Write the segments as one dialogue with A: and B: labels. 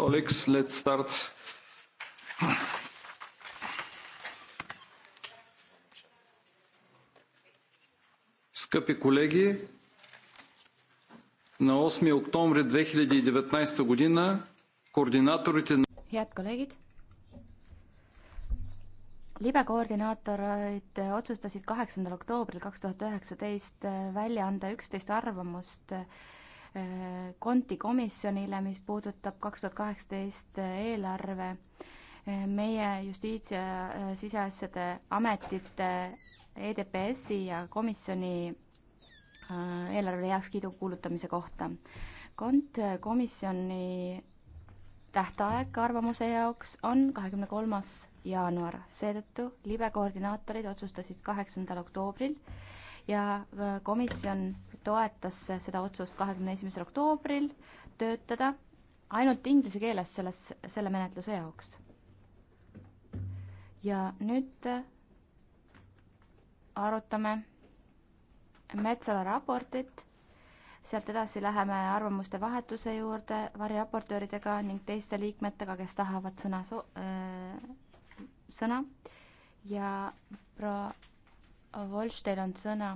A: colleagues let's start скъпи колеги на 8 октомври 2019 година координаторите на
B: Head kolleegid, libekoordinaatorid otsustasid kaheksandal oktoobril kaks tuhat üheksateist välja anda üksteist arvamust konti komisjonile, mis puudutab kaks tuhat kaheksateist eelarve. meie justiits- ja äh, siseasjade ametite EDPS-i ja komisjoni äh, eelarvele heakskiidu kuulutamise kohta. kont äh, komisjoni tähtaeg arvamuse jaoks on kahekümne kolmas jaanuar, seetõttu libe koordinaatorid otsustasid kaheksandal oktoobril ja komisjon toetas seda otsust kahekümne esimesel oktoobril töötada ainult inglise keeles selles, selle menetluse jaoks. ja nüüd arutame Metsala raportit, sealt edasi läheme arvamuste vahetuse juurde variraportööridega ning teiste liikmetega, kes tahavad sõna so-, äh, sõna ja proua Volš, teil on sõna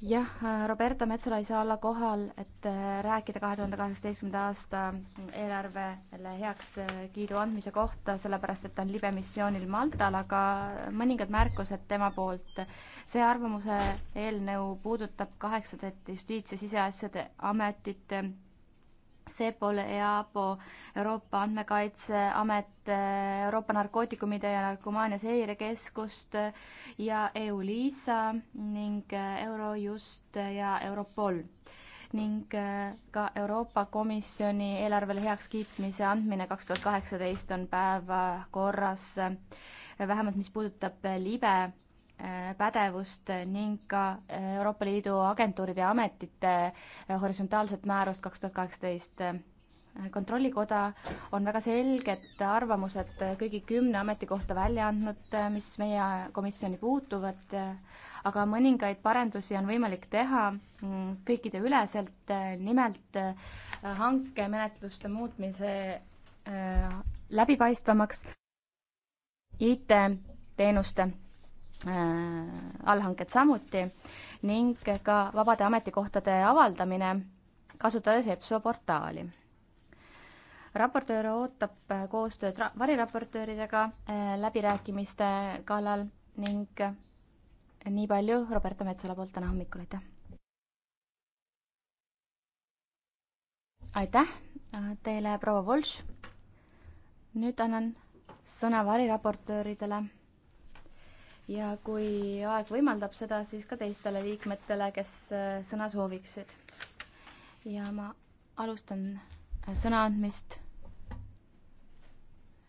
B: jah, Roberta Metsola ei saa olla kohal, et äh, rääkida kahe tuhande kaheksateistkümnenda aasta eelarvele heakskiidu äh, andmise kohta, sellepärast et ta on libemissioonil Maltal, aga mõningad märkused tema poolt. see arvamuse eelnõu puudutab kaheksandat justiits- ja siseasjade ametit CEPOL, EAPO, Euroopa Andmekaitseamet, Euroopa Narkootikumide ja Narkomaania Seirekeskust ja EULISA ning Eurojust ja Europol ning äh, ka Euroopa Komisjoni eelarvele heakskiitmise andmine kaks tuhat kaheksateist on päevakorras, äh, vähemalt mis puudutab äh, libe Äh, pädevust ning ka äh, Euroopa Liidu agentuuride ja ametite äh, horisontaalset määrust kaks tuhat kaheksateist. kontrollikoda on väga selged arvamused kõigi kümne ametikohta välja andnud, mis meie komisjoni puutuvad, aga mõningaid parendusi on võimalik teha mm, kõikide üleselt, nimelt hankemenetluste muutmise läbipaistvamaks IT-teenuste Äh, allhanked samuti ning ka vabade ametikohtade avaldamine, kasutades EPSO portaali. raportöör ootab äh, koostööd variraportööridega äh, läbirääkimiste kallal ning nii palju Roberta Metsola poolt täna hommikul, aitäh! aitäh teile, proua Volš! nüüd annan sõna variraportööridele ja kui aeg võimaldab seda, siis ka teistele liikmetele, kes äh, sõna sooviksid. ja ma alustan äh, sõna andmist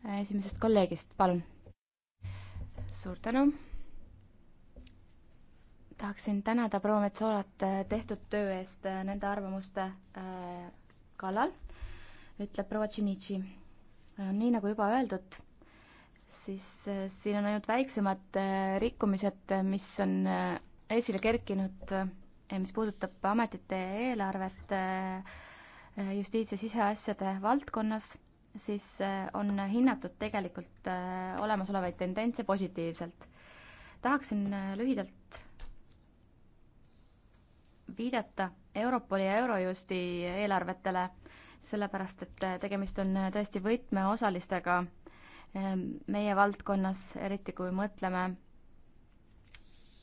B: äh, esimesest kolleegist, palun. suur tänu. tahaksin tänada proua Metsolat tehtud töö eest nende arvamuste kallal, ütleb proua Tšinitši. nii nagu juba öeldud siis äh, siin on ainult väiksemad äh, rikkumised, äh, mis on esile kerkinud, mis puudutab ametite eelarvet justiits- ja siseasjade valdkonnas, siis on hinnatud tegelikult olemasolevaid tendentse positiivselt. tahaksin lühidalt viidata Europoli ja Eurojusti eelarvetele, sellepärast et tegemist on tõesti võtmeosalistega Ehm, meie valdkonnas, eriti kui mõtleme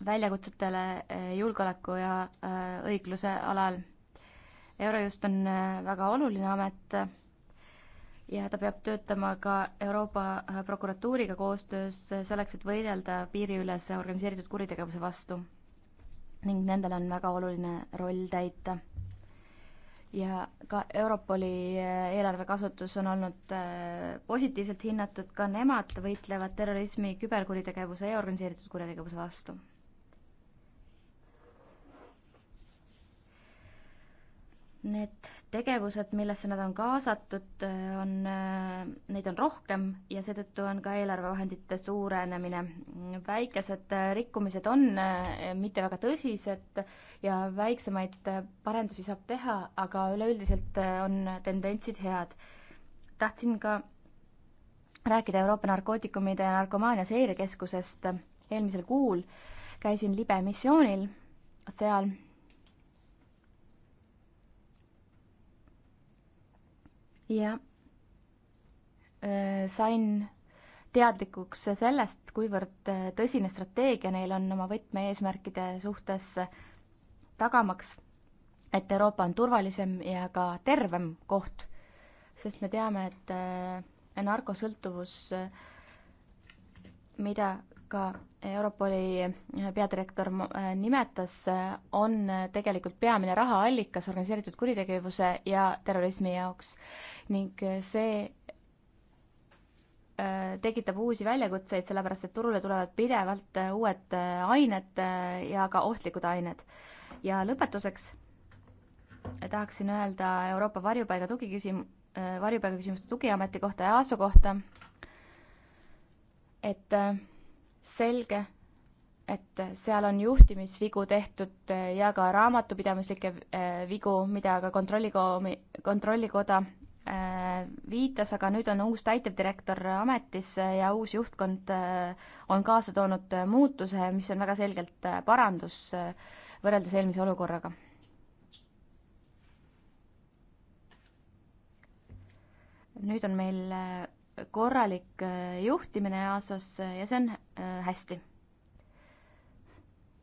B: väljakutsetele eh, julgeoleku ja eh, õigluse alal. Eurojust on eh, väga oluline amet ja ta peab töötama ka Euroopa prokuratuuriga koostöös selleks, et võidelda piiriülese organiseeritud kuritegevuse vastu. ning nendel on väga oluline roll täita ja ka Europoli äh, eelarve kasutus on olnud äh, positiivselt hinnatud, ka nemad võitlevad terrorismi, küberkuritegevuse ja organiseeritud kuritegevuse vastu. Need tegevused, millesse nad on kaasatud, äh, on, äh, neid on rohkem ja seetõttu on ka eelarvevahendite suurenemine. väikesed äh, rikkumised on mitte väga tõsised ja väiksemaid parendusi saab teha, aga üleüldiselt on tendentsid head. tahtsin ka rääkida Euroopa narkootikumide ja narkomaania seirekeskusest. eelmisel kuul käisin libe missioonil seal ja äh, sain teadlikuks sellest, kuivõrd äh, tõsine strateegia neil on oma võtmeeesmärkide suhtes tagamaks, et Euroopa on turvalisem ja ka tervem koht, sest me teame, et äh, narkosõltuvus, mida ka Europoli peadirektor äh, nimetas, äh, on äh, tegelikult peamine rahaallikas organiseeritud kuritegevuse ja terrorismi jaoks ning see tekitab uusi väljakutseid, sellepärast et turule tulevad pidevalt uued ained ja ka ohtlikud ained. ja lõpetuseks tahaksin öelda Euroopa varjupaiga tugiküsim-, varjupaigaküsimuste tugiameti kohta ja EASO kohta, et selge, et seal on juhtimisvigu tehtud ja ka raamatupidamislikke äh, vigu, mida ka kontrollikomi, kontrollikoda äh, viitas, aga nüüd on uus täitevdirektor ametis ja uus juhtkond äh, on kaasa toonud muutuse, mis on väga selgelt parandus võrreldes eelmise olukorraga. nüüd on meil korralik äh, juhtimine EASO-s äh, ja see on äh, hästi.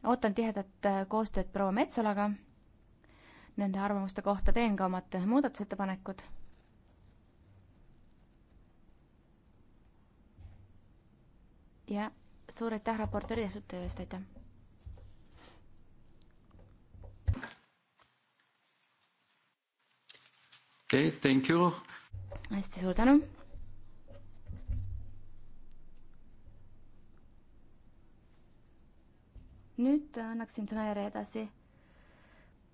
B: ootan tihedat koostööd proua Metsolaga. Nende arvamuste kohta teen ka omad muudatusettepanekud ja suur aitäh raportööri tehtud töö eest, aitäh!
A: okei okay,, thank you!
B: hästi, suur tänu! nüüd annaksin sõna järje edasi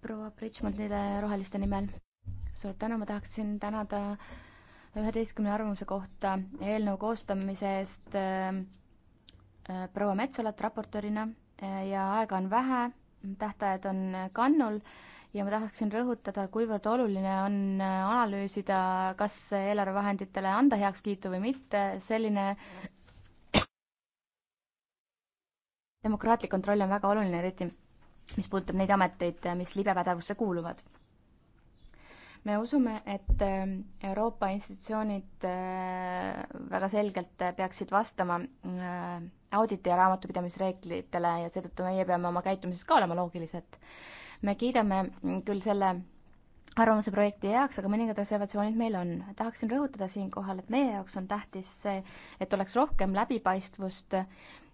B: proua Bridgmanile Roheliste nimel. suur tänu, ma tahaksin tänada üheteistkümne arvamuse kohta eelnõu koostamise eest äh, äh proua Metsolat raportöörina äh, ja aega on vähe, tähtajad on kannul ja ma tahaksin rõhutada, kuivõrd oluline on äh, analüüsida, kas eelarvevahenditele anda heakskiitu või mitte, selline demokraatlik kontroll on väga oluline, eriti mis puudutab neid ameteid, mis libepädevusse kuuluvad. me usume, et äh, Euroopa institutsioonid äh, väga selgelt peaksid vastama äh, auditi ja raamatupidamisreeglitele ja seetõttu meie peame oma käitumises ka olema loogilised. me kiidame küll selle arvamuse projekti heaks, aga mõningad reservatsioonid meil on. tahaksin rõhutada siinkohal, et meie jaoks on tähtis see, et oleks rohkem läbipaistvust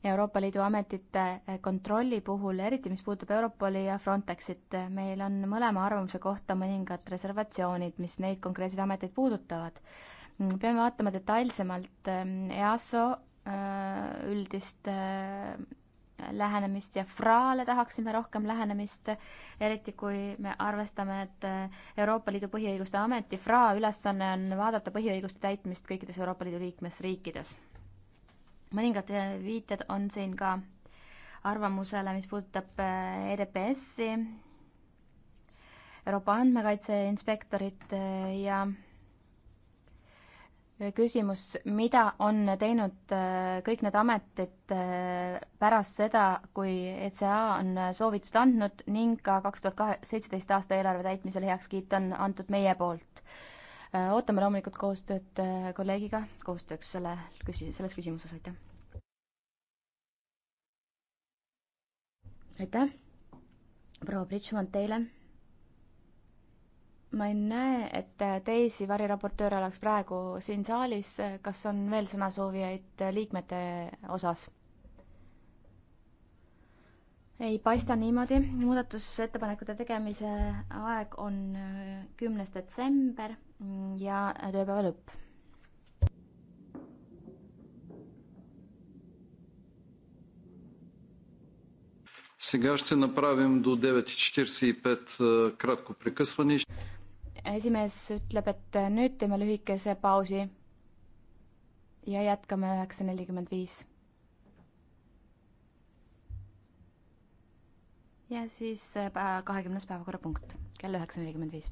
B: Euroopa Liidu ametite eh, kontrolli puhul, eriti mis puudutab Europoli ja Frontexit. Eh, meil on mõlema arvamuse kohta mõningad reservatsioonid, mis neid konkreetseid ameteid puudutavad. Mm, peame vaatama detailsemalt ehm, EASO äh, üldist äh, lähenemist ja FRA-le tahaksime rohkem lähenemist, eriti kui me arvestame, et äh, Euroopa Liidu põhiõiguste ameti FRA ülesanne on vaadata põhiõiguste täitmist kõikides Euroopa Liidu liikmesriikides mõningad äh, viited on siin ka arvamusele, mis puudutab äh, EDPS-i, Euroopa Andmekaitse Inspektorit äh, ja küsimus, mida on teinud kõik need ametid pärast seda, kui ECA on soovitused andnud ning ka kaks tuhat kahe, seitseteist aasta eelarve täitmisel heakskiit on antud meie poolt Äh, ootame loomulikult koostööd äh, kolleegiga koostööks selle küsi-, selles küsimuses, aitäh. aitäh, proua Bridžman teile. ma ei näe, et äh, teisi variraportööre oleks praegu siin saalis, kas on veel sõnasoovijaid liikmete osas? ei paista niimoodi, muudatusettepanekute tegemise aeg on äh, kümnes detsember ja äh, tööpäeva lõpp.
A: Сега ще направим до 9.45 э, кратко прекъсване.
B: Esimees ütleb, et äh, nüüd teeme lühikese pausi ja jätkame 9.45. ja siis äh, kahekümnes päevakorrapunkt kell üheksa nelikümmend viis.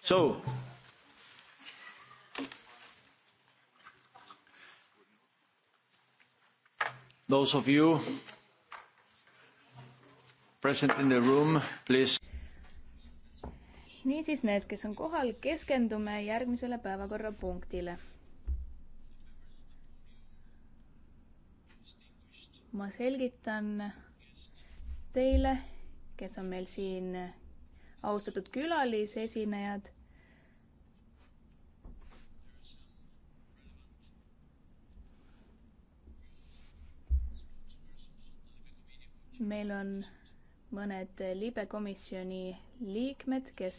A: So, those of you present in the room, please.
C: niisiis, need, kes on kohal, keskendume järgmisele päevakorrapunktile. ma selgitan teile, kes on meil siin austatud külalisesinejad. meil on mõned libe komisjoni liikmed, kes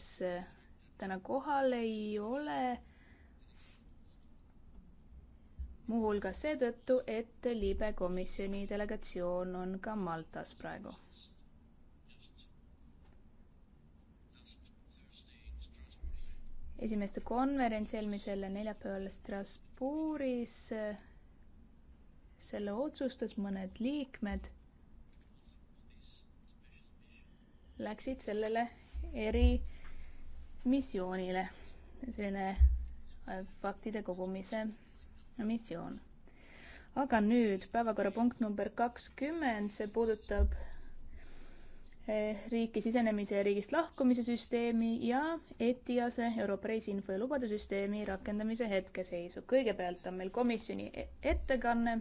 C: täna kohal ei ole. muuhulgas seetõttu, et libe komisjoni delegatsioon on ka Maltas praegu esimeste konverents eelmisel neljapäeval Strasbourgis. selle otsustas mõned liikmed. Läksid sellele erimissioonile, selline faktide kogumise missioon. aga nüüd päevakorrapunkt number kakskümmend, see puudutab Eh, riiki sisenemise ja riigist lahkumise süsteemi ja ETIAS-e Euroopa reisiinfo ja lubade süsteemi rakendamise hetkeseisu. kõigepealt on meil komisjoni e-, ettekanne,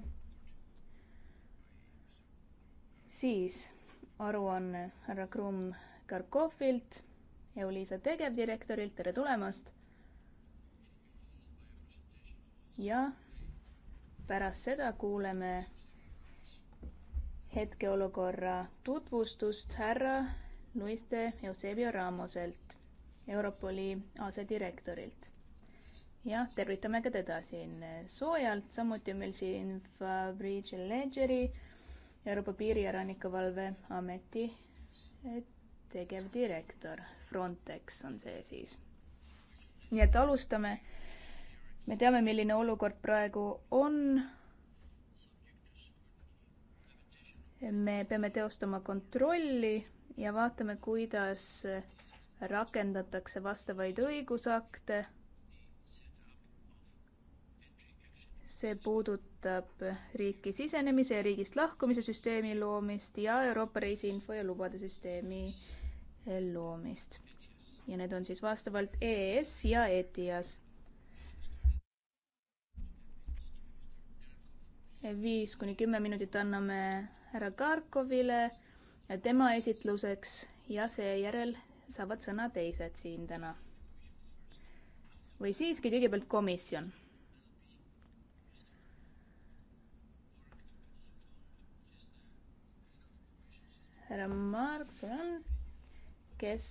C: siis aruanne härra Krumm Karkovilt, Euliisa tegevdirektorilt, tere tulemast! ja pärast seda kuuleme hetkeolukorra tutvustust härra Luiste Eusebio Ramoselt, Europoli asedirektorilt. ja tervitame ka teda siin soojalt, samuti on meil siin Fabrice Leggeri, Euroopa Piiri- ja Rannikuvalveameti tegevdirektor, Frontex on see siis. nii et alustame. me teame, milline olukord praegu on me peame teostama kontrolli ja vaatame, kuidas rakendatakse vastavaid õigusakte. see puudutab riiki sisenemise ja riigist lahkumise süsteemi loomist ja Euroopa reisiinfo ja lubade süsteemi loomist. ja need on siis vastavalt EES ja ETIAS. viis kuni kümme minutit anname härra Karkovile tema esitluseks ja seejärel saavad sõna teised siin täna. või siiski kõigepealt komisjon. härra Mark Soran, kes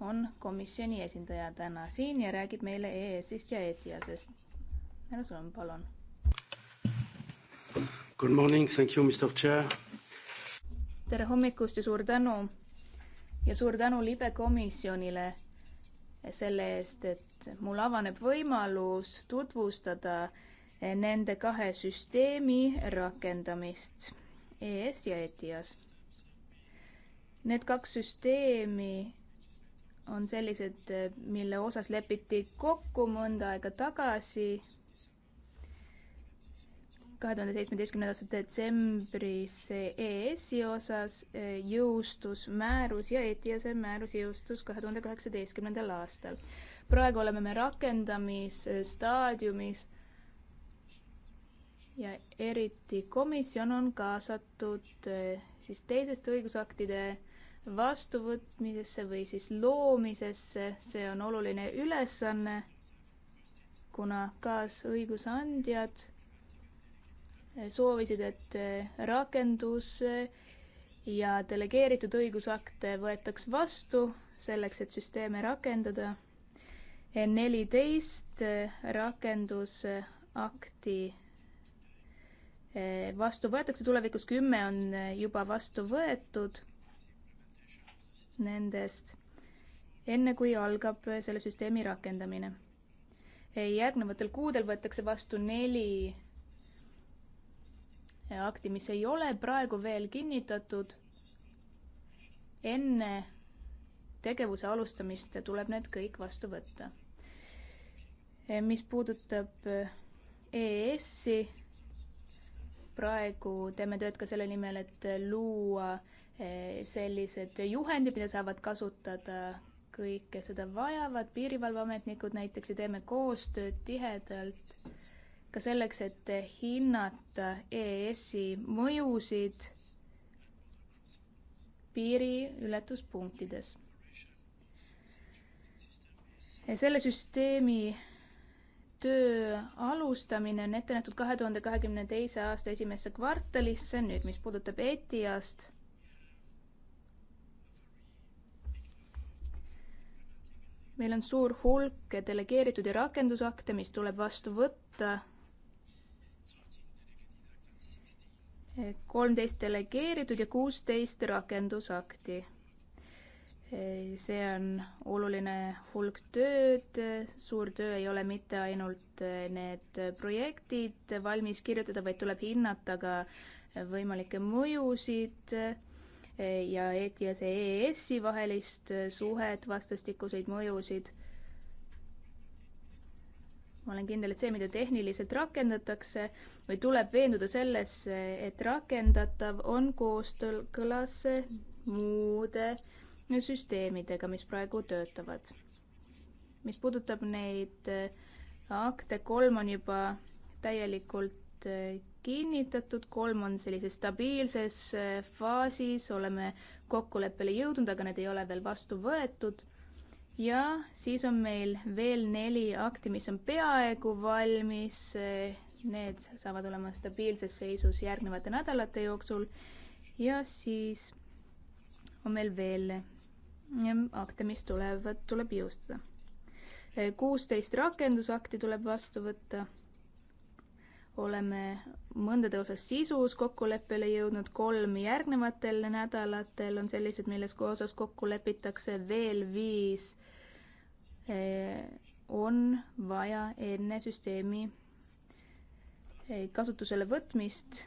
C: on komisjoni esindaja täna siin ja räägib meile EAS-ist ja ETIAS-ist. härra Soran, palun.
A: Good morning, thank you, Mr Chair
C: tere hommikust ja suur tänu. ja suur tänu libekomisjonile selle eest, et mul avaneb võimalus tutvustada nende kahe süsteemi rakendamist ES ja ETIAS. Need kaks süsteemi on sellised, mille osas lepiti kokku mõnda aega tagasi kahe tuhande seitsmeteistkümnendas detsembris EAS-i osas eh, jõustus määrus ja ETIAS-e määrus jõustus kahe tuhande kaheksateistkümnendal aastal. praegu oleme me rakendamisstaadiumis ja eriti komisjon on kaasatud eh, siis teiseste õigusaktide vastuvõtmisesse või siis loomisesse, see on oluline ülesanne, kuna kaasõigusandjad soovisid, et eh, rakendus eh, ja delegeeritud õigusakte eh, võetaks vastu selleks, et süsteeme rakendada. neliteist rakendusakti vastu võetakse, tulevikus kümme on juba vastu võetud nendest, enne kui algab selle süsteemi rakendamine. järgnevatel kuudel võetakse vastu neli akti, mis ei ole praegu veel kinnitatud. enne tegevuse alustamist tuleb need kõik vastu võtta. Eh, mis puudutab EAS-i, eh, e praegu teeme tööd ka selle nimel, et luua eh, sellised juhendid, mida saavad kasutada kõik, kes seda vajavad, piirivalveametnikud näiteks ja teeme koostööd tihedalt ka selleks, et hinnata EES-i mõjusid piiriületuspunktides. selle süsteemi töö alustamine on ette nähtud kahe tuhande kahekümne teise aasta esimesse kvartalisse, nüüd mis puudutab ETIAst meil on suur hulk delegeeritud ja rakendusakte, mis tuleb vastu võtta kolmteist delegeeritud ja kuusteist rakendusakti. see on oluline hulk tööd, suur töö ei ole mitte ainult need projektid valmis kirjutada, vaid tuleb hinnata ka võimalikke mõjusid ja ETIAS-e EAS-i vahelist suhet, vastastikuseid mõjusid ma olen kindel, et see, mida tehniliselt rakendatakse või tuleb veenduda selles, et rakendatav on koostöös muude süsteemidega, mis praegu töötavad. mis puudutab neid äh, akte, kolm on juba täielikult äh, kinnitatud, kolm on sellises stabiilses äh, faasis, oleme kokkuleppele jõudnud, aga need ei ole veel vastu võetud ja siis on meil veel neli akti, mis on peaaegu valmis. Need saavad olema stabiilses seisus järgnevate nädalate jooksul. ja siis on meil veel akte, mis tulevad, tuleb jõustada. kuusteist rakendusakti tuleb vastu võtta oleme mõndade osas sisus kokkuleppele jõudnud, kolm järgnevatel nädalatel on sellised, milles osas kokku lepitakse, veel viis eh, on vaja enne süsteemi eh, kasutusele võtmist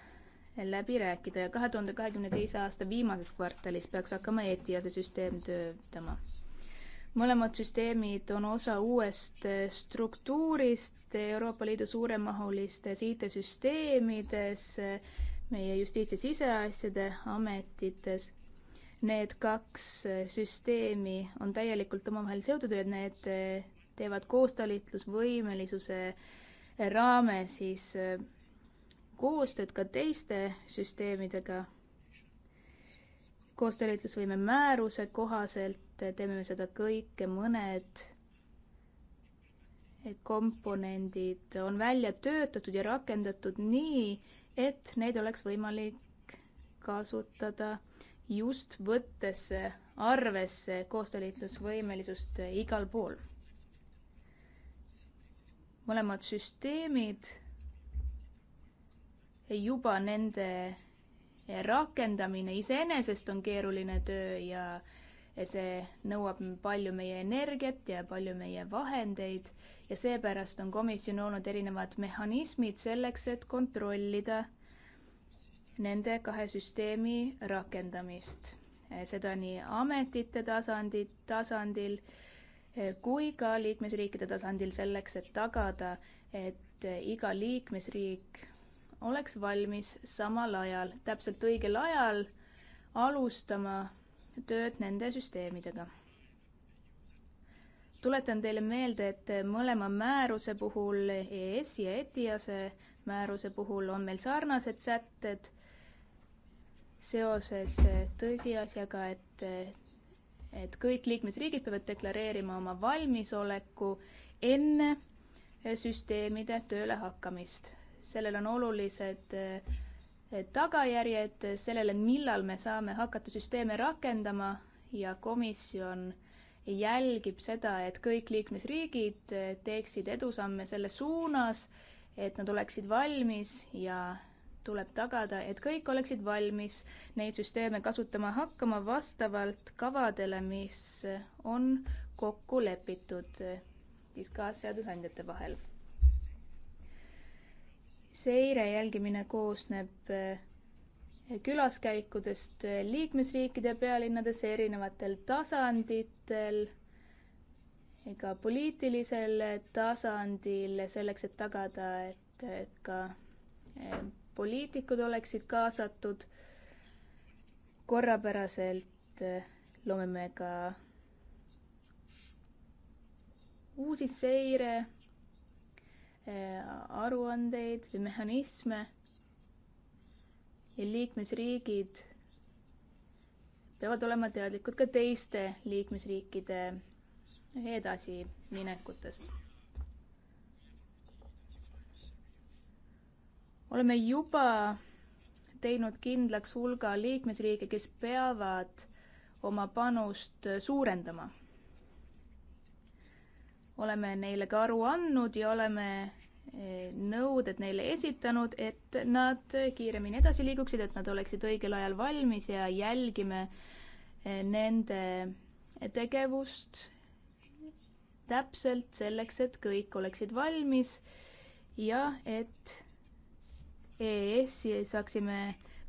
C: läbi rääkida ja kahe tuhande kahekümne teise aasta viimases kvartalis peaks hakkama ETIAS-e süsteem töötama mõlemad süsteemid on osa uuest struktuurist Euroopa Liidu suuremahulistes IT-süsteemides, meie justiits- ja siseasjade ametites. Need kaks süsteemi on täielikult omavahel seotud ja need teevad koostalitlusvõimelisuse raames siis äh, koostööd ka teiste süsteemidega koostalitlusvõime määruse kohaselt et teeme me seda kõike, mõned komponendid on välja töötatud ja rakendatud nii, et neid oleks võimalik kasutada just võttes arvesse koostööliitlusvõimelisust igal pool. mõlemad süsteemid juba nende rakendamine iseenesest on keeruline töö ja äh, see nõuab palju meie energiat ja palju meie vahendeid ja seepärast on komisjon olnud erinevad mehhanismid selleks, et kontrollida nende kahe süsteemi rakendamist. seda nii ametite tasandil, tasandil eh, kui ka liikmesriikide tasandil selleks, et tagada, et eh, iga liikmesriik oleks valmis samal ajal, täpselt õigel ajal alustama tööd nende süsteemidega. tuletan teile meelde, et mõlema määruse puhul, EAS ja ETIAS-e määruse puhul on meil sarnased sätted seoses tõsiasjaga, et, et kõik liikmesriigid peavad deklareerima oma valmisoleku enne süsteemide tööle hakkamist. sellel on olulised äh, tagajärjed sellele, millal me saame hakata süsteeme rakendama ja komisjon jälgib seda, et kõik liikmesriigid teeksid edusamme selles suunas, et nad oleksid valmis ja tuleb tagada, et kõik oleksid valmis neid süsteeme kasutama hakkama vastavalt kavadele, mis on kokku lepitud siis ka seadusandjate vahel seire jälgimine koosneb eh, külaskäikudest eh, liikmesriikide pealinnades erinevatel tasanditel, eh, ka poliitilisel tasandil, selleks et tagada, et ka poliitikud oleksid kaasatud. korrapäraselt loome me ka uusi seire Eh, aruandeid või mehhanisme ja liikmesriigid peavad olema teadlikud ka teiste liikmesriikide edasiminekutest. oleme juba teinud kindlaks hulga liikmesriike, kes peavad oma panust suurendama oleme neile ka aru andnud ja oleme eh, nõuded neile esitanud, et nad kiiremini edasi liiguksid, et nad oleksid õigel ajal valmis ja jälgime eh, nende tegevust täpselt selleks, et kõik oleksid valmis ja et EAS-i e saaksime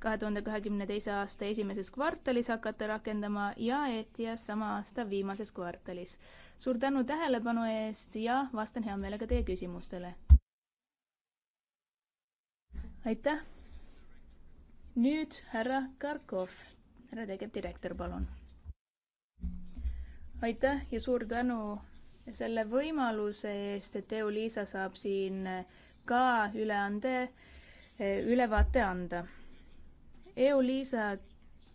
C: kahe tuhande kahekümne teise aasta esimeses kvartalis hakata rakendama ja ETIAS sama aasta viimases kvartalis suur tänu tähelepanu eest ja vastan hea meelega teie küsimustele. aitäh. nüüd härra Karkov, härra tegevdirektor, palun. aitäh ja suur tänu selle võimaluse eest, et EU-Liisa saab siin ka üleande, eh, ülevaate anda. EU-Liisa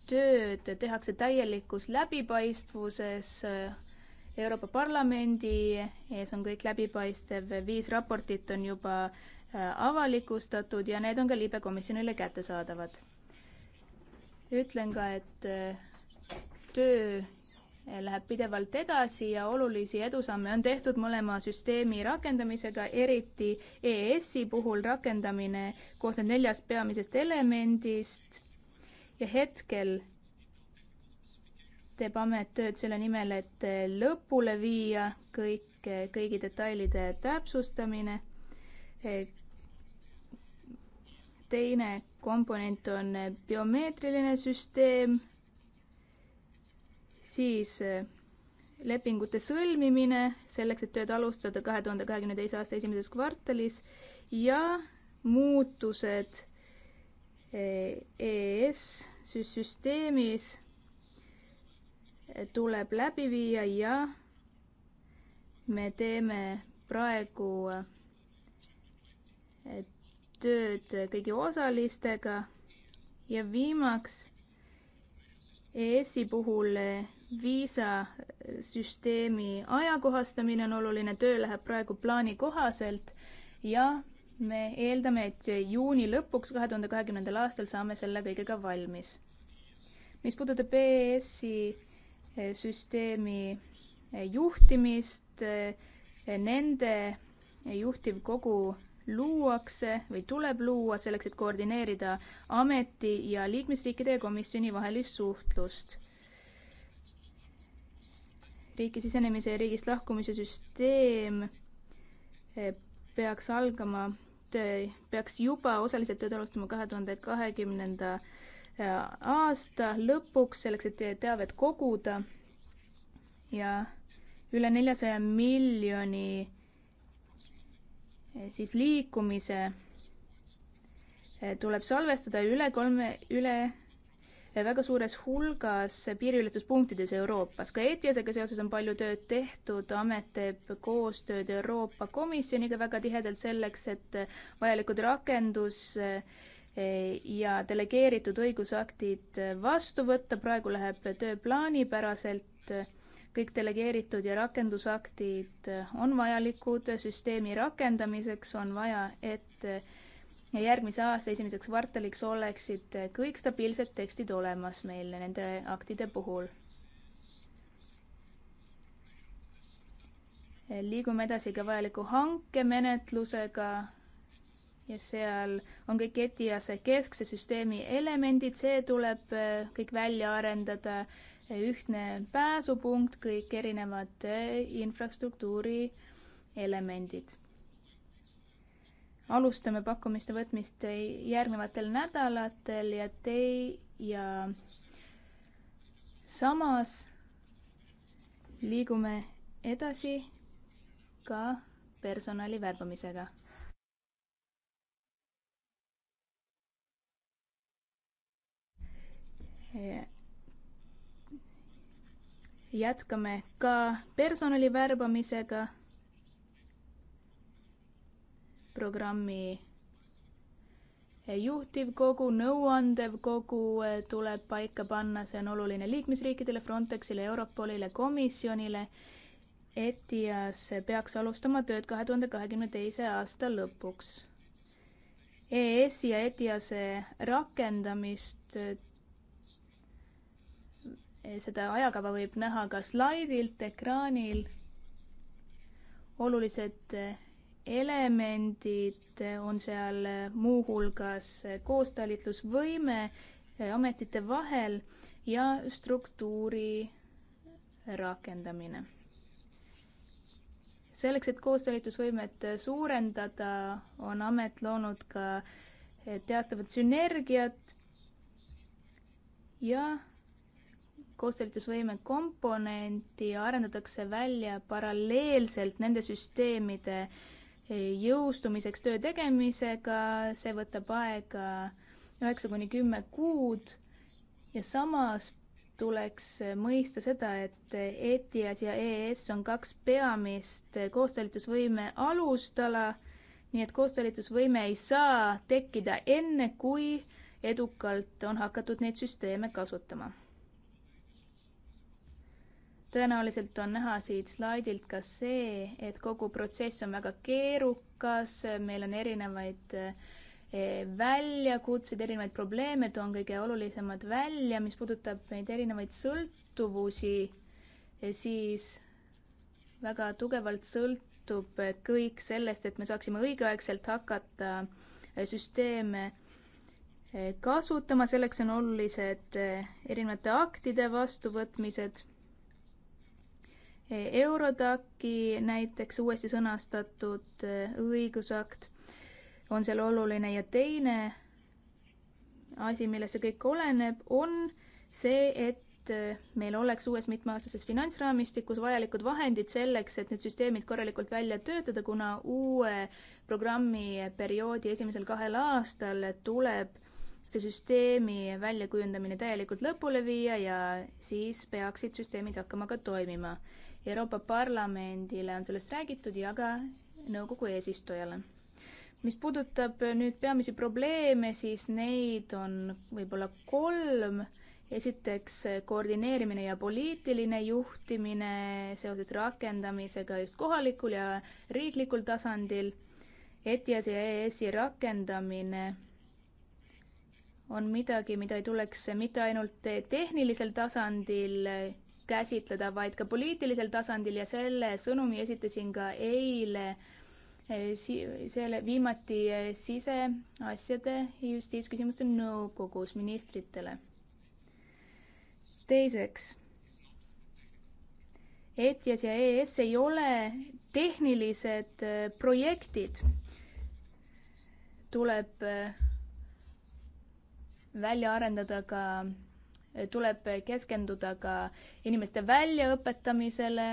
C: tööd tehakse täielikus läbipaistvuses Euroopa Parlamendi ees on kõik läbipaistev, viis raportit on juba äh, avalikustatud ja need on ka libekomisjonile kättesaadavad. ütlen ka, et äh, töö äh, läheb pidevalt edasi ja olulisi edusamme on tehtud mõlema süsteemi rakendamisega, eriti EAS-i puhul rakendamine koosneb neljast peamisest elemendist ja hetkel teeb amet tööd selle nimel, et lõpule viia kõik, kõigi detailide täpsustamine. teine komponent on biomeetriline süsteem, siis lepingute sõlmimine selleks, et tööd alustada kahe tuhande kahekümne teise aasta esimeses kvartalis ja muutused EES süsteemis tuleb läbi viia ja me teeme praegu eh, tööd kõigi osalistega ja viimaks EAS-i puhul viisasüsteemi ajakohastamine on oluline, töö läheb praegu plaani kohaselt ja me eeldame, et juuni lõpuks kahe tuhande kahekümnendal aastal saame selle kõigega valmis. mis puudutab EAS-i Eh, süsteemi eh, juhtimist, eh, nende juhtivkogu luuakse või tuleb luua selleks, et koordineerida ameti ja liikmesriikide ja komisjoni vahelist suhtlust. riiki sisenemise ja riigist lahkumise süsteem peaks algama, peaks juba osaliselt tööd alustama kahe tuhande kahekümnenda aasta lõpuks, selleks et teavet koguda ja üle neljasaja miljoni eh, siis liikumise eh, tuleb salvestada üle kolme, üle eh, väga suures hulgas piiriületuspunktides Euroopas. ka ETIAS-ega seoses on palju tööd tehtud, amet teeb koostööd Euroopa Komisjoniga väga tihedalt selleks, et vajalikud rakendus ja delegeeritud õigusaktid vastu võtta, praegu läheb töö plaanipäraselt, kõik delegeeritud ja rakendusaktid on vajalikud süsteemi rakendamiseks, on vaja, et ja järgmise aasta esimeseks kvartaliks oleksid kõik stabiilsed tekstid olemas meil nende aktide puhul. liigume edasi ka vajaliku hankemenetlusega ja seal on kõik ETIAS-e keskse süsteemi elemendid, see tuleb äh, kõik välja arendada, ühtne pääsupunkt, kõik erinevad äh, infrastruktuuri elemendid. alustame pakkumiste võtmist äh, järgnevatel nädalatel ja tei- ja samas liigume edasi ka personali värbamisega jätkame ka personali värbamisega. programmi äh, juhtivkogu, nõuandev kogu äh, tuleb paika panna, see on oluline liikmesriikidele, Frontexile, Europolile, komisjonile. ETIAS peaks alustama tööd kahe tuhande kahekümne teise aasta lõpuks. EAS-i ja ETIAS-e rakendamist äh, Eh, seda ajakava võib näha ka slaidilt, ekraanil. olulised eh, elemendid eh, on seal muuhulgas koostalitlusvõime ametite vahel ja struktuuri rakendamine. selleks, et koostalitusvõimet suurendada, on amet loonud ka teatavat sünergiat ja koostalitusvõime komponenti arendatakse välja paralleelselt nende süsteemide eh, jõustumiseks töö tegemisega, see võtab aega üheksa kuni kümme kuud ja samas tuleks mõista seda, et ETIAS ja EES on kaks peamist koostalitusvõime alustala, nii et koostalitusvõime ei saa tekkida enne, kui edukalt on hakatud neid süsteeme kasutama tõenäoliselt on näha siit slaidilt ka see, et kogu protsess on väga keerukas, meil on erinevaid eh, väljakutseid, erinevaid probleeme, toon kõige olulisemad välja, mis puudutab neid erinevaid sõltuvusi, eh, siis väga tugevalt sõltub eh, kõik sellest, et me saaksime õigeaegselt hakata süsteeme kasutama, selleks on olulised erinevate aktide vastuvõtmised Eurodaki näiteks uuesti sõnastatud eh, õigusakt on seal oluline ja teine asi, millest see kõik oleneb, on see, et eh, meil oleks uues mitmeaastases finantsraamistikus vajalikud vahendid selleks, et need süsteemid korralikult välja töötada, kuna uue programmi perioodi esimesel kahel aastal tuleb see süsteemi väljakujundamine täielikult lõpule viia ja siis peaksid süsteemid hakkama ka toimima Euroopa Parlamendile on sellest räägitud ja ka nõukogu eesistujale. mis puudutab nüüd peamisi probleeme, siis neid on võib-olla kolm. esiteks koordineerimine ja poliitiline juhtimine seoses rakendamisega just kohalikul ja riiklikul tasandil. ETIAS ja EAS-i rakendamine on midagi, mida ei tuleks mitte ainult tehnilisel tasandil käsitleda, vaid ka poliitilisel tasandil ja selle sõnumi esitasin ka eile eh, si-, selle viimati eh, siseasjade ja justiitsküsimuste nõukogus ministritele. teiseks, ETIAS ja EES ei ole tehnilised eh, projektid, tuleb välja arendada ka tuleb keskenduda ka inimeste väljaõpetamisele,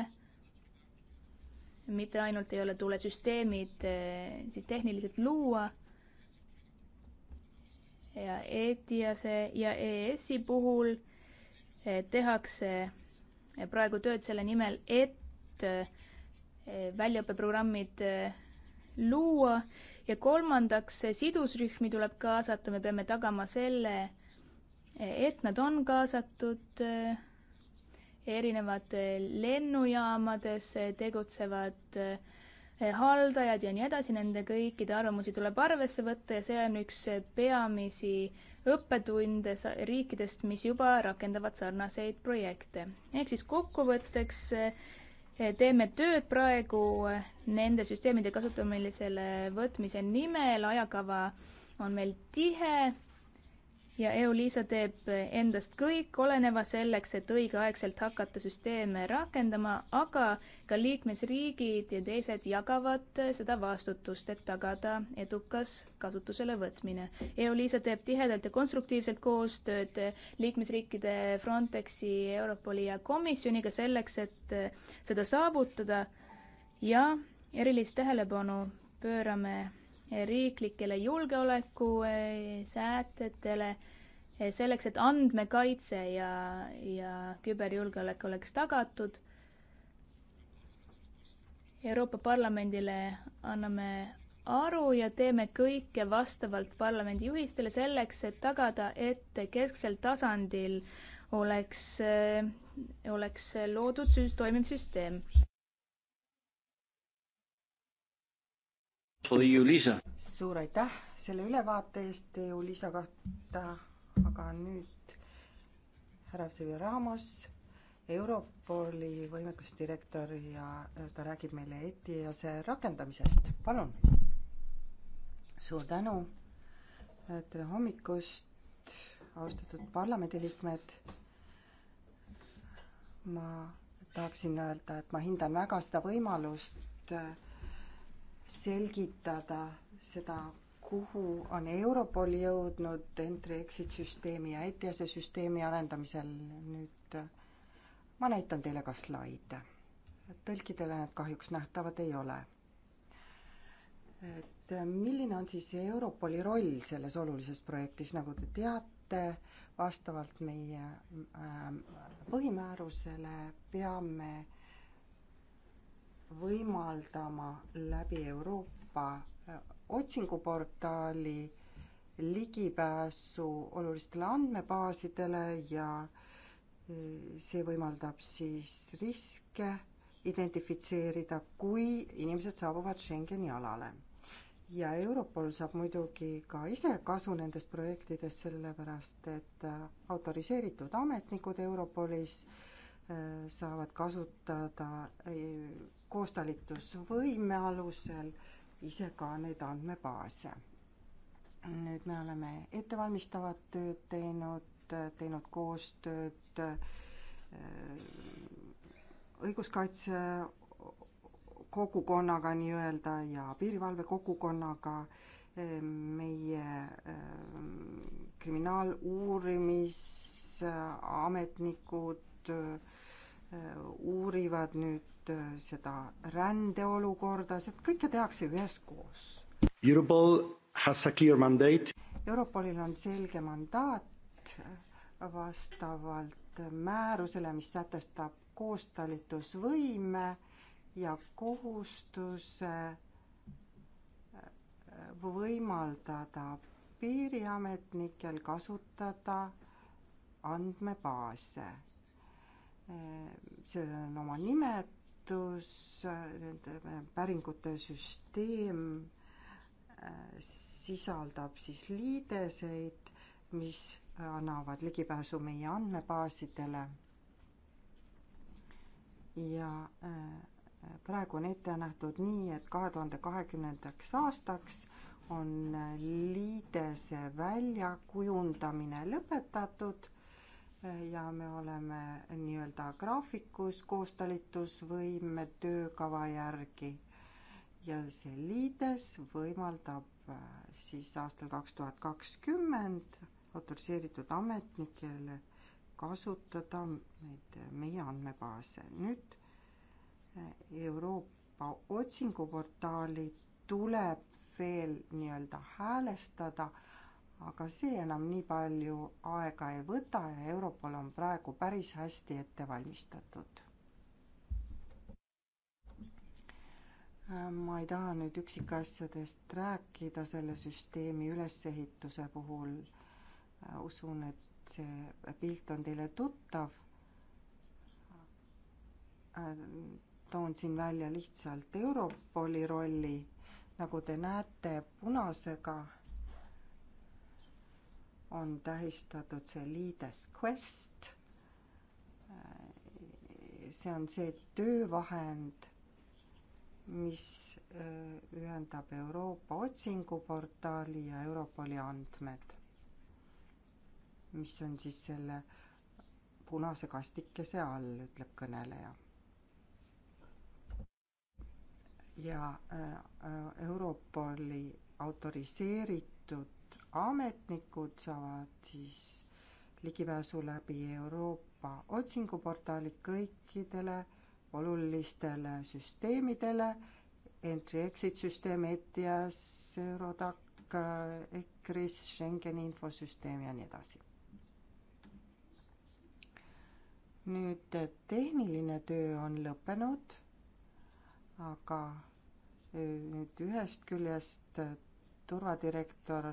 C: mitte ainult ei ole, tule süsteemid eh, siis tehniliselt luua. ja ETIAS-e ja EES-i puhul eh, tehakse eh, praegu tööd selle nimel, et väljaõppeprogrammid luua ja kolmandaks sidusrühmi tuleb kaasata, me peame tagama selle, et nad on kaasatud eh, erinevate lennujaamades eh, tegutsevad eh, haldajad ja nii edasi, nende kõikide arvamusi tuleb arvesse võtta ja see on üks peamisi õppetunde riikidest, mis juba rakendavad sarnaseid projekte. ehk siis kokkuvõtteks teeme tööd praegu nende süsteemide kasutamisele võtmise nimel, ajakava on meil tihe ja EULISA teeb endast kõik oleneva selleks, et õigeaegselt hakata süsteeme rakendama, aga ka liikmesriigid ja teised jagavad seda vastutust, et tagada edukas kasutusele võtmine. EULISA teeb tihedalt ja konstruktiivselt koostööd liikmesriikide Frontexi, Europoli ja komisjoniga selleks, et seda saavutada ja erilist tähelepanu pöörame riiklikele julgeolekusäätetele eh, eh, selleks, et andmekaitse ja, ja küberjulgeolek oleks tagatud. Euroopa Parlamendile anname aru ja teeme kõike vastavalt parlamendi juhistele selleks, et tagada, et kesksel tasandil oleks, eh, oleks loodud süst-, toimiv süsteem.
D: suur aitäh selle ülevaate eest EU-LISA kohta, aga nüüd härra Vsevi Ramos, Europoli võimekusdirektor ja äh, ta räägib meile ETIAS-e rakendamisest, palun. suur tänu, äh, tere hommikust, austatud parlamendiliikmed. ma tahaksin öelda, et ma hindan väga seda võimalust äh, selgitada seda, kuhu on Europol jõudnud entry-exit süsteemi ja ETS-e süsteemi arendamisel nüüd. ma näitan teile ka slaide. tõlkidele need kahjuks nähtavad ei ole. et milline on siis Europoli roll selles olulises projektis, nagu te teate, vastavalt meie äh, põhimäärusele peame võimaldama läbi Euroopa äh, otsinguportaali ligipääsu olulistele andmebaasidele ja äh, see võimaldab siis riske identifitseerida, kui inimesed saabuvad Schengeni alale. ja Europol saab muidugi ka ise kasu nendest projektidest, sellepärast et äh, autoriseeritud ametnikud Europolis äh, saavad kasutada eh, koostalitusvõime alusel ise ka neid andmebaase. nüüd me oleme ettevalmistavat tööd teinud, teinud koostööd eh, õiguskaitse kogukonnaga nii-öelda ja piirivalve kogukonnaga eh, meie kriminaaluurimisametnikud äh, uurivad nüüd äh, seda rändeolukorda, seda kõike tehakse üheskoos.
A: Europol has a clear mandate.
D: Europolil on selge mandaat äh, vastavalt määrusele, mis sätestab koostalitusvõime ja kohustuse äh, võimaldada piiriametnikel kasutada andmebaase sellel on oma nimetus, päringute süsteem äh, sisaldab siis liideseid, mis annavad ligipääsu meie andmebaasidele. ja äh, praegu on ette nähtud nii, et kahe tuhande kahekümnendaks aastaks on liidese väljakujundamine lõpetatud ja me oleme nii-öelda graafikus koostalitusvõime töökava järgi ja see liides võimaldab äh, siis aastal kaks tuhat kakskümmend autoriseeritud ametnikele kasutada neid äh, meie andmebaase. nüüd äh, Euroopa otsinguportaali tuleb veel nii-öelda häälestada aga see enam nii palju aega ei võta ja Europol on praegu päris hästi ette valmistatud. ma ei taha nüüd üksikasjadest rääkida selle süsteemi ülesehituse puhul. usun, et see pilt on teile tuttav. toon siin välja lihtsalt Europoli rolli. nagu te näete, punasega on tähistatud see Leaders Quest. see on see töövahend, mis äh, ühendab Euroopa otsinguportaali ja Europoli andmed, mis on siis selle punase kastikese all, ütleb kõneleja. ja äh, äh, Europoli autoriseeritud ametnikud saavad siis ligipääsu läbi Euroopa otsinguportaali kõikidele olulistele süsteemidele, entry-exit süsteem, ETIAS, Eurodac, ECRIS, Schengeni infosüsteem ja nii edasi. nüüd tehniline töö on lõppenud, aga nüüd ühest küljest turvadirektor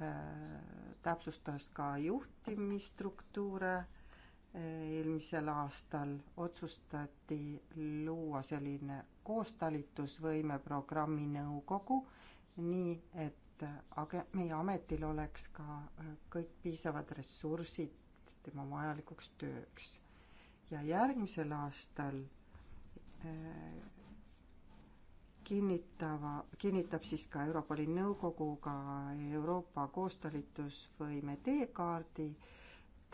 D: Äh, täpsustas ka juhtimisstruktuure. Äh, eelmisel aastal otsustati luua selline koostalitusvõime programmi nõukogu, nii et age-, meie ametil oleks ka äh, kõik piisavad ressursid tema vajalikuks tööks. ja järgmisel aastal äh, kinnitava, kinnitab siis ka Europoli nõukoguga Euroopa koostalitusvõime teekaardi,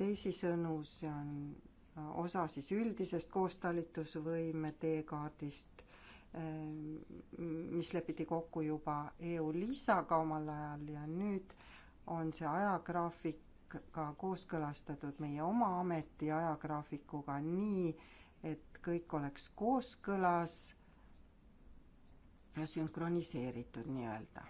D: teisisõnu, see on osa siis üldisest koostalitusvõime teekaardist, mis lepiti kokku juba EU lisaga omal ajal ja nüüd on see ajagraafik ka kooskõlastatud meie oma ameti ajagraafikuga nii, et kõik oleks kooskõlas sünkroniseeritud nii-öelda.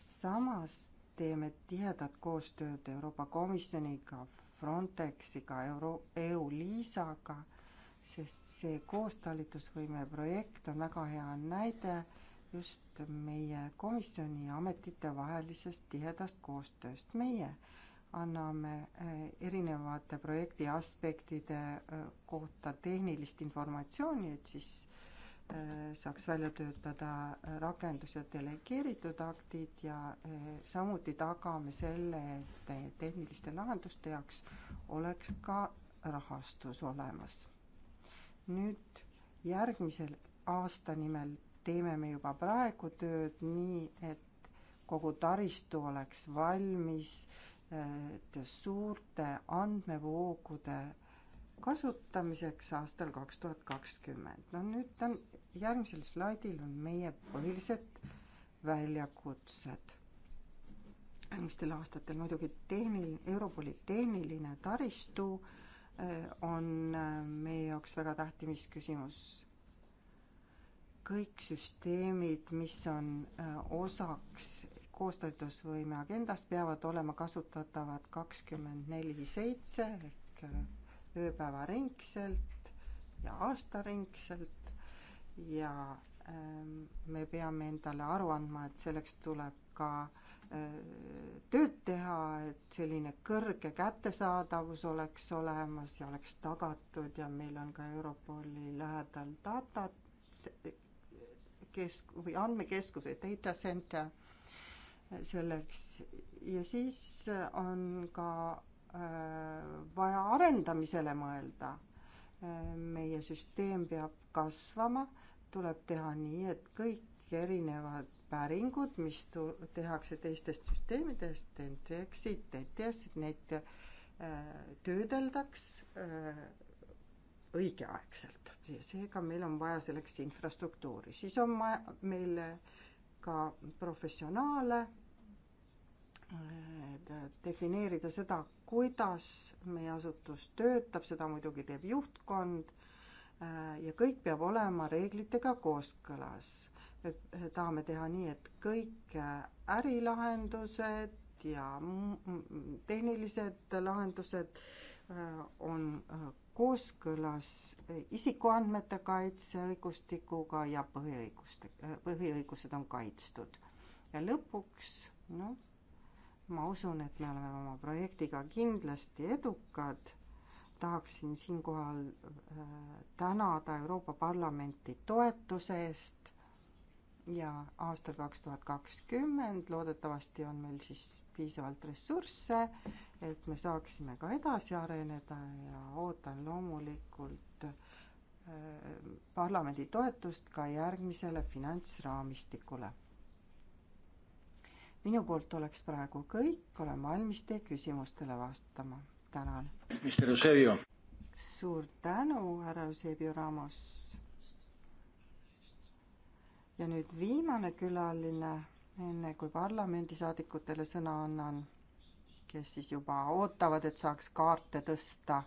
D: samas teeme tihedat koostööd Euroopa Komisjoniga, Frontexiga, Euro-, EU-LISAga, sest see koostalitusvõime projekt on väga hea näide just meie komisjoni ja ametite vahelisest tihedast koostööst. meie anname eh, erinevate projekti aspektide eh, kohta tehnilist informatsiooni, et siis saaks välja töötada rakendus- ja delegeeritud aktid ja eh, samuti tagame selle, et eh, tehniliste lahenduste jaoks oleks ka rahastus olemas. nüüd järgmisel aasta nimel teeme me juba praegu tööd nii, et kogu taristu oleks valmis eh, suurte andmevoogude äh, kasutamiseks aastal kaks tuhat kakskümmend. no nüüd on, järgmisel slaidil on meie põhilised väljakutsed. järgmistel aastatel muidugi tehnil-, Europoli tehniline taristu eh, on eh, meie jaoks väga tähtis küsimus. kõik süsteemid, mis on eh, osaks koostalitusvõime agendast, peavad olema kasutatavad kakskümmend neli seitse ehk ööpäevaringselt ja aastaringselt ja ähm, me peame endale aru andma, et selleks tuleb ka äh, tööd teha, et selline kõrge kättesaadavus oleks olemas ja oleks tagatud ja meil on ka Europoli lähedal datat kesk- või andmekeskused, data center selleks ja siis on ka Äh, vaja arendamisele mõelda. Äh, meie süsteem peab kasvama, tuleb teha nii, et kõik erinevad päringud, mis tu-, tehakse teistest süsteemidest, NTX-id, TTS-id, neid äh, töödeldaks õigeaegselt ja seega meil on vaja selleks infrastruktuuri, siis on ma-, meil ka professionaale defineerida seda, kuidas meie asutus töötab, seda muidugi teeb juhtkond äh, ja kõik peab olema reeglitega kooskõlas. me äh, tahame teha nii, et kõik äh, ärilahendused ja tehnilised lahendused on kooskõlas isikuandmete kaitse õigustikuga ja põhiõiguste, põhiõigused on kaitstud. ja lõpuks noh ma usun, et me oleme oma projektiga kindlasti edukad. tahaksin siinkohal äh, tänada Euroopa Parlamenti toetuse eest ja aastal kaks tuhat kakskümmend loodetavasti on meil siis piisavalt ressursse, et me saaksime ka edasi areneda ja ootan loomulikult äh, parlamendi toetust ka järgmisele finantsraamistikule minu poolt oleks praegu kõik, olen valmis teie küsimustele vastama. tänan.
A: minister Eusebio.
D: suur tänu, härra Eusebio Ramos. ja nüüd viimane külaline, enne kui parlamendisaadikutele sõna annan, kes siis juba ootavad, et saaks kaarte tõsta.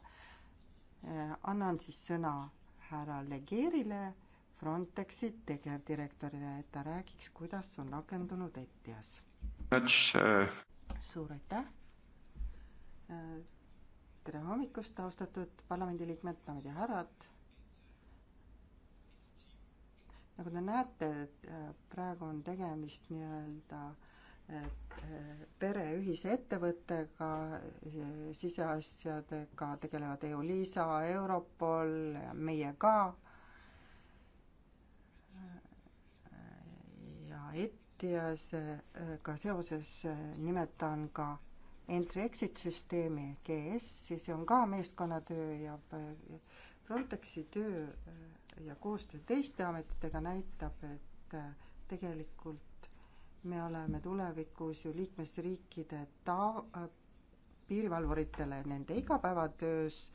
D: Eh, annan siis sõna härra Legeerile Frontexi tegevdirektorile, et ta räägiks, kuidas on rakendunud ETIAS
A: Uh,
D: suur aitäh. Äh, tere hommikust, austatud parlamendiliikmed, daamid ja härrad. nagu te näete, äh, praegu on tegemist nii-öelda äh, pere ühise ettevõttega, siseasjadega tegelevad EULISA, Europol, meie ka. ja et-, ja eh, seega seoses eh, nimetan ka entry-exit süsteemi GS-i, see on ka meeskonnatöö ja eh, Frontexi töö ja koostöö teiste ametitega näitab, et tegelikult me oleme tulevikus ju liikmesriikide ta-, piirivalvuritele nende igapäevatöös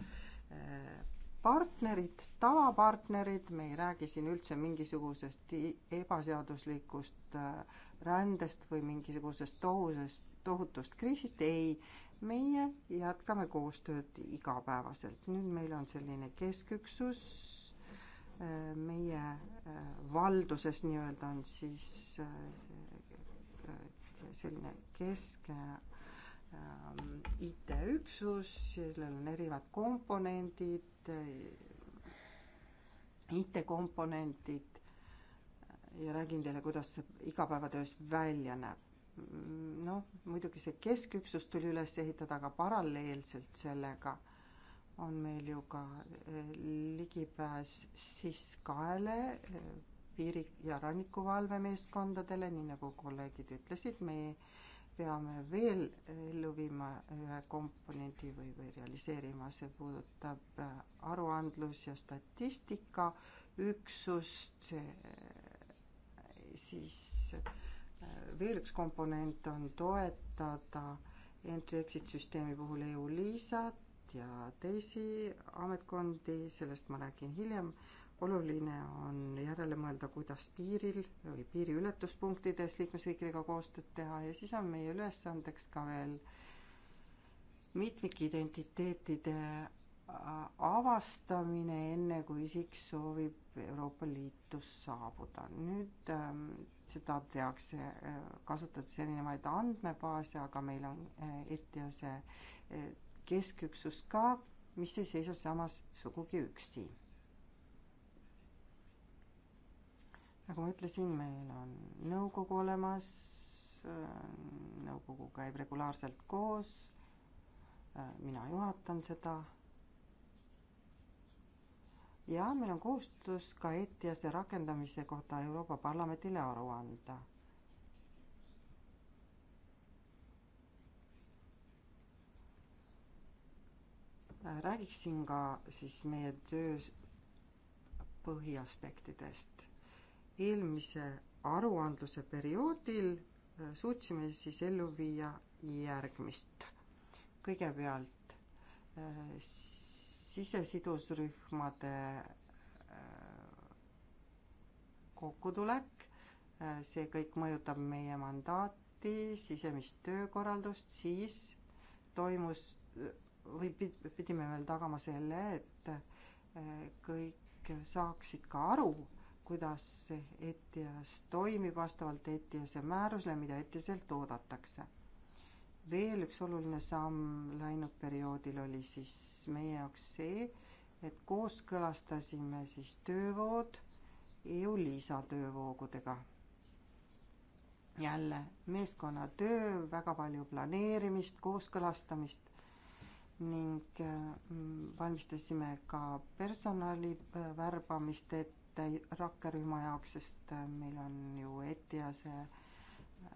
D: partnerid, tavapartnerid, me ei räägi siin üldse mingisugusest ebaseaduslikust äh, rändest või mingisugusest tohusest, tohutust kriisist, ei, meie jätkame koostööd igapäevaselt. nüüd meil on selline kesküksus, äh, meie äh, valduses nii-öelda on siis selline keskne IT-üksus, sellel on erinevad komponendid, Äh, IT-komponendid ja räägin teile, kuidas see igapäevatöös välja näeb. noh, muidugi see kesküksus tuli üles ehitada, aga paralleelselt sellega on meil ju ka äh, ligipääs siis kaele äh, piiri- ja rannikuvalvemeeskondadele, nii nagu kolleegid ütlesid, me peame veel eh, ellu viima ühe komponendi või, või realiseerima, see puudutab eh, aruandlus- ja statistikaüksust, eh, siis veel üks komponent on toetada entry-exit süsteemi puhul EU-LISat ja teisi ametkondi, sellest ma räägin hiljem oluline on järele mõelda, kuidas piiril või piiriületuspunktides liikmesriikidega koostööd teha ja siis on meie ülesandeks ka veel mitmikidentiteetide avastamine, enne kui isik soovib Euroopa Liitu saabuda. nüüd ähm, seda tehakse äh,, kasutatakse erinevaid andmebaase, aga meil on äh, ETIAS-e äh, kesküksus ka, mis ei seisa samas sugugi üksi nagu ma ütlesin, meil on nõukogu olemas, äh, nõukogu käib regulaarselt koos, äh, mina juhatan seda. ja meil on kohustus ka ETIAS-e rakendamise kohta Euroopa Parlamendile aru anda äh, räägiksin ka siis meie töö põhiaspektidest eelmise aruandluse perioodil äh, suutsime siis ellu viia järgmist. kõigepealt äh, sisesidusrühmade äh, kokkutulek, see kõik mõjutab meie mandaati, sisemist töökorraldust, siis toimus või pidime veel tagama selle, et kõik saaksid ka aru, kuidas see ETIAS toimib vastavalt ETIAS-e määrusele, mida ETIAS-ilt oodatakse. veel üks oluline samm läinud perioodil oli siis meie jaoks see, et kooskõlastasime siis töövood EU lisatöövoogudega. jälle meeskonnatöö, väga palju planeerimist, kooskõlastamist ning mm, valmistasime ka personali äh, värbamist ette ette rakkerühma jaoks, sest äh, meil on ju ETIAS-e äh,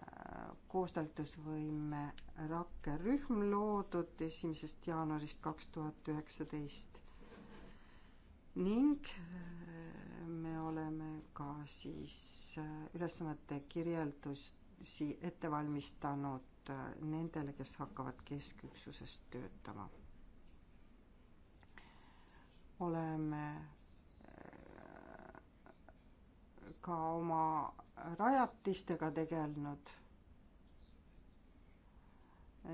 D: koostalitusvõime rakkerühm loodud esimesest jaanuarist kaks tuhat üheksateist ning äh, me oleme ka siis ülesannete kirjeldusi ette valmistanud nendele, kes hakkavad kesküksuses töötama. oleme ka oma rajatistega tegelenud.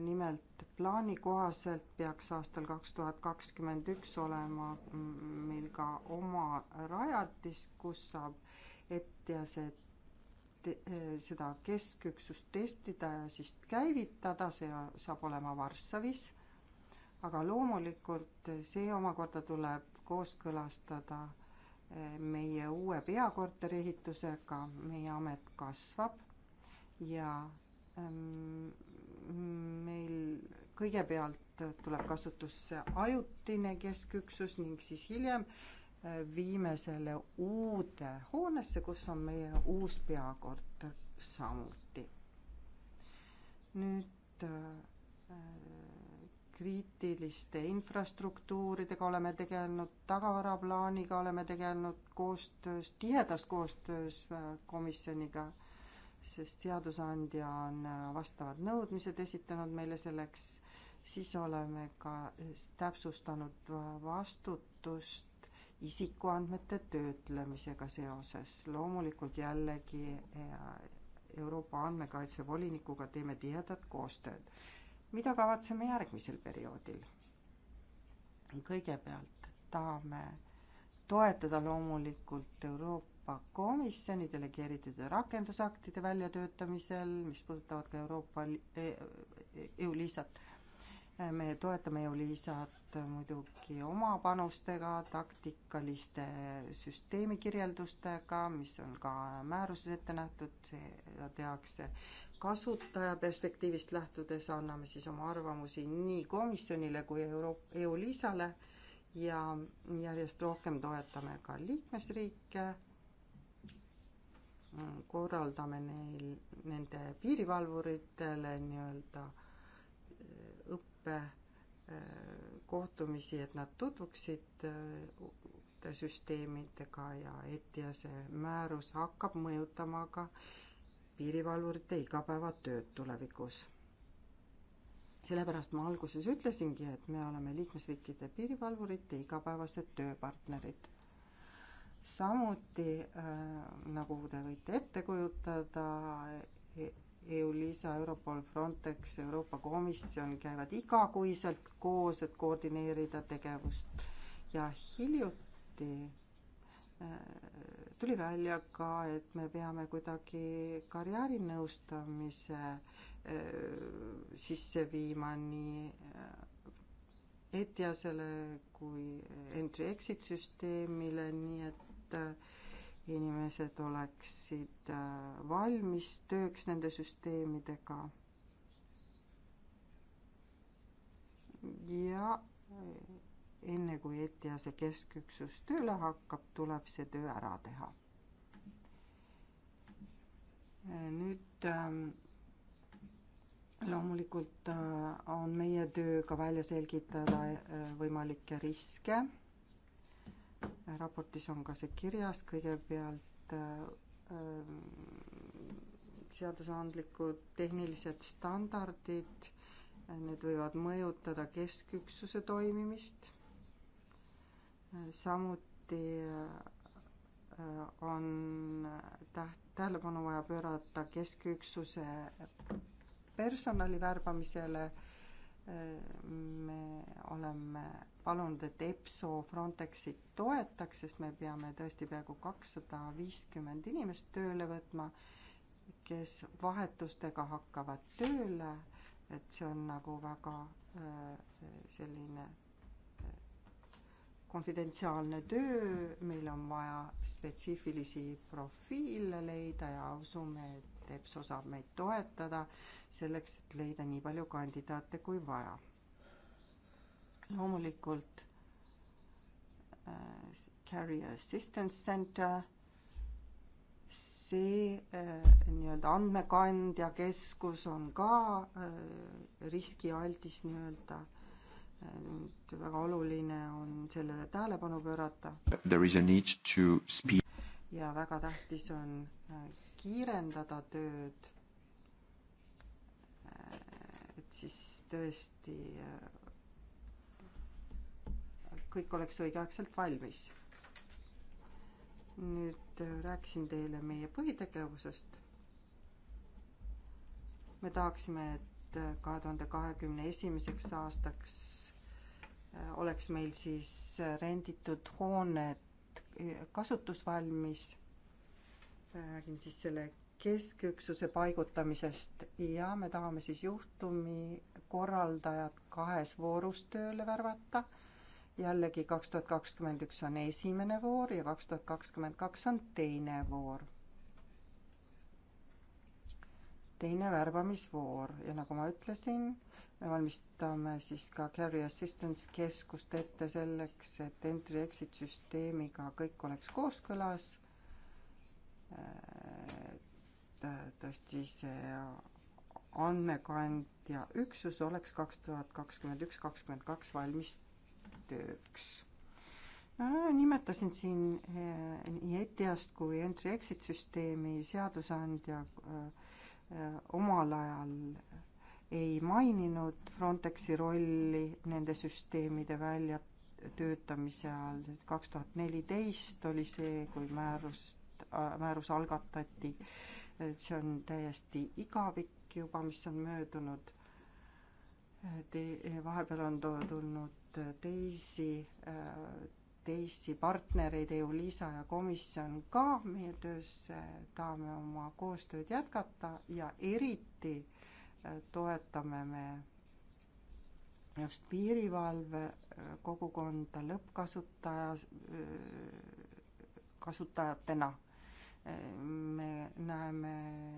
D: nimelt plaani kohaselt peaks aastal kaks tuhat kakskümmend üks olema meil ka oma rajatis, kus saab etteaset seda kesküksust testida ja siis käivitada, see saab olema Varssavis. aga loomulikult see omakorda tuleb kooskõlastada äh, meie uue peakorteri ehitusega, meie amet kasvab ja ähm, meil kõigepealt tuleb kasutusse ajutine kesküksus ning siis hiljem äh, viime selle uude hoonesse, kus on meie uus peakorter samuti. nüüd äh, kriitiliste infrastruktuuridega oleme tegelenud, tagavaraplaaniga oleme tegelenud koostöös, tihedas koostöös äh, komisjoniga, sest seadusandja on äh, vastavad nõudmised esitanud meile selleks, siis oleme ka äh, täpsustanud vastutust isikuandmete töötlemisega seoses. loomulikult jällegi Euroopa andmekaitsevolinikuga teeme tihedat koostööd mida kavatseme järgmisel perioodil? kõigepealt tahame toetada loomulikult Euroopa Komisjoni delegeeritud ja rakendusaktide väljatöötamisel, mis puudutavad ka Euroopa e, e, EU-liisat. me toetame EU-liisat muidugi oma panustega, taktikaliste süsteemi kirjeldustega, mis on ka määruses ette nähtud, seda tehakse kasutaja perspektiivist lähtudes anname siis oma arvamusi nii komisjonile kui Euro-, EULISale ja järjest rohkem toetame ka liikmesriike, korraldame neil, nende piirivalvuritele nii-öelda eh, õppe eh, kohtumisi, et nad tutvuksid eh, uute süsteemidega ja ETIAS-e määrus hakkab mõjutama ka äh, piirivalvurite igapäevatööd tulevikus. sellepärast ma alguses ütlesingi, et me oleme liikmesriikide piirivalvurite igapäevased tööpartnerid. samuti äh, nagu te võite ette kujutada, EU-LISA, Europol, Frontex, Euroopa Komisjon käivad igakuiselt koos, et koordineerida tegevust ja hiljuti äh, tuli välja ka, et me peame kuidagi karjäärinõustamise äh, sisse viima nii äh, ETIAS-ele kui entry-exit süsteemile, nii et äh, inimesed oleksid valmis tööks nende süsteemidega. ja enne kui ETIAS-e kesküksus tööle hakkab, tuleb see töö ära teha. nüüd ähm, loomulikult äh, on meie töö ka välja selgitada äh, võimalikke riske. raportis on ka see kirjas, kõigepealt äh, seadusandlikud tehnilised standardid, need võivad mõjutada kesküksuse toimimist samuti äh, on täht-, tähelepanu vaja pöörata kesküksuse personali värbamisele, äh, me oleme palunud, et EPSO Frontexit toetaks, sest me peame tõesti peaaegu kakssada viiskümmend inimest tööle võtma, kes vahetustega hakkavad tööle, et see on nagu väga äh, selline konfidentsiaalne töö, meil on vaja spetsiifilisi profiile leida ja usume, et EPSO saab meid toetada selleks, et leida nii palju kandidaate kui vaja. loomulikult äh, Career Assistance Center, see äh, nii-öelda andmekandjakeskus on ka äh, riskialdis nii-öelda äh, ning väga oluline on sellele tähelepanu pöörata. ja väga tähtis on äh, kiirendada tööd, äh, et siis tõesti äh, kõik oleks õigeaegselt valmis. nüüd rääkisin teile meie põhitegevusest. me tahaksime, et kahe tuhande kahekümne esimeseks aastaks Äh, oleks meil siis äh, renditud hooned äh, kasutusvalmis. räägin siis selle kesküksuse paigutamisest ja me tahame siis juhtumi korraldajad kahes voorus tööle värvata. jällegi kaks tuhat kakskümmend üks on esimene voor ja kaks tuhat kakskümmend kaks on teine voor. teine värbamisvoor ja nagu ma ütlesin me valmistame siis ka Carry Assistance keskust ette selleks, et entry-exit süsteemiga kõik oleks kooskõlas. Äh, tõesti see andmekandja üksus oleks kaks tuhat kakskümmend üks, kakskümmend kaks valmis tööks no,. nimetasin siin äh, nii ETIAS-t kui entry-exit süsteemi seadusandja äh, omal ajal ei maininud Frontexi rolli nende süsteemide väljatöötamise ajal. kaks tuhat neliteist oli see, kui määrust, äh, määrus algatati. see on täiesti igavik juba, mis on möödunud. Te-, vahepeal on tulnud teisi, äh, teisi partnereid, EU-LISA ja komisjon ka meie töösse, tahame oma koostööd jätkata ja eriti äh, toetame me just piirivalve äh, kogukonda lõppkasutaja, äh, kasutajatena. Äh, me näeme,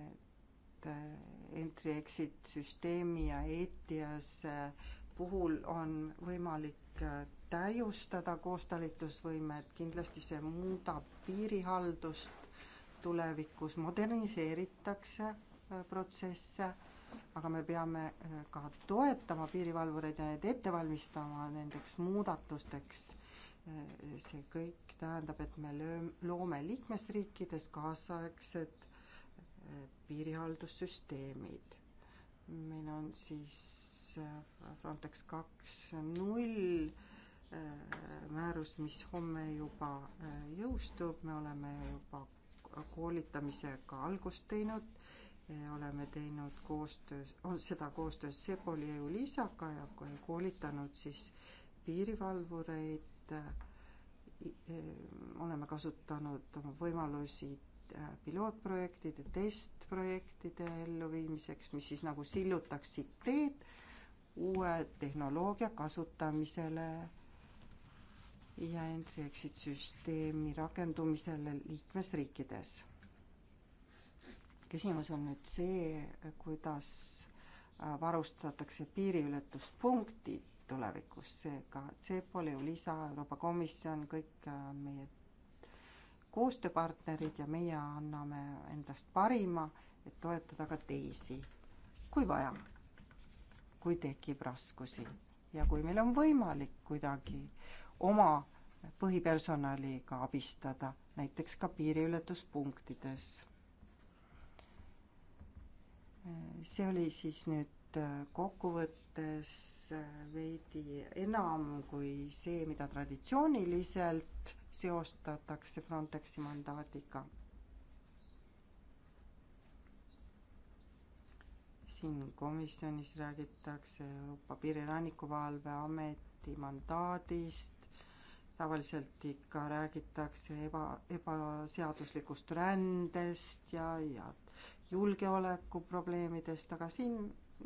D: et entry-exit süsteemi ja ETIAS puhul on võimalik täiustada koostalitusvõimet, kindlasti see muudab piirihaldust tulevikus, moderniseeritakse protsesse aga me peame äh, ka toetama piirivalvureid ja neid ette valmistama nendeks muudatusteks. Äh, see kõik tähendab, et me lööme, loome liikmesriikides kaasaegsed äh, piirihaldussüsteemid. meil on siis Frontex kaks null määrus, mis homme juba jõustub, me oleme juba koolitamisega algust teinud oleme teinud koostöös, on seda koostöös Seboli ja Ulisaga ja koolitanud siis piirivalvureid. E, oleme kasutanud oma võimalusi e, pilootprojektide, testprojektide elluviimiseks, mis siis nagu sillutaksid teed uue tehnoloogia kasutamisele ja entry-exit süsteemi rakendumisele liikmesriikides küsimus on nüüd see, kuidas äh, varustatakse piiriületuspunktid tulevikus, seega CEPOL, EULISA, Euroopa Komisjon, kõik on äh, meie koostööpartnerid ja meie anname endast parima, et toetada ka teisi, kui vaja, kui tekib raskusi ja kui meil on võimalik kuidagi oma põhipersonaliga abistada, näiteks ka piiriületuspunktides see oli siis nüüd äh, kokkuvõttes äh, veidi enam kui see, mida traditsiooniliselt seostatakse Frontexi mandaadiga. siin komisjonis räägitakse Euroopa Piiri Rannikuvalve Ameti mandaadist, tavaliselt ikka räägitakse eba, ebaseaduslikust rändest ja, ja julgeolekuprobleemidest, aga siin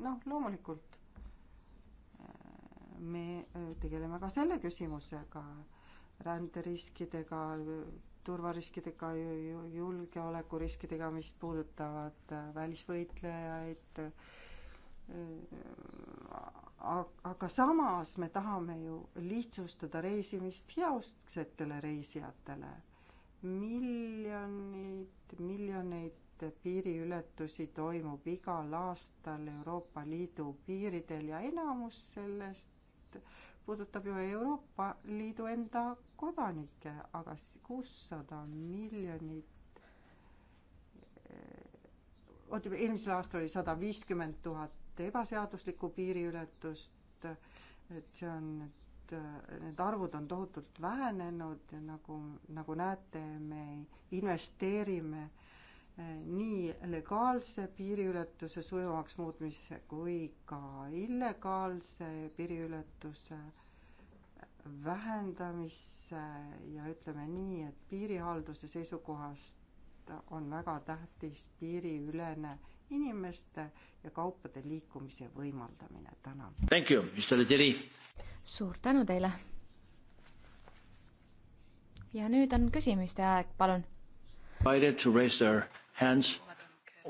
D: noh, loomulikult äh, me äh, tegeleme ka selle küsimusega, ränderiskidega, turvariskidega, julgeolekuriskidega, mis puudutavad äh, välisvõitlejaid. aga samas me tahame ju lihtsustada reisimist heausksetele reisijatele. miljonid, miljoneid piiriületusi toimub igal aastal Euroopa Liidu piiridel ja enamus sellest puudutab ju Euroopa Liidu enda kodanikke, aga kuussada miljonit oota, eelmisel aastal oli sada viiskümmend tuhat ebaseaduslikku piiriületust, et see on nüüd, äh, need arvud on tohutult vähenenud ja nagu, nagu näete, me investeerime äh, nii legaalse piiriületuse sujuvaks muutmise kui ka illegaalse piiriületuse vähendamisse ja ütleme nii, et piirihalduse seisukohast on väga tähtis piiriülene inimeste ja kaupade liikumise võimaldamine. tänan. suur tänu teile.
B: ja nüüd on küsimiste aeg, palun.
A: Invited to raise their hands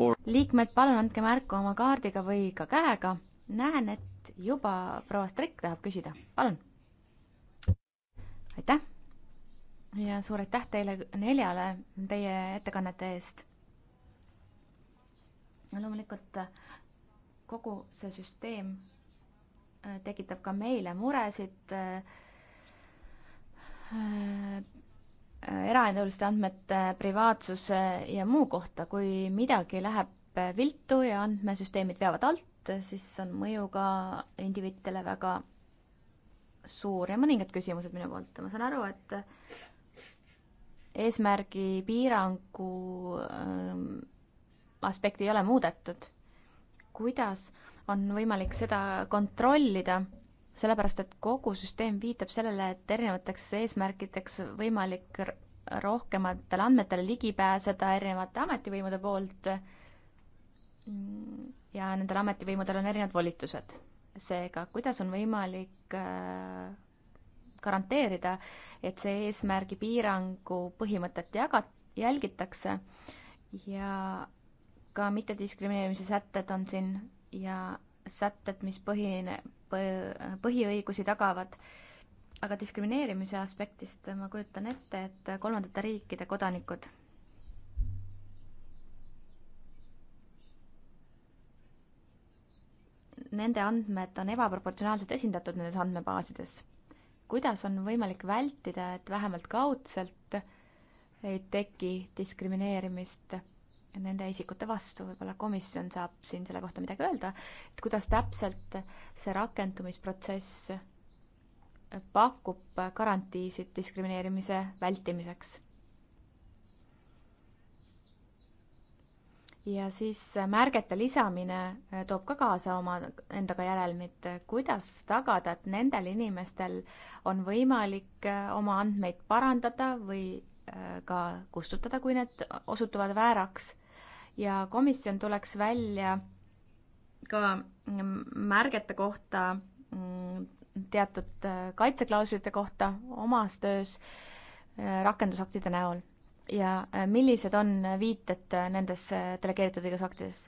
A: or
B: liikmed, palun andke märku oma kaardiga või ka käega. näen, et juba proua Strekk tahab küsida, palun. aitäh ja suur aitäh teile neljale teie ettekannete eest. loomulikult kogu see süsteem äh, tekitab ka meile muresid äh, Äh, eraenduriste andmete privaatsuse ja muu kohta, kui midagi läheb viltu ja andmesüsteemid veavad alt, siis on mõju ka indiviididele väga suur ja mõningad küsimused minu poolt, ma saan aru, et eesmärgi piirangu ähm, aspekti ei ole muudetud. kuidas on võimalik seda kontrollida sellepärast et kogu süsteem viitab sellele, et erinevateks eesmärkideks võimalik rohkematele andmetele ligi pääseda erinevate ametivõimude poolt mm, ja nendel ametivõimudel on erinevad volitused. seega, kuidas on võimalik äh, garanteerida, et see eesmärgi piirangu põhimõtet jaga-, jälgitakse ja ka mittediskrimineerimise sätted on siin ja sätted, mis põhine, põhiõigusi tagavad. aga diskrimineerimise aspektist ma kujutan ette, et kolmandate riikide kodanikud Nende andmed on ebaproportsionaalselt esindatud nendes andmebaasides. kuidas on võimalik vältida, et vähemalt kaudselt ei teki diskrimineerimist nende isikute vastu, võib-olla komisjon saab siin selle kohta midagi öelda, et kuidas täpselt see rakendumisprotsess pakub garantiisid diskrimineerimise vältimiseks. ja siis märgete lisamine toob ka kaasa oma endaga järelmid, kuidas tagada, et nendel inimestel on võimalik oma andmeid parandada või äh, ka kustutada, kui need osutuvad vääraks ja komisjon tuleks välja ka mm, märgete kohta, mm, teatud äh, kaitseklauslite kohta omas töös äh, rakendusaktide näol ja äh, millised on viited nendes delegeeritud õigusaktides.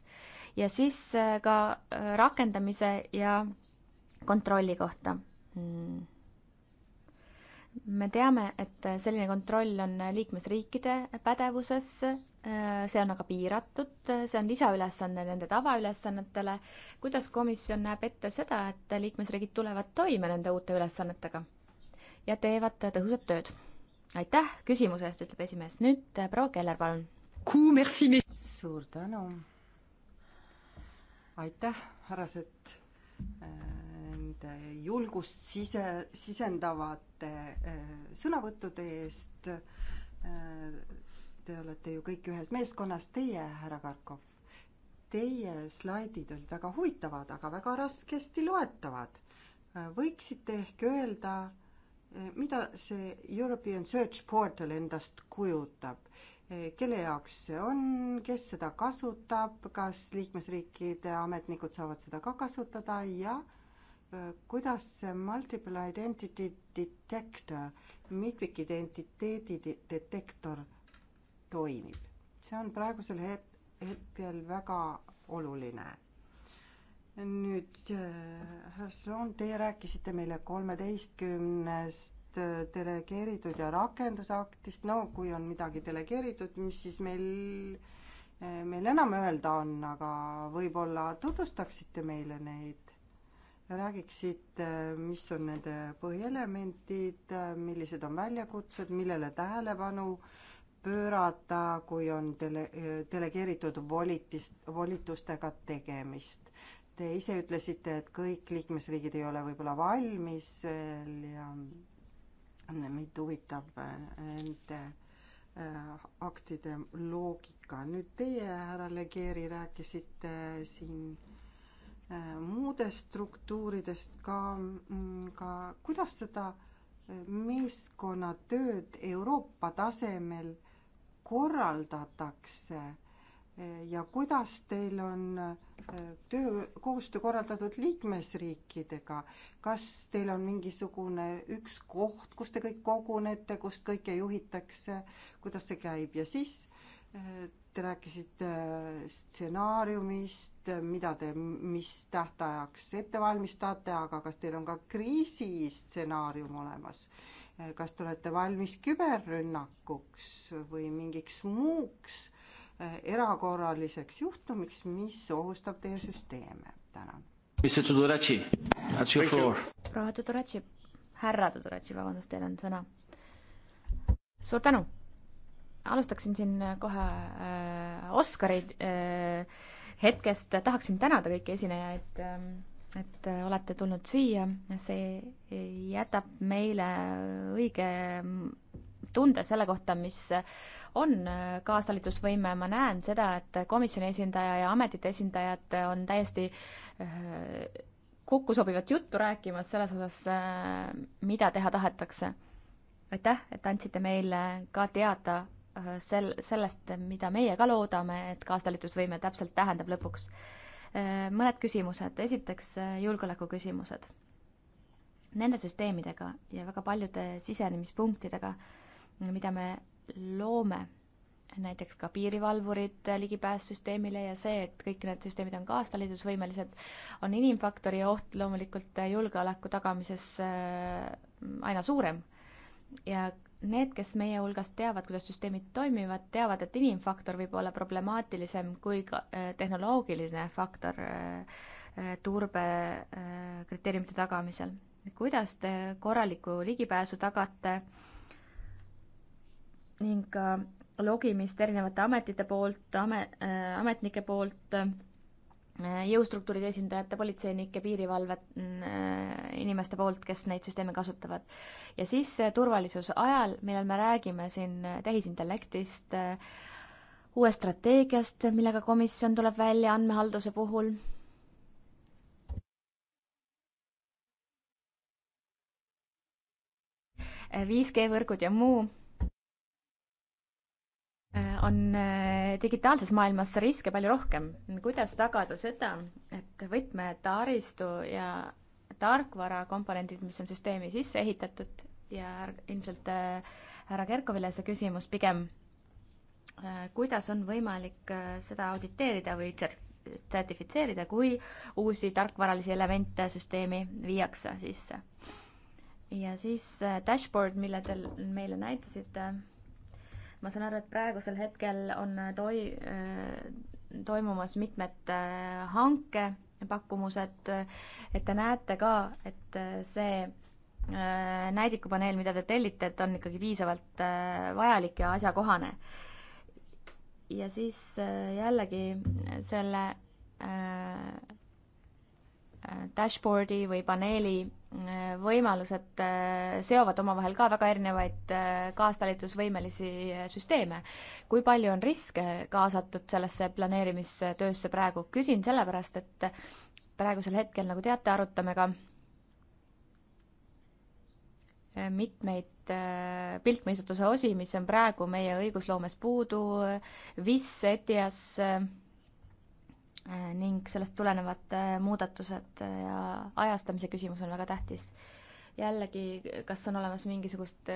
B: ja siis ka rakendamise ja kontrolli kohta mm me teame, et selline kontroll on liikmesriikide pädevuses, see on aga piiratud, see on lisaülesanne nende tavaülesannetele. kuidas komisjon näeb ette seda, et liikmesriigid tulevad toime nende uute ülesannetega ja teevad tõhusat tööd? aitäh küsimuse eest, ütleb esimees. nüüd proua Keller, palun.
D: suur tänu. aitäh, härrased äh, nende julgust sise, sisendavate eh, sõnavõttude eest. Eh, te olete ju kõik ühes meeskonnas, teie, härra Karkov, teie slaidid olid väga huvitavad, aga väga raskesti loetavad. Eh, võiksite ehk öelda, mida see European Search Portal endast kujutab? kelle jaoks see on, kes seda kasutab, kas liikmesriikide ametnikud saavad seda ka kasutada ja äh, Äh, kuidas see multiple identity detector, mitmikidentiteedi detektor toimib. see on praegusel hetkel väga oluline. nüüd äh, härra Sloan, teie rääkisite meile kolmeteistkümnest äh, delegeeritud ja rakendusaktist, no kui on midagi delegeeritud, mis siis meil, meil enam öelda on, aga võib-olla tutvustaksite meile neid räägiksite, äh, mis on nende põhielemendid, äh, millised on väljakutsed, millele tähelepanu pöörata, kui on dele-, delegeeritud volitist, volitustega tegemist. Te ise ütlesite, et kõik liikmesriigid ei ole võib-olla valmis veel äh, ja mind huvitab nende aktide loogika. nüüd teie, härra Legeri, rääkisite siin Äh, muudest struktuuridest ka, mm, ka kuidas seda äh, meeskonnatööd Euroopa tasemel korraldatakse äh, ja kuidas teil on töö, koostöö korraldatud liikmesriikidega, kas teil on mingisugune üks koht, kus te kõik kogunete, kust kõike juhitakse, kuidas see käib ja siis Te rääkisite äh, stsenaariumist, äh, mida te, mis tähtajaks ette valmistate, aga kas teil on ka kriisistsenaarium olemas? Äh, kas te olete valmis küberrünnakuks või mingiks muuks erakorraliseks juhtumiks, mis ohustab teie süsteeme? tänan.
A: proua
D: Tudoratši, härra Tudoratši, vabandust, teil on sõna.
B: suur tänu alustaksin siin äh, kohe äh, Oscari äh, hetkest, tahaksin tänada kõiki esinejaid äh,, et äh, olete tulnud siia, see jätab meile õige ähm, tunde selle kohta, mis on äh, kaastalitusvõime, ma näen seda, et komisjoni esindaja ja ametite esindajad on täiesti äh, kokkusobivat juttu rääkimas selles osas, mida teha tahetakse. aitäh, et andsite meile ka teada Äh, sel, sellest, mida meie ka loodame, et kaastalitusvõime täpselt tähendab lõpuks. Äh, mõned küsimused, esiteks äh, julgeoleku küsimused. Nende süsteemidega ja väga paljude sisenemispunktidega, mida me loome, näiteks ka piirivalvurid, ligipääs süsteemile ja see, et kõik need süsteemid on kaastalitusvõimelised, on inimfaktori oht loomulikult julgeoleku tagamises aina suurem ja need, kes meie hulgast teavad, kuidas süsteemid toimivad, teavad, et inimfaktor võib olla problemaatilisem kui ka äh, tehnoloogiline faktor äh, äh, turbe kriteeriumite tagamisel. kuidas te korralikku ligipääsu tagate ning ka logimist erinevate ametite poolt, ame-, ametnike poolt Äh, jõustruktuuride esindajate, politseinike, piirivalve mm, äh, inimeste poolt, kes neid süsteeme kasutavad. ja siis äh, turvalisuse ajal, millal me räägime siin tehisintellektist, uuest strateegiast, millega komisjon tuleb välja andmehalduse puhul, viis G võrgud ja muu Äh, on äh, digitaalses maailmas riske palju rohkem. kuidas tagada seda, et võtmetaristu ja tarkvarakomponendid, mis on süsteemi sisse ehitatud ja ilmselt äh, härra Kerkovile see küsimus pigem, kuidas on võimalik seda auditeerida või sertifitseerida, kui uusi tarkvaralisi elemente süsteemi viiakse sisse? ja siis dashboard, mille te meile näitasite ma saan aru, et praegusel hetkel on äh, toi-, äh, toimumas mitmed äh, hankepakkumused, et te näete ka, et see näidikupaneel, mida te tellite, et on ikkagi piisavalt vajalik ja asjakohane. ja siis jällegi selle dashboard'i või paneeli võimalused äh, seovad omavahel ka väga erinevaid äh, kaastalitusvõimelisi äh, süsteeme. kui palju on riske kaasatud sellesse planeerimistöösse praegu, küsin sellepärast, et praegusel hetkel, nagu teate, arutame ka mitmeid pilkmõistetuse osi, mis on praegu meie õigusloomes puudu, VIS, ETIAS, Äh, ning sellest tulenevad äh, muudatused äh, ja ajastamise küsimus on väga tähtis. jällegi, kas on olemas mingisugust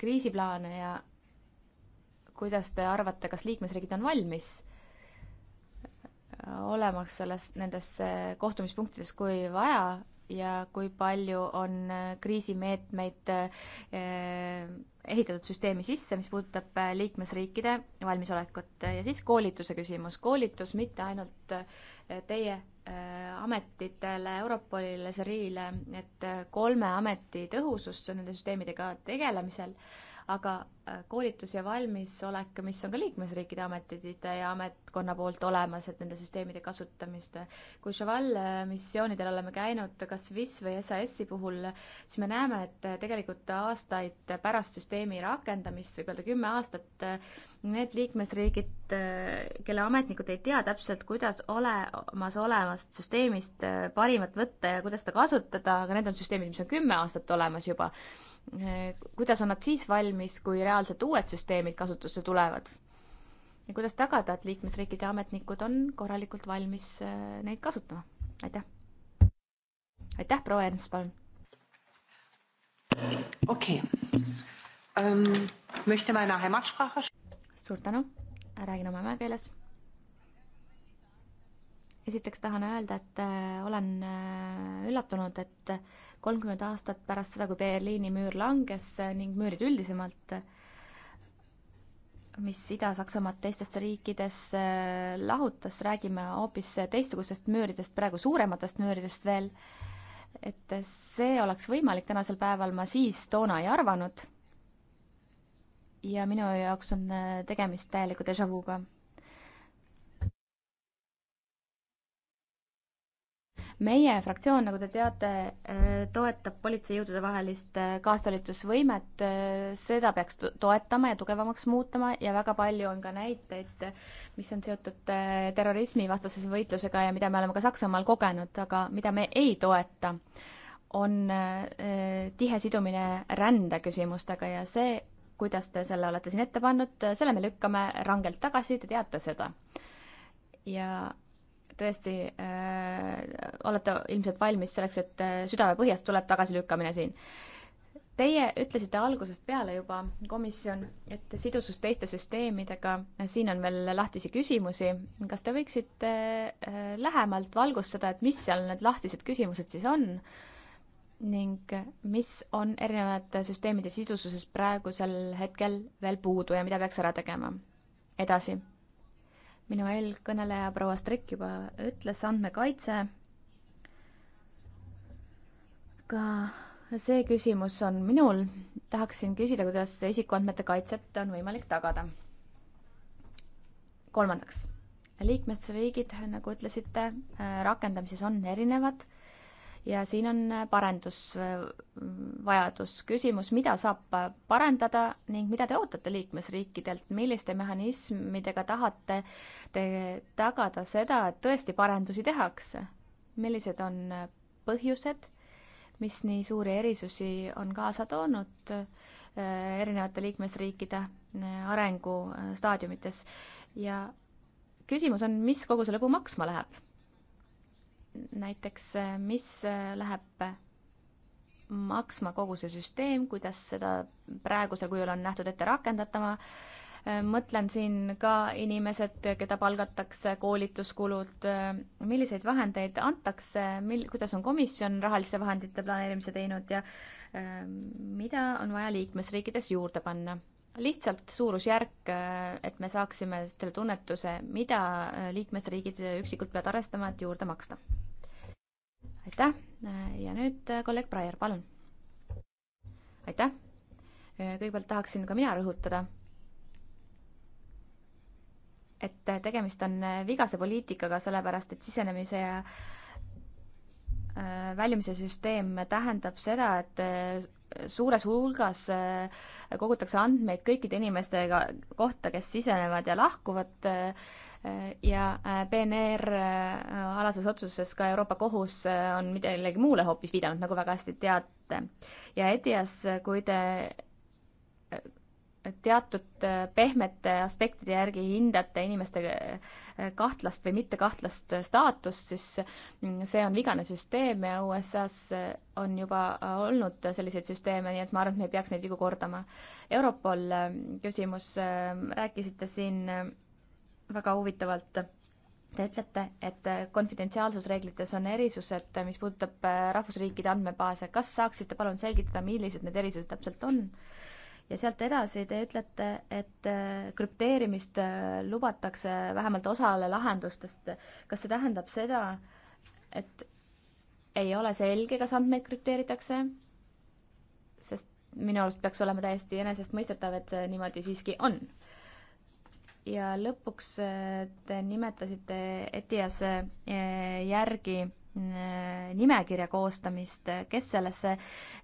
B: kriisiplaane ja kuidas te arvate, kas liikmesriigid on valmis olemaks selles, nendes kohtumispunktides, kui vaja ja kui palju on kriisimeetmeid ehitatud süsteemi sisse, mis puudutab äh, liikmesriikide valmisolekut ja siis koolituse küsimus. koolitus mitte ainult äh, teie äh, ametitele, Europolile, Seriile, et kolme ameti tõhusus nende süsteemidega tegelemisel aga äh, koolitus ja valmisolek, mis on ka liikmesriikide ametite ja ametkonna poolt olemas, et nende süsteemide kasutamist. kui Cheval äh, missioonidel oleme käinud kas WIS või SAS-i puhul, siis me näeme, et äh, tegelikult aastaid pärast süsteemi rakendamist, võib öelda kümme aastat, need liikmesriigid, kelle ametnikud ei tea täpselt, kuidas olemas olevast süsteemist parimat võtta ja kuidas seda kasutada, aga need on süsteemid, mis on kümme aastat olemas juba kuidas on nad siis valmis, kui reaalselt uued süsteemid kasutusse tulevad? ja kuidas tagada, et liikmesriikide ametnikud on korralikult valmis äh, neid kasutama? aitäh. aitäh, proua Ernst, palun. okei okay. um,. Ähm, suur tänu, räägin oma emakeeles esiteks tahan öelda, et äh, olen äh, üllatunud, et kolmkümmend aastat pärast seda, kui Berliini müür langes eh, ning müürid üldisemalt, mis Ida-Saksamaad teistest riikidest eh, lahutas, räägime hoopis teistsugustest müüridest, praegu suurematest müüridest veel, et see oleks võimalik tänasel päeval, ma siis toona ei arvanud. ja minu jaoks on eh, tegemist täieliku déjà vu'ga meie fraktsioon, nagu te teate, äh, toetab politseijõudude vahelist äh, kaastalitusvõimet, äh, seda peaks toetama ja tugevamaks muutma ja väga palju on ka näiteid, mis on seotud terrorismivastase võitlusega ja mida me oleme ka Saksamaal kogenud, aga mida me ei toeta, on tihe sidumine rändeküsimustega ja see, kuidas te selle olete siin ette pannud, selle me lükkame rangelt tagasi, te teate seda. ja tõesti äh, olete ilmselt valmis selleks, et äh, südamepõhjast tuleb tagasilükkamine siin. Teie ütlesite algusest peale juba, komisjon, et sidusus teiste süsteemidega, siin on veel lahtisi küsimusi. kas te võiksite äh, lähemalt valgustada, et mis seal need lahtised küsimused siis on ning mis on erinevate süsteemide sidususes praegusel hetkel veel puudu ja mida peaks ära tegema? edasi minu eelkõneleja proua Strik juba ütles, andmekaitse. ka see küsimus on minul. tahaksin küsida, kuidas isikuandmete kaitset on võimalik tagada. kolmandaks, liikmesriigid, nagu ütlesite, rakendamises on erinevad ja siin on äh, parendusvajadus. Äh, küsimus, mida saab äh, parendada ning mida te ootate liikmesriikidelt, milliste mehhanismidega tahate te tagada seda, et tõesti parendusi tehakse? millised on põhjused, mis nii suuri erisusi on kaasa toonud erinevate liikmesriikide arengustaadiumites ja küsimus on, mis kogu see lõbu maksma läheb näiteks, eh, mis eh, läheb maksma kogu see süsteem, kuidas seda praegusel kujul on nähtud ette rakendatama. Eh, mõtlen siin ka inimesed, keda palgatakse, koolituskulud, milliseid vahendeid antakse, mil-, kuidas on komisjon rahaliste vahendite planeerimise teinud ja mida on vaja liikmesriikides juurde panna lihtsalt suurusjärk, et me saaksime selle tunnetuse, mida liikmesriigid üksikult peavad arvestama, et juurde maksta aitäh ja nüüd äh, kolleeg Breyer, palun. aitäh. Äh, kõigepealt tahaksin ka mina rõhutada, et äh, tegemist on vigase poliitikaga, sellepärast et sisenemise ja väljumise süsteem tähendab seda, et suures hulgas kogutakse andmeid kõikide inimeste kohta, kes sisenevad ja lahkuvad ja PNR-alases äh, äh, otsuses ka Euroopa Kohus äh, on midagi muule hoopis viidanud, nagu väga hästi teate. ja ETIAS, kui te teatud pehmete aspektide järgi hindate inimeste kahtlast või mittekahtlast staatust, siis mm, see on vigane süsteem ja USA-s on juba olnud selliseid süsteeme, nii et ma arvan, et me ei peaks neid vigu kordama. Europol küsimus, rääkisite siin väga huvitavalt. Te ütlete, et konfidentsiaalsusreeglites on erisused, mis puudutab äh, rahvusriikide andmebaase. kas saaksite palun selgitada, millised need erisused täpselt on? ja sealt edasi te ütlete, et äh, krüpteerimist äh, lubatakse vähemalt osale lahendustest. kas see tähendab seda, et ei ole selge, kas andmeid krüpteeritakse? sest minu arust peaks olema täiesti enesestmõistetav, et see niimoodi siiski on ja lõpuks äh, te nimetasite ETIAS-e äh, järgi äh, nimekirja koostamist, kes sellesse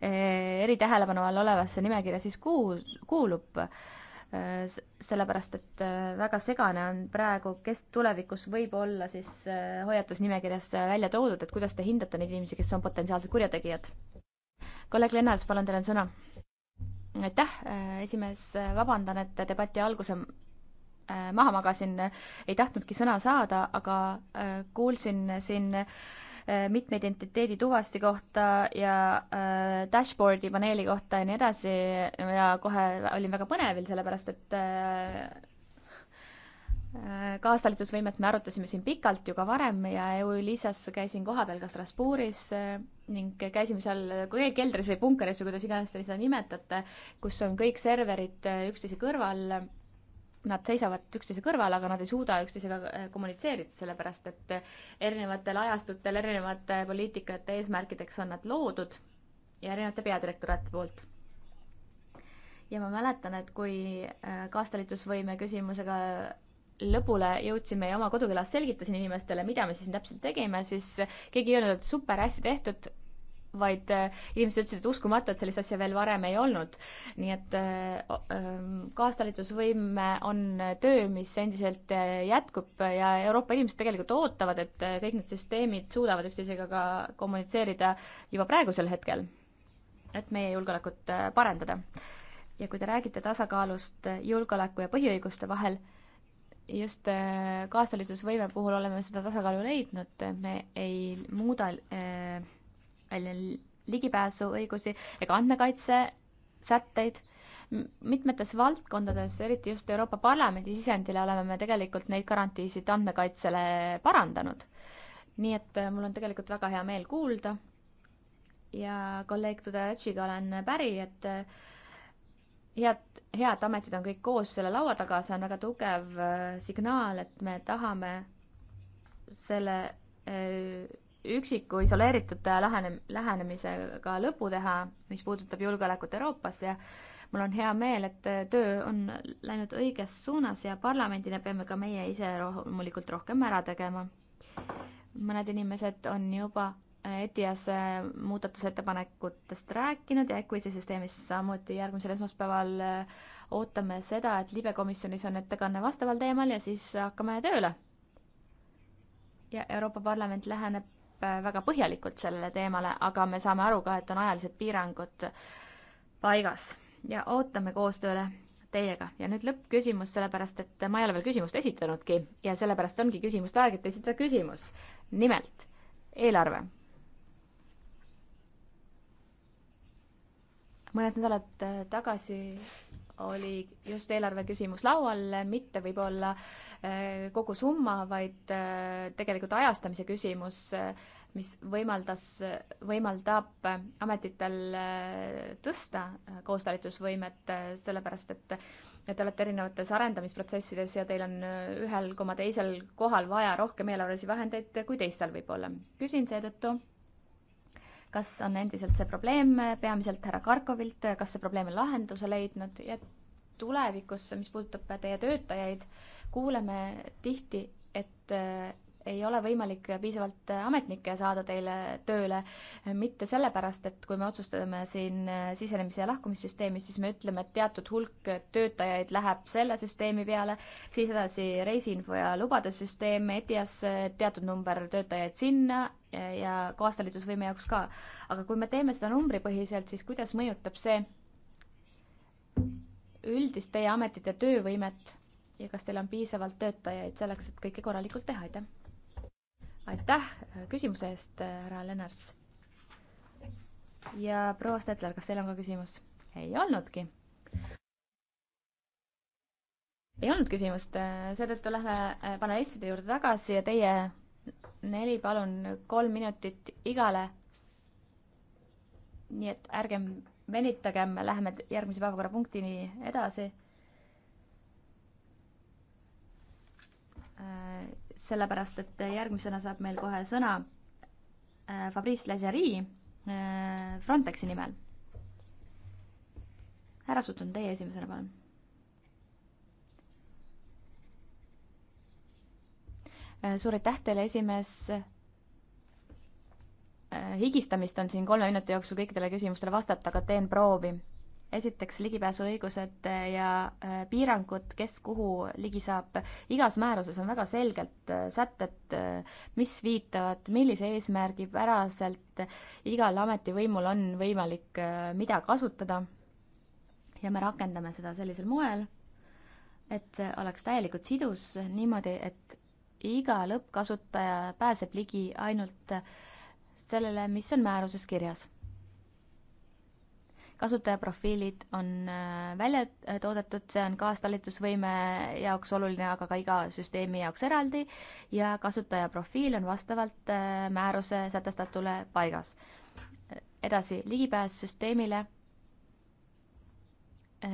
B: eritähelepanu all olevasse nimekirja siis kuus, kuulub sellepärast, et väga segane on praegu, kes tulevikus võib olla siis hoiatusnimekirjas välja toodud, et kuidas te hindate neid inimesi, kes on potentsiaalsed kurjategijad? kolleeg Lennarts, palun, teil on sõna. aitäh, esimees, vabandan, et debati alguse Äh, maha magasin, ei tahtnudki sõna saada, aga äh, kuulsin siin äh, mitme identiteedi tuvasti kohta ja äh, dashboard'i paneeli kohta ja nii edasi ja kohe olin väga põnevil, sellepärast et äh, kaastalitusvõimet me arutasime siin pikalt ju ka varem ja EU-Liisas käisin kohapeal ka Strasbourgis ning käisime seal keldris või punkeris või kuidas iganes te seda nimetate, kus on kõik serverid üksteise kõrval nad seisavad üksteise kõrval, aga nad ei suuda üksteisega äh, kommunitseerida, sellepärast et äh, erinevatel ajastutel erinevate poliitikate eesmärkideks on nad loodud ja erinevate peadirektorate poolt. ja ma mäletan, et kui äh, kaastalitusvõime küsimusega lõpule jõudsime ja oma kodukülas selgitasin inimestele, mida me siis täpselt tegime, siis keegi ei öelnud, et super, hästi tehtud, vaid äh, inimesed ütlesid, et uskumatu, et sellist asja veel varem ei olnud. nii et äh, ähm, kaastalitusvõime on töö, mis endiselt äh, jätkub ja Euroopa inimesed tegelikult ootavad, et kõik need süsteemid suudavad üksteisega ka kommunitseerida juba praegusel hetkel, et meie julgeolekut parendada. ja kui te räägite tasakaalust julgeoleku ja põhiõiguste vahel, just kaastalitusvõime puhul oleme seda tasakaalu leidnud, me ei muuda äh, ligipääsuõigusi ega andmekaitse sätteid. mitmetes valdkondades, eriti just Euroopa Parlamendi sisendile, oleme me tegelikult neid garantiisid andmekaitsele parandanud. nii et äh, mul on tegelikult väga hea meel kuulda ja kolleeg Tudoratšiga olen päri, et äh, head, head ametid on kõik koos selle laua taga, see on väga tugev äh, signaal, et me tahame selle üksiku isoleeritud lähenem-, lähenemisega lõpu teha, mis puudutab julgeolekut Euroopas ja mul on hea meel, et töö on läinud õiges suunas ja parlamendina peame ka meie ise loomulikult rohkem ära tegema. mõned inimesed on juba ETIAS muudatusettepanekutest rääkinud ja EQUIS-i süsteemis samuti järgmisel esmaspäeval ootame seda, et libekomisjonis on ettekanne vastaval teemal ja siis hakkame tööle ja Euroopa Parlament läheneb Äh, väga põhjalikult sellele teemale, aga me saame aru ka, et on ajalised piirangud paigas ja ootame koostööle teiega. ja nüüd lõppküsimus, sellepärast et ma ei ole veel küsimust esitanudki ja sellepärast ongi küsimuste aeg, et esitada küsimus. nimelt, eelarve. mõned nädalad tagasi oli just eelarve küsimus laual, mitte võib-olla äh, Äh, kogu summa, vaid äh, tegelikult ajastamise küsimus, äh, mis võimaldas, võimaldab ametitel tõsta koostalitusvõimet, sellepärast et et te olete erinevates arendamisprotsessides ja teil on ühel koma teisel kohal vaja rohkem eelarvelisi vahendeid kui teistel võib-olla. küsin seetõttu kas on endiselt see probleem peamiselt härra Karkovilt, kas see probleem on lahenduse leidnud ja tulevikus, mis puudutab teie töötajaid, kuuleme tihti, et äh, ei ole võimalik piisavalt äh, ametnikke saada teile tööle, äh, mitte sellepärast, et kui me otsustame siin sisenemise ja lahkumissüsteemi, siis me ütleme, et teatud hulk töötajaid läheb selle süsteemi peale, siis edasi reisiinfo ja lubade süsteem, ETIAS teatud number töötajaid sinna ja kaastalitusvõime jaoks ka. aga kui me teeme seda numbripõhiselt, siis kuidas mõjutab see üldist teie ametite töövõimet ja kas teil on piisavalt töötajaid selleks, et kõike korralikult teha, aitäh! aitäh äh, küsimuse eest, äh, härra Lennarts! ja proua Stetler, kas teil on ka küsimus? ei olnudki. ei olnud küsimust, äh, seetõttu lähme panelistide juurde tagasi ja teie neli, palun, kolm minutit igale. nii et ärgem venitagem, läheme järgmise päevakorrapunktini edasi Äh, sellepärast et järgmisena saab meil kohe sõna äh, Fabrice Legeri äh, Frontexi nimel. härra Sutton, teie esimesena, palun. suur aitäh teile, esimees. higistamist on siin kolme minuti jooksul kõikidele küsimustele vastata, aga teen proovi esiteks ligipääsuõigused äh, ja äh, piirangud, kes kuhu ligi saab. igas määruses on väga selgelt äh, sätted, mis viitavad, millise eesmärgi päraselt igal ametivõimul on võimalik mida kasutada. ja me rakendame seda sellisel moel, et see oleks täielikult sidus niimoodi, et iga lõppkasutaja pääseb ligi ainult sellele, mis on määruses kirjas kasutajaprofiilid on äh, välja äh, toodetud, see on kaastalitusvõime jaoks oluline, aga ka iga süsteemi jaoks eraldi ja kasutajaprofiil on vastavalt äh, määruse sätestatule paigas. edasi, ligipääs süsteemile.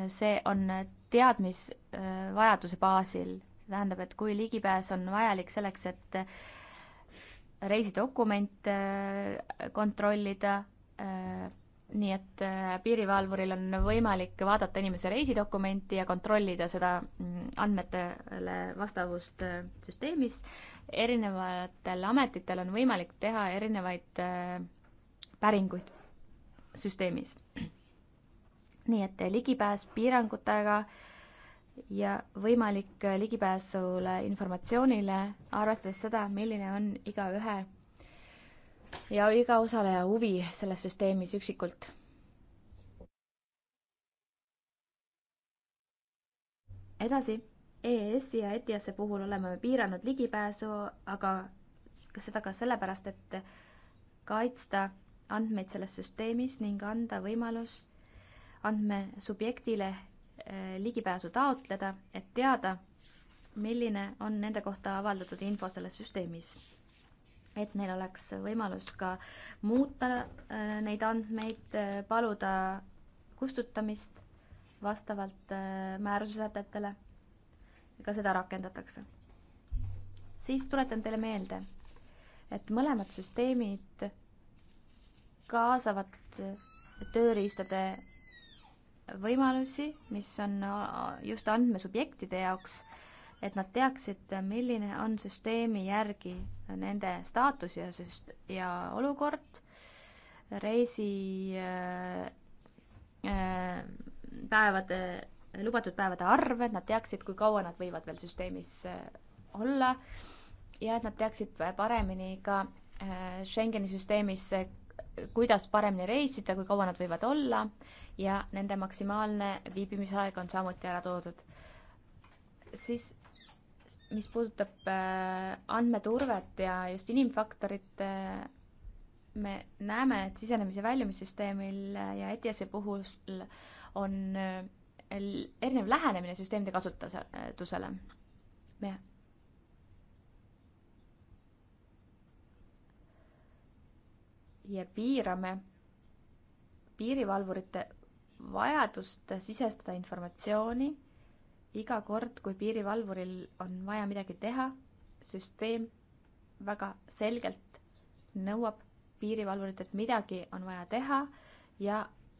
B: see on teadmisvajaduse baasil, see tähendab, et kui ligipääs on vajalik selleks, et reisidokumente kontrollida, nii et äh, piirivalvuril on võimalik vaadata inimese reisidokumenti ja kontrollida seda mm, andmetele vastavust äh, süsteemis. erinevatel ametitel on võimalik teha erinevaid äh, päringuid süsteemis. nii et ligipääs piirangutega ja võimalik ligipääsule informatsioonile, arvestades seda, milline on igaühe ja iga osaleja huvi selles süsteemis üksikult. edasi, EAS-i ja ETIAS-e puhul oleme me piiranud ligipääsu, aga seda ka sellepärast, et kaitsta andmeid selles süsteemis ning anda võimalus andmesubjektile eh, ligipääsu taotleda, et teada, milline on nende kohta avaldatud info selles süsteemis et neil oleks võimalus ka muuta äh, neid andmeid, äh, paluda kustutamist vastavalt äh, määruse sätetele. ka seda rakendatakse. siis tuletan teile meelde, et mõlemad süsteemid kaasavad tööriistade võimalusi, mis on just andmesubjektide jaoks äh, et nad teaksid, milline on süsteemi järgi nende staatus ja süst- ja olukord, reisi äh, äh, päevade, lubatud päevade arv, et nad teaksid, kui kaua nad võivad veel süsteemis äh, olla ja et nad teaksid paremini ka äh, Schengeni süsteemis, äh, kuidas paremini reisida, kui kaua nad võivad olla ja nende maksimaalne viibimisaeg on samuti ära toodud. siis mis puudutab äh, andmeturvet ja just inimfaktorit, äh, me näeme, et sisenemise väljumissüsteemil äh, ja ETIAS-i puhul on erinev lähenemine süsteemide kasutusele. me ja piirame piirivalvurite vajadust sisestada informatsiooni iga kord, kui piirivalvuril on vaja midagi teha, süsteem väga selgelt nõuab piirivalvurit, et midagi on vaja teha ja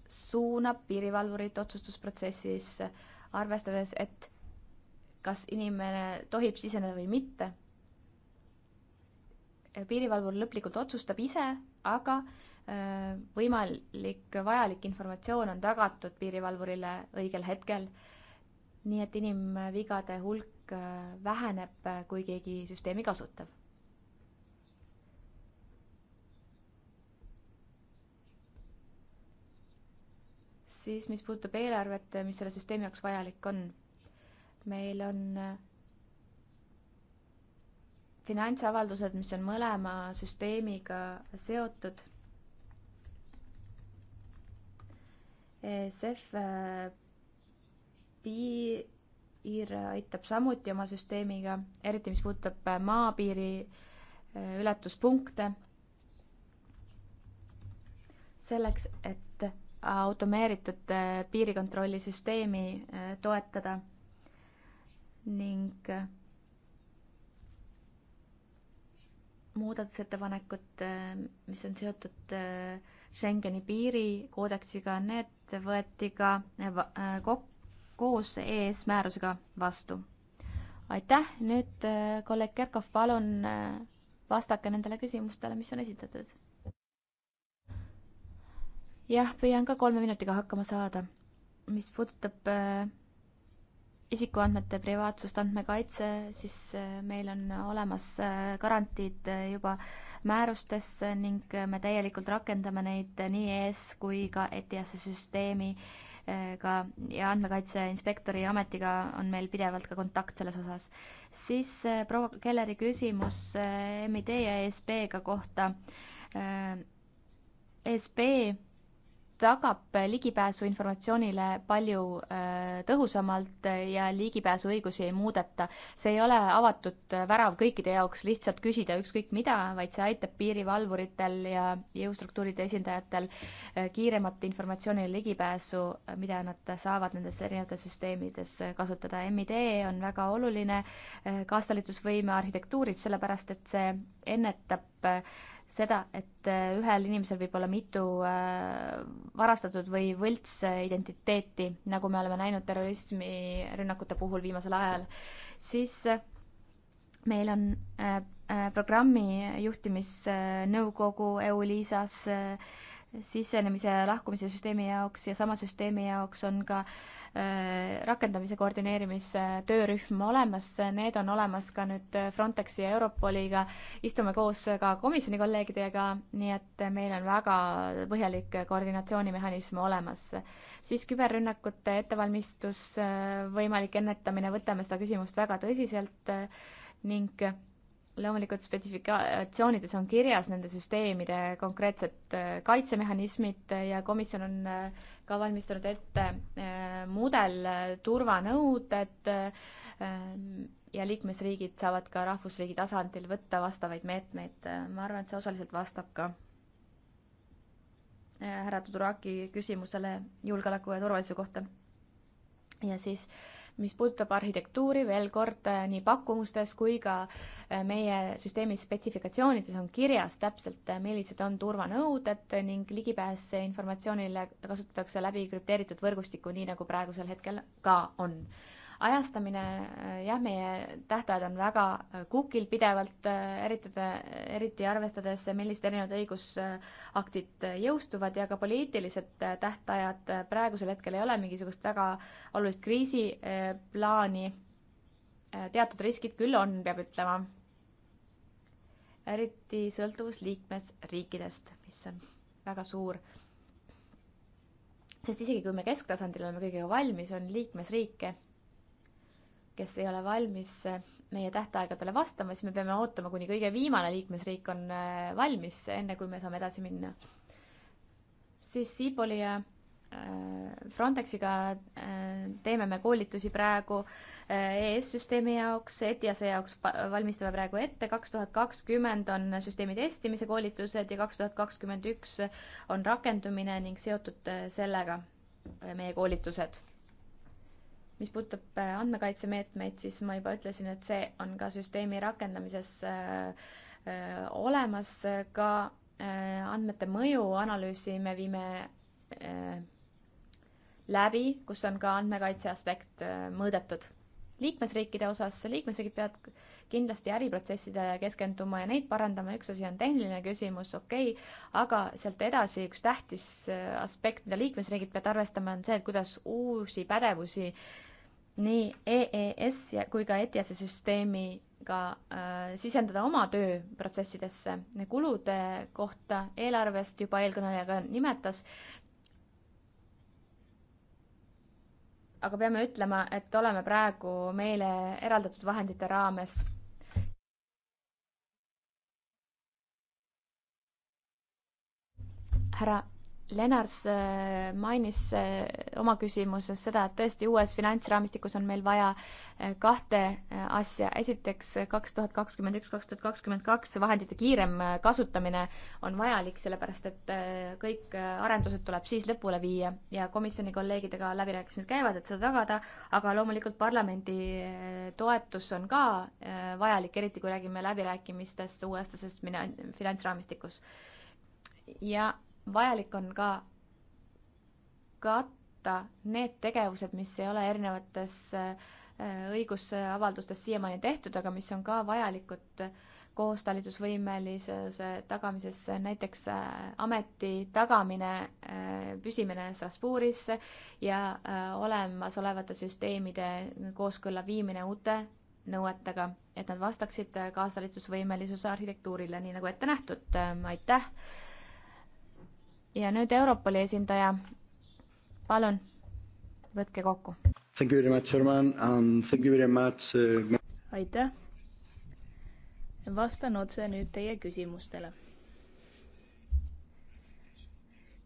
B: suunab piirivalvurit otsustusprotsessis, arvestades, et kas inimene tohib siseneda või mitte. piirivalvur lõplikult otsustab ise, aga äh, võimalik vajalik informatsioon on tagatud piirivalvurile õigel hetkel nii et inimvigade hulk äh, väheneb, äh, kui keegi süsteemi kasutab. siis, mis puudutab eelarvet, äh, mis selle süsteemi jaoks vajalik on. meil on finantsavaldused, mis on mõlema süsteemiga seotud. ESF piir aitab samuti oma süsteemiga, eriti mis puudutab äh, maapiiri äh, ületuspunkte. selleks, et automeeritud äh, piirikontrollisüsteemi toetada ning muudatusettepanekud, mis on seotud Schengeni piirikoodeksiga, need võeti ka kokku koos EES määrusega vastu. aitäh, nüüd äh, kolleeg Kerkhoff, palun äh, vastake nendele küsimustele, mis on esitatud. jah, püüan ka kolme minutiga hakkama saada. mis puudutab äh, isikuandmete privaatsust, andmekaitse, siis äh, meil on olemas garantiid juba määrustes ning me täielikult rakendame neid nii EAS kui ka ETIAS-e süsteemi ka ja andmekaitse inspektori ametiga on meil pidevalt ka kontakt selles osas. siis äh, proua Kelleri küsimus äh, MID ja ESB-ga kohta. Äh, ESB tagab ligipääsu informatsioonile palju äh, tõhusamalt äh, ja ligipääsuõigusi ei muudeta. see ei ole avatud värav kõikide jaoks lihtsalt küsida ükskõik mida, vaid see aitab piirivalvuritel ja jõustruktuuride esindajatel äh, kiiremat informatsioonile ligipääsu, mida nad saavad nendes erinevates süsteemides kasutada. MID on väga oluline kaastalitusvõime arhitektuuris, sellepärast et see ennetab seda, et äh, ühel inimesel võib olla mitu äh, varastatud või võlts identiteeti, nagu me oleme näinud terrorismirünnakute puhul viimasel ajal, siis äh, meil on programmi juhtimisnõukogu EULISAs sisenemise ja lahkumise süsteemi jaoks ja sama süsteemi jaoks on ka äh, Äh, rakendamise koordineerimistöörühm olemas, need on olemas ka nüüd Frontexi ja Europoliga, istume koos ka komisjoni kolleegidega, nii et meil on väga põhjalik koordinatsioonimehhanism olemas. siis küberrünnakute ettevalmistus, äh, võimalik ennetamine, võtame seda küsimust väga tõsiselt äh, ning loomulikult spetsifikatsioonides on kirjas nende süsteemide konkreetsed äh, kaitsemehhanismid ja komisjon on äh, ka valmistanud ette äh, mudelturvanõuded ja liikmesriigid saavad ka rahvusriigi tasandil võtta vastavaid meetmeid. ma arvan, et see osaliselt vastab ka härra Tudoraki küsimusele julgeoleku ja turvalisuse kohta. ja siis äh, mis puudutab arhitektuuri, veel kord, äh, nii pakkumustes kui ka äh, meie süsteemi spetsifikatsioonides on kirjas täpselt, äh, millised on turvanõuded ning ligipääs informatsioonile kasutatakse läbi krüpteeritud võrgustiku, nii nagu praegusel hetkel ka on ajastamine, äh, jah, meie tähtajad on väga äh, kukil pidevalt, äh, eriti, eriti arvestades, millised erinevad õigusaktid jõustuvad ja ka poliitilised tähtajad praegusel hetkel ei ole mingisugust väga olulist kriisiplaani. teatud riskid küll on, peab ütlema. eriti sõltuvus liikmesriikidest, mis on väga suur sest isegi kui me kesktasandil oleme kõigega valmis, on liikmesriike, kes ei ole valmis äh, meie tähtaegadele vastama, siis me peame ootama, kuni kõige viimane liikmesriik on äh, valmis, enne kui me saame edasi minna. siis Siipoli ja äh, Frontexiga teeme me koolitusi praegu EES-süsteemi jaoks, ETIAS-e jaoks valmistame praegu ette, kaks tuhat kakskümmend on süsteemi testimise koolitused ja kaks tuhat kakskümmend üks on rakendumine ning seotud sellega meie koolitused mis puudutab äh, andmekaitsemeetmeid, siis ma juba ütlesin, et see on ka süsteemi rakendamises äh, äh, olemas, ka andmete mõju analüüsi me viime läbi, kus on ka andmekaitse aspekt mõõdetud. liikmesriikide osas, liikmesriigid peavad kindlasti äriprotsessidele keskenduma ja neid parandama, üks asi on tehniline küsimus, okei okay,, aga sealt edasi üks tähtis aspekt, mida liikmesriigid peavad arvestama, on see, et kuidas uusi pädevusi äh, nii EES kui ka ETIAS-e süsteemiga äh, sisendada oma tööprotsessidesse. kulude kohta eelarvest juba eelkõneleja ka nimetas. aga peame ütlema, et oleme praegu meile eraldatud vahendite raames härra Lenars äh, mainis äh, oma küsimuses seda, et tõesti uues finantsraamistikus on meil vaja äh, kahte asja. esiteks kaks tuhat kakskümmend üks, kaks tuhat kakskümmend kaks vahendite kiirem kasutamine on vajalik, sellepärast et kõik arendused tuleb siis lõpule viia ja komisjoni kolleegidega läbirääkimised käivad, et seda tagada, aga loomulikult parlamendi toetus on ka vajalik, eriti kui räägime läbirääkimistest uuestasest finantsraamistikus. ja vajalik on ka katta need tegevused, mis ei ole erinevates äh, õigusavaldustes siiamaani tehtud, aga mis on ka vajalikud koostalitusvõimelisuse tagamises, näiteks äh, ameti tagamine, äh, püsimine Strasbourgis ja olemasolevate süsteemide kooskõlla viimine uute nõuetega, et nad vastaksid kaasalitusvõimelisuse arhitektuurile, nii nagu ette nähtud. aitäh ja nüüd Europoli esindaja, palun, võtke kokku.
D: Um, uh,
C: aitäh. vastan otse nüüd teie küsimustele.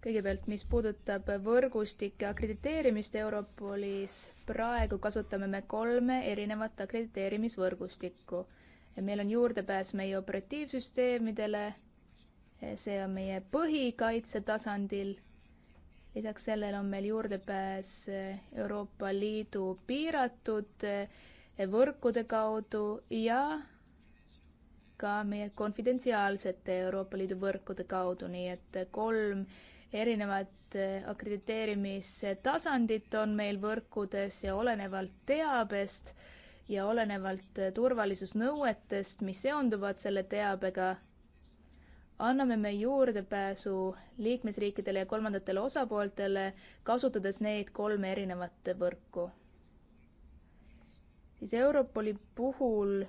C: kõigepealt, mis puudutab võrgustike akrediteerimist Europolis, praegu kasutame me kolme erinevat akrediteerimisvõrgustikku. meil on juurdepääs meie operatiivsüsteemidele see on meie põhikaitse tasandil. lisaks sellele on meil juurdepääs eh, Euroopa Liidu piiratud eh, võrkude kaudu ja ka meie konfidentsiaalsete Euroopa Liidu võrkude kaudu, nii et kolm erinevat eh, akrediteerimistasandit on meil võrkudes ja olenevalt teabest ja olenevalt turvalisusnõuetest, mis seonduvad selle teabega, anname me juurdepääsu liikmesriikidele ja kolmandatele osapooltele, kasutades neid kolme erinevat võrku. siis Europoli puhul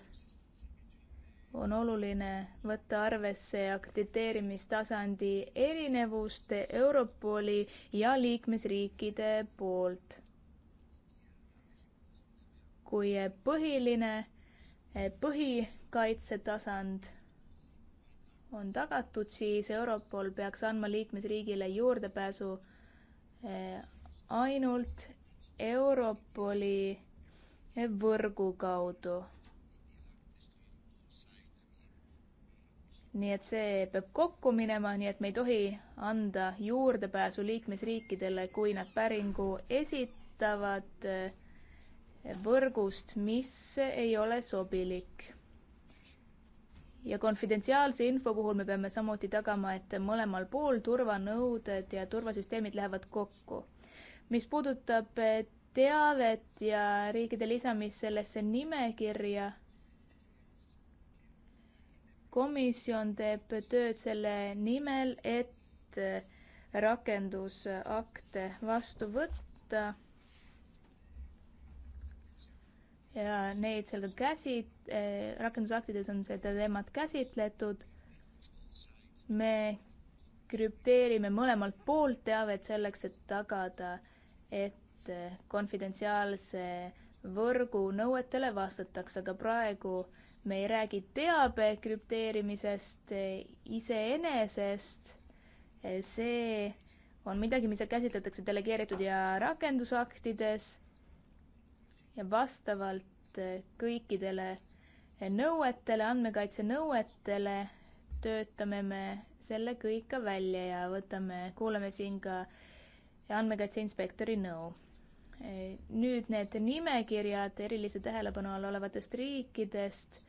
C: on oluline võtta arvesse akrediteerimistasandi erinevust Europoli ja liikmesriikide poolt. kui põhiline, eh, põhikaitsetasand on tagatud, siis Europol peaks andma liikmesriigile juurdepääsu eh, ainult Europoli võrgu kaudu. nii et see peab kokku minema, nii et me ei tohi anda juurdepääsu liikmesriikidele, kui nad päringu esitavad eh, võrgust, mis ei ole sobilik ja konfidentsiaalse info puhul me peame samuti tagama, et mõlemal pool turvanõuded ja turvasüsteemid lähevad kokku. mis puudutab teavet ja riikide lisamist sellesse nimekirja, komisjon teeb tööd selle nimel, et rakendusakte vastu võtta ja neid seal ka käsi- eh,, rakendusaktides on seda teemat käsitletud. me krüpteerime mõlemalt poolt teavet selleks, et tagada, et eh, konfidentsiaalse võrgu nõuetele vastatakse, aga praegu me ei räägi teabe krüpteerimisest eh, iseenesest. Eh, see on midagi, mida käsitletakse delegeeritud ja rakendusaktides ja vastavalt eh, kõikidele eh, nõuetele, andmekaitse nõuetele töötame me selle kõik ka välja ja võtame, kuulame siin ka andmekaitse inspektori nõu. Eh, nüüd need nimekirjad erilise tähelepanu all olevatest riikidest.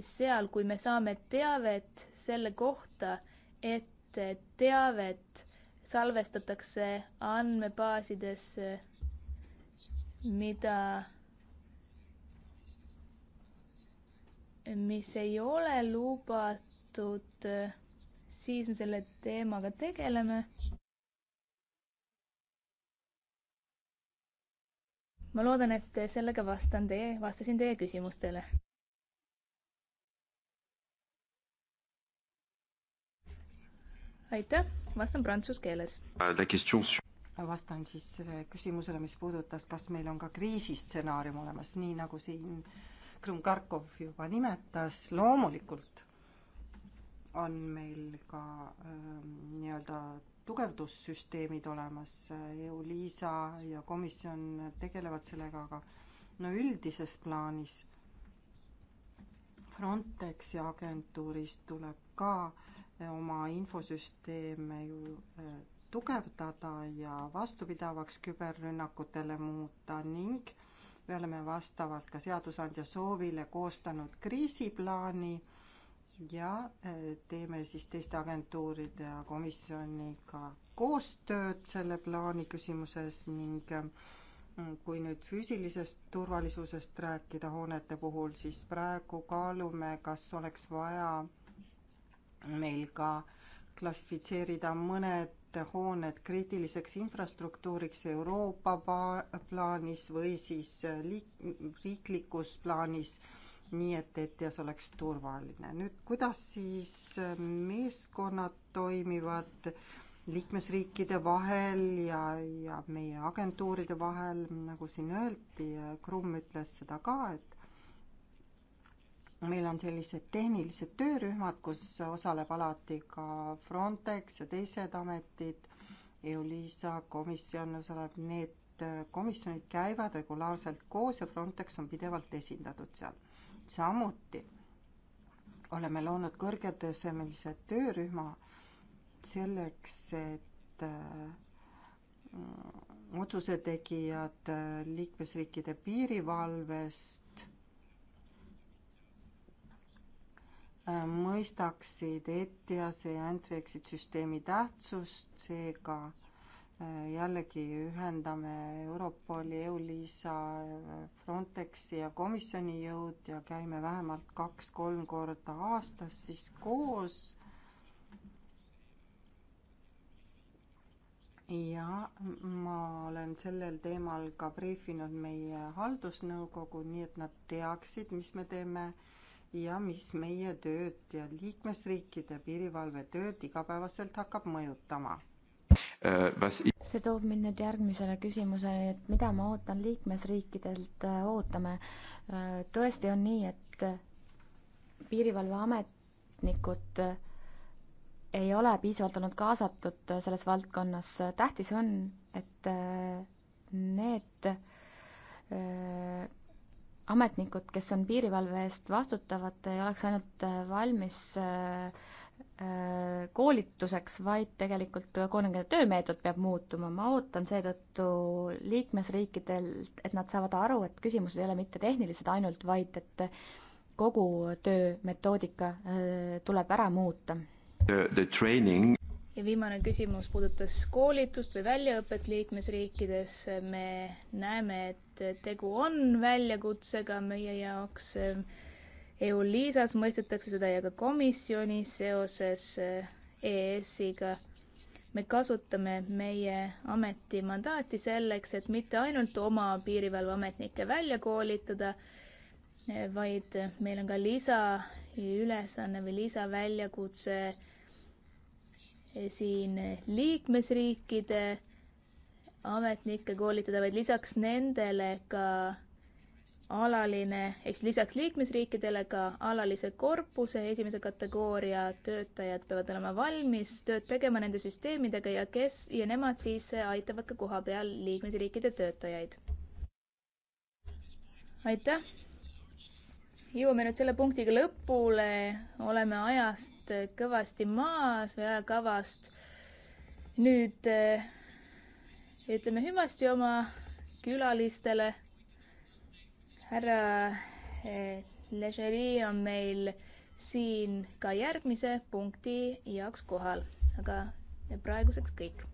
C: seal, kui me saame teavet selle kohta, et teavet salvestatakse andmebaasidesse, mida, mis ei ole lubatud, siis me selle teemaga tegeleme. ma loodan, et sellega vastan teie, vastasin teie küsimustele.
D: aitäh, vastan prantsuse keeles. Ah, vastan siis äh, küsimusele, mis puudutas, kas meil on ka kriisistsenaarium olemas, nii nagu siin Krõmm-Karkov juba nimetas, loomulikult on meil ka ähm, nii-öelda tugevdussüsteemid olemas, EU-LISA ja komisjon tegelevad sellega, aga no üldises plaanis Frontexi agentuurist tuleb ka äh, oma infosüsteeme ju äh, tugevdada ja vastupidavaks küberrünnakutele muuta ning me oleme vastavalt ka seadusandja soovile koostanud kriisiplaani ja äh, teeme siis teiste agentuuride ja komisjoniga koostööd selle plaani küsimuses ning äh, kui nüüd füüsilisest turvalisusest rääkida hoonete puhul, siis praegu kaalume, kas oleks vaja meil ka klassifitseerida mõned hooned kriitiliseks infrastruktuuriks Euroopa plaanis või siis liik-, riiklikus plaanis, nii et ETIAS oleks turvaline. nüüd, kuidas siis meeskonnad toimivad liikmesriikide vahel ja, ja meie agentuuride vahel, nagu siin öeldi, Krumm ütles seda ka, et meil on sellised tehnilised töörühmad, kus osaleb alati ka Frontex ja teised ametid, EULISA komisjon osaleb, need komisjonid käivad regulaarselt koos ja Frontex on pidevalt esindatud seal. samuti oleme loonud kõrgetasemelise töörühma selleks, et äh, otsuse tegijad äh, liikmesriikide piirivalvest Äh, mõistaksid ETIAS-e ja Entrexit süsteemi tähtsust, seega äh, jällegi ühendame Europoli, EULISA, Frontexi ja komisjoni jõud ja käime vähemalt kaks-kolm korda aastas siis koos. ja ma olen sellel teemal ka briifinud meie haldusnõukogu, nii et nad teaksid, mis me teeme ja mis meie tööd ja liikmesriikide piirivalvetööd igapäevaselt hakkab mõjutama. see toob mind nüüd
B: järgmisele küsimusele, et mida ma ootan liikmesriikidelt, äh, ootame. Äh, tõesti on nii, et äh, piirivalveametnikud ei ole piisavalt olnud kaasatud selles valdkonnas, tähtis on, et need ametnikud, kes on piirivalve eest vastutavad, ei oleks ainult äh, valmis äh, äh, koolituseks, vaid tegelikult kodanike töömeetod peab muutuma. ma ootan seetõttu liikmesriikidelt, et nad saavad aru, et küsimused ei ole mitte tehnilised ainult, vaid et
C: kogu töömetoodika tuleb ära muuta.
A: The training
C: ja viimane küsimus puudutas koolitust või väljaõpet liikmesriikides. me näeme, et tegu on väljakutsega meie jaoks. EULISAs mõistetakse seda ja ka komisjonis seoses EAS-iga me kasutame meie ameti mandaati selleks, et mitte ainult oma piirivalveametnikke välja koolitada, vaid meil on ka lisaülesanne või lisaväljakutse siin liikmesriikide ametnikke koolitada, vaid lisaks nendele ka alaline, ehk siis lisaks liikmesriikidele ka alalise korpuse esimese kategooria töötajad peavad olema valmis tööd tegema nende süsteemidega ja kes ja nemad siis aitavad ka kohapeal liikmesriikide töötajaid. aitäh jõuame nüüd selle punktiga lõpule, oleme ajast kõvasti maas või ajakavast. nüüd eh, ütleme hüvasti oma külalistele. härra eh, Legeri on meil siin ka järgmise punkti jaoks kohal, aga praeguseks kõik.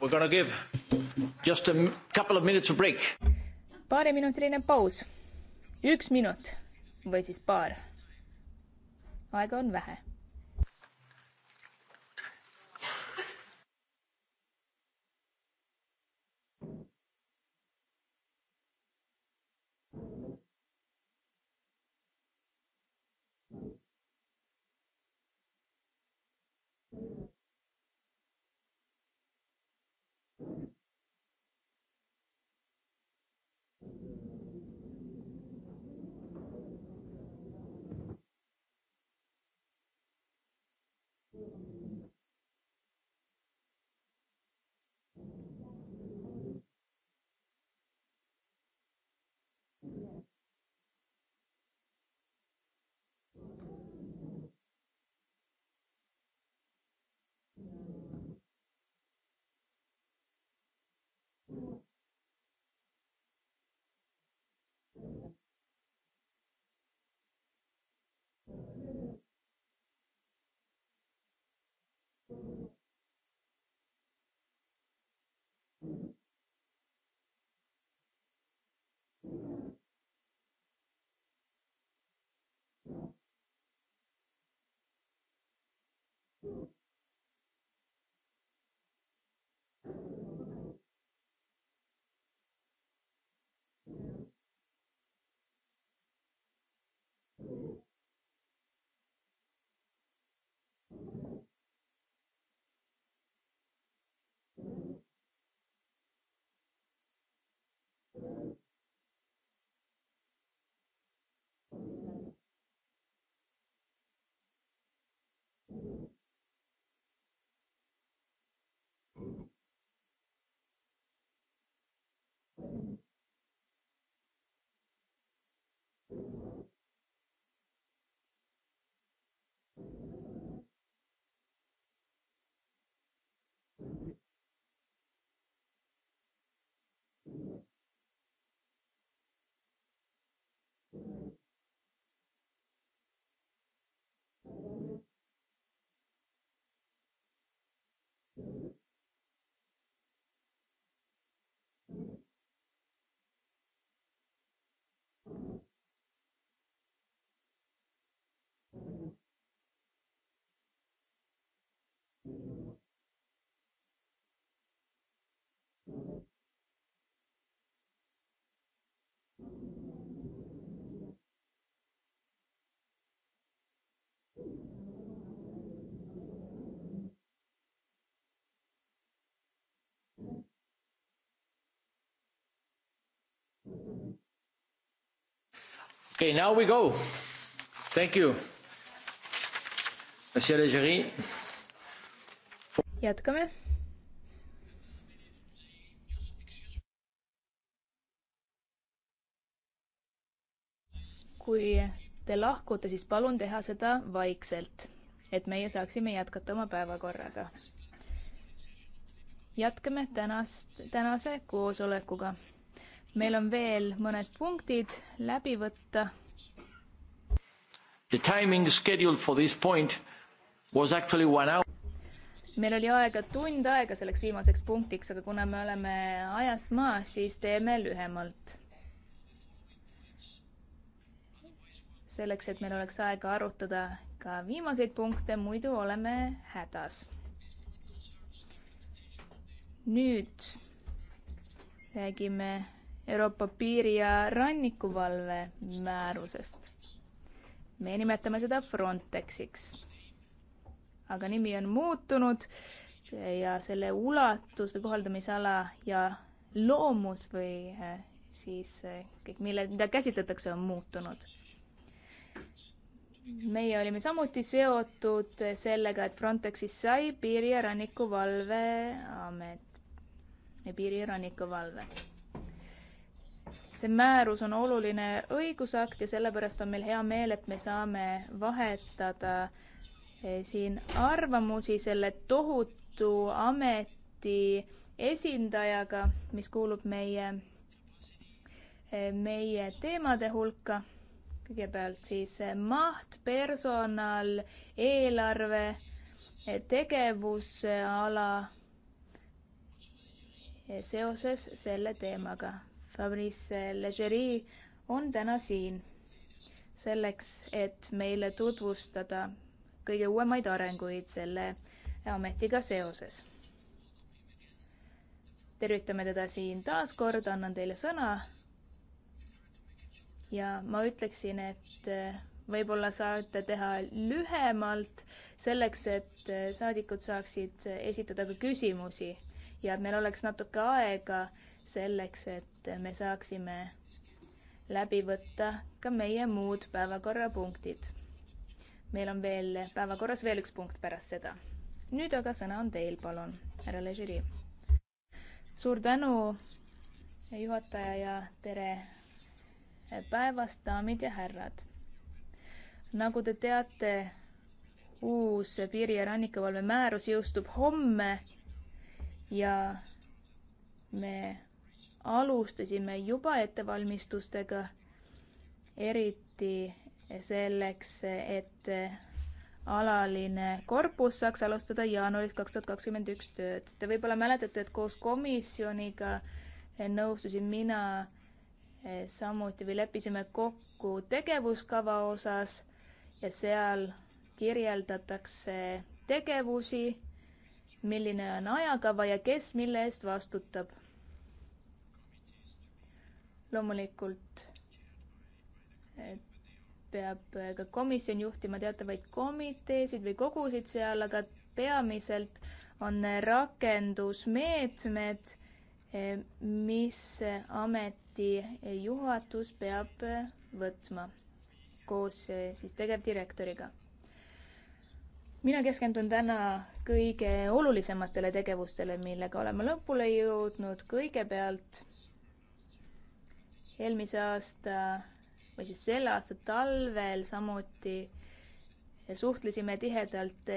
A: We're gonna give just a couple of minutes of break.
C: paariminutiline paus. üks minut või siis paar. aega on vähe
A: Okay, now we go. Thank you. Monsieur le jury.
C: jätkame. kui te lahkute, siis palun teha seda vaikselt, et meie saaksime jätkata oma päevakorraga. jätkame tänast, tänase koosolekuga meil on veel mõned punktid läbi võtta.
A: The timing scheduled for this point was actually one hour
C: meil oli aega tund aega selleks viimaseks punktiks, aga kuna me oleme ajast maas, siis teeme lühemalt. selleks, et meil oleks aega arutada ka viimaseid punkte, muidu oleme hädas. nüüd räägime Euroopa piiri- ja rannikuvalve määrusest. me nimetame seda Frontexiks. aga nimi on muutunud ja selle ulatus või kohaldamisala ja loomus või eh, siis eh, kõik, mille, mida käsitletakse, on muutunud. meie olime samuti seotud sellega, et Frontexist sai Piiri- ja Rannikuvalveamet, Piiri- ja Rannikuvalve see määrus on oluline õigusakt ja sellepärast on meil hea meel, et me saame vahetada eh, siin arvamusi selle tohutu ameti esindajaga, mis kuulub meie, eh, meie teemade hulka. kõigepealt siis eh, maht, personal, eelarve, tegevusala seoses selle teemaga Fabrice Legeri on täna siin selleks, et meile tutvustada kõige uuemaid arenguid selle ametiga seoses. tervitame teda siin taas kord, annan teile sõna. ja ma ütleksin, et äh, võib-olla saate teha lühemalt selleks, et äh, saadikud saaksid esitada ka küsimusi ja et meil oleks natuke aega selleks, et me saaksime läbi võtta ka meie muud päevakorrapunktid. meil on veel päevakorras veel üks punkt pärast seda. nüüd aga sõna on teil, palun, härra Ležeri. suur tänu, juhataja ja tere päevast, daamid ja härrad. nagu te teate, uus piiri- ja rannikuvalve määrus jõustub homme ja me alustasime juba ettevalmistustega, eriti selleks, et alaline korpus saaks alustada jaanuaris kaks tuhat kakskümmend üks tööd. Te võib-olla mäletate, et koos komisjoniga nõustusin mina samuti või leppisime kokku tegevuskava osas ja seal kirjeldatakse tegevusi, milline on ajakava ja kes mille eest vastutab loomulikult peab ka komisjon juhtima teatavaid komiteesid või kogusid seal, aga peamiselt on rakendusmeetmed, mis ameti juhatus peab võtma koos siis tegevdirektoriga. mina keskendun täna kõige olulisematele tegevustele, millega oleme lõpule jõudnud. kõigepealt eelmise aasta või siis selle aasta talvel samuti suhtlesime tihedalt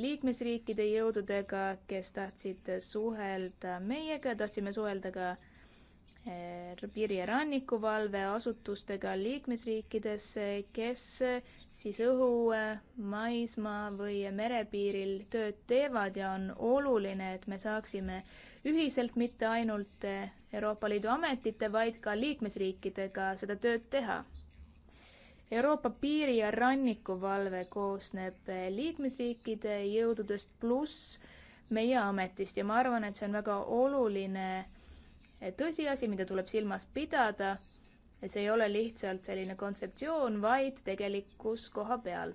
C: liikmesriikide jõududega, kes tahtsid suhelda meiega, tahtsime suhelda ka eh, piiri- ja rannikuvalveasutustega liikmesriikides, kes siis õhu, maismaa või merepiiril tööd teevad ja on oluline, et me saaksime ühiselt, mitte ainult Euroopa Liidu ametite, vaid ka liikmesriikidega seda tööd teha. Euroopa piiri- ja rannikuvalve koosneb liikmesriikide jõududest pluss meie ametist ja ma arvan, et see on väga oluline tõsiasi, mida tuleb silmas pidada. see ei ole lihtsalt selline kontseptsioon, vaid tegelikkus koha peal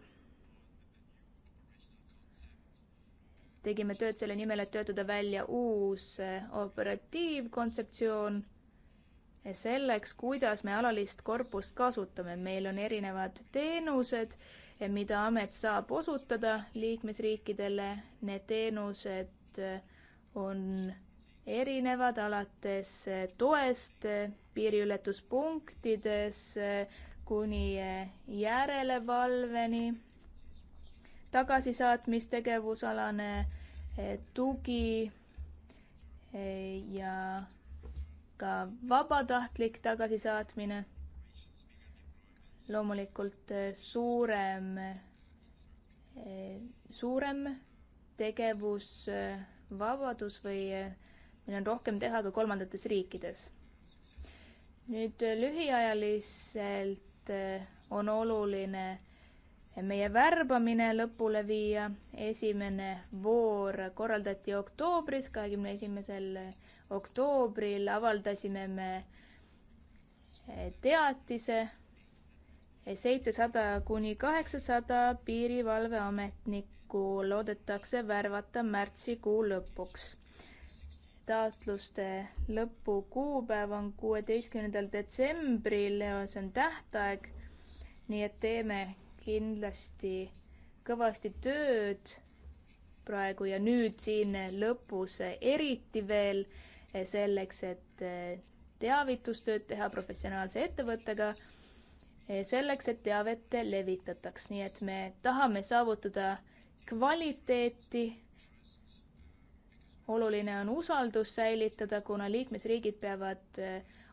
C: tegime tööd selle nimel, et töötada välja uus eh, operatiivkontseptsioon eh, selleks, kuidas me alalist korpust kasutame. meil on erinevad teenused, eh, mida amet saab osutada liikmesriikidele. Need teenused on erinevad alates toest piiriületuspunktides kuni järelevalveni tagasisaatmistegevusalane eh, tugi eh, ja ka vabatahtlik tagasisaatmine. loomulikult eh, suurem, suurem tegevusvabadus või meil on rohkem teha ka kolmandates riikides. nüüd lühiajaliselt on oluline meie värbamine lõpule viia. esimene voor korraldati oktoobris, kahekümne esimesel oktoobril avaldasime me eh, teatise seitsesada kuni kaheksasada piirivalveametnikku loodetakse värvata märtsikuu lõpuks. taotluste lõpukuupäev on kuueteistkümnendal detsembril, see on tähtaeg. nii et teeme kindlasti kõvasti tööd praegu ja nüüd siin lõpus eriti veel selleks, et teavitustööd teha professionaalse ettevõttega, selleks, et teavet levitataks, nii et me tahame saavutada kvaliteeti. oluline on usaldus säilitada, kuna liikmesriigid peavad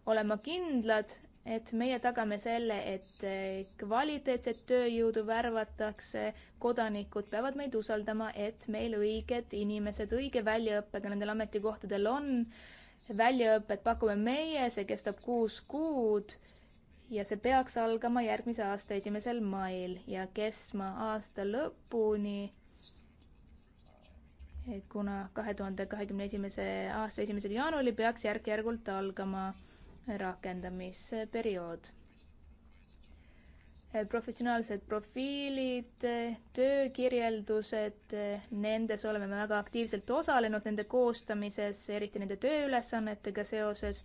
C: olema kindlad, et meie tagame selle, et eh, kvaliteetset tööjõudu värvatakse, kodanikud peavad meid usaldama, et meil õiged inimesed õige väljaõppega nendel ametikohtadel on. väljaõpet pakume meie, see kestab kuus kuud ja see peaks algama järgmise aasta esimesel mail ja kestma aasta lõpuni. kuna kahe tuhande kahekümne esimese aasta esimesel jaanuaril peaks järk-järgult algama rakendamisperiood. professionaalsed profiilid, töökirjeldused, nendes oleme me väga aktiivselt osalenud, nende koostamises, eriti nende tööülesannetega seoses,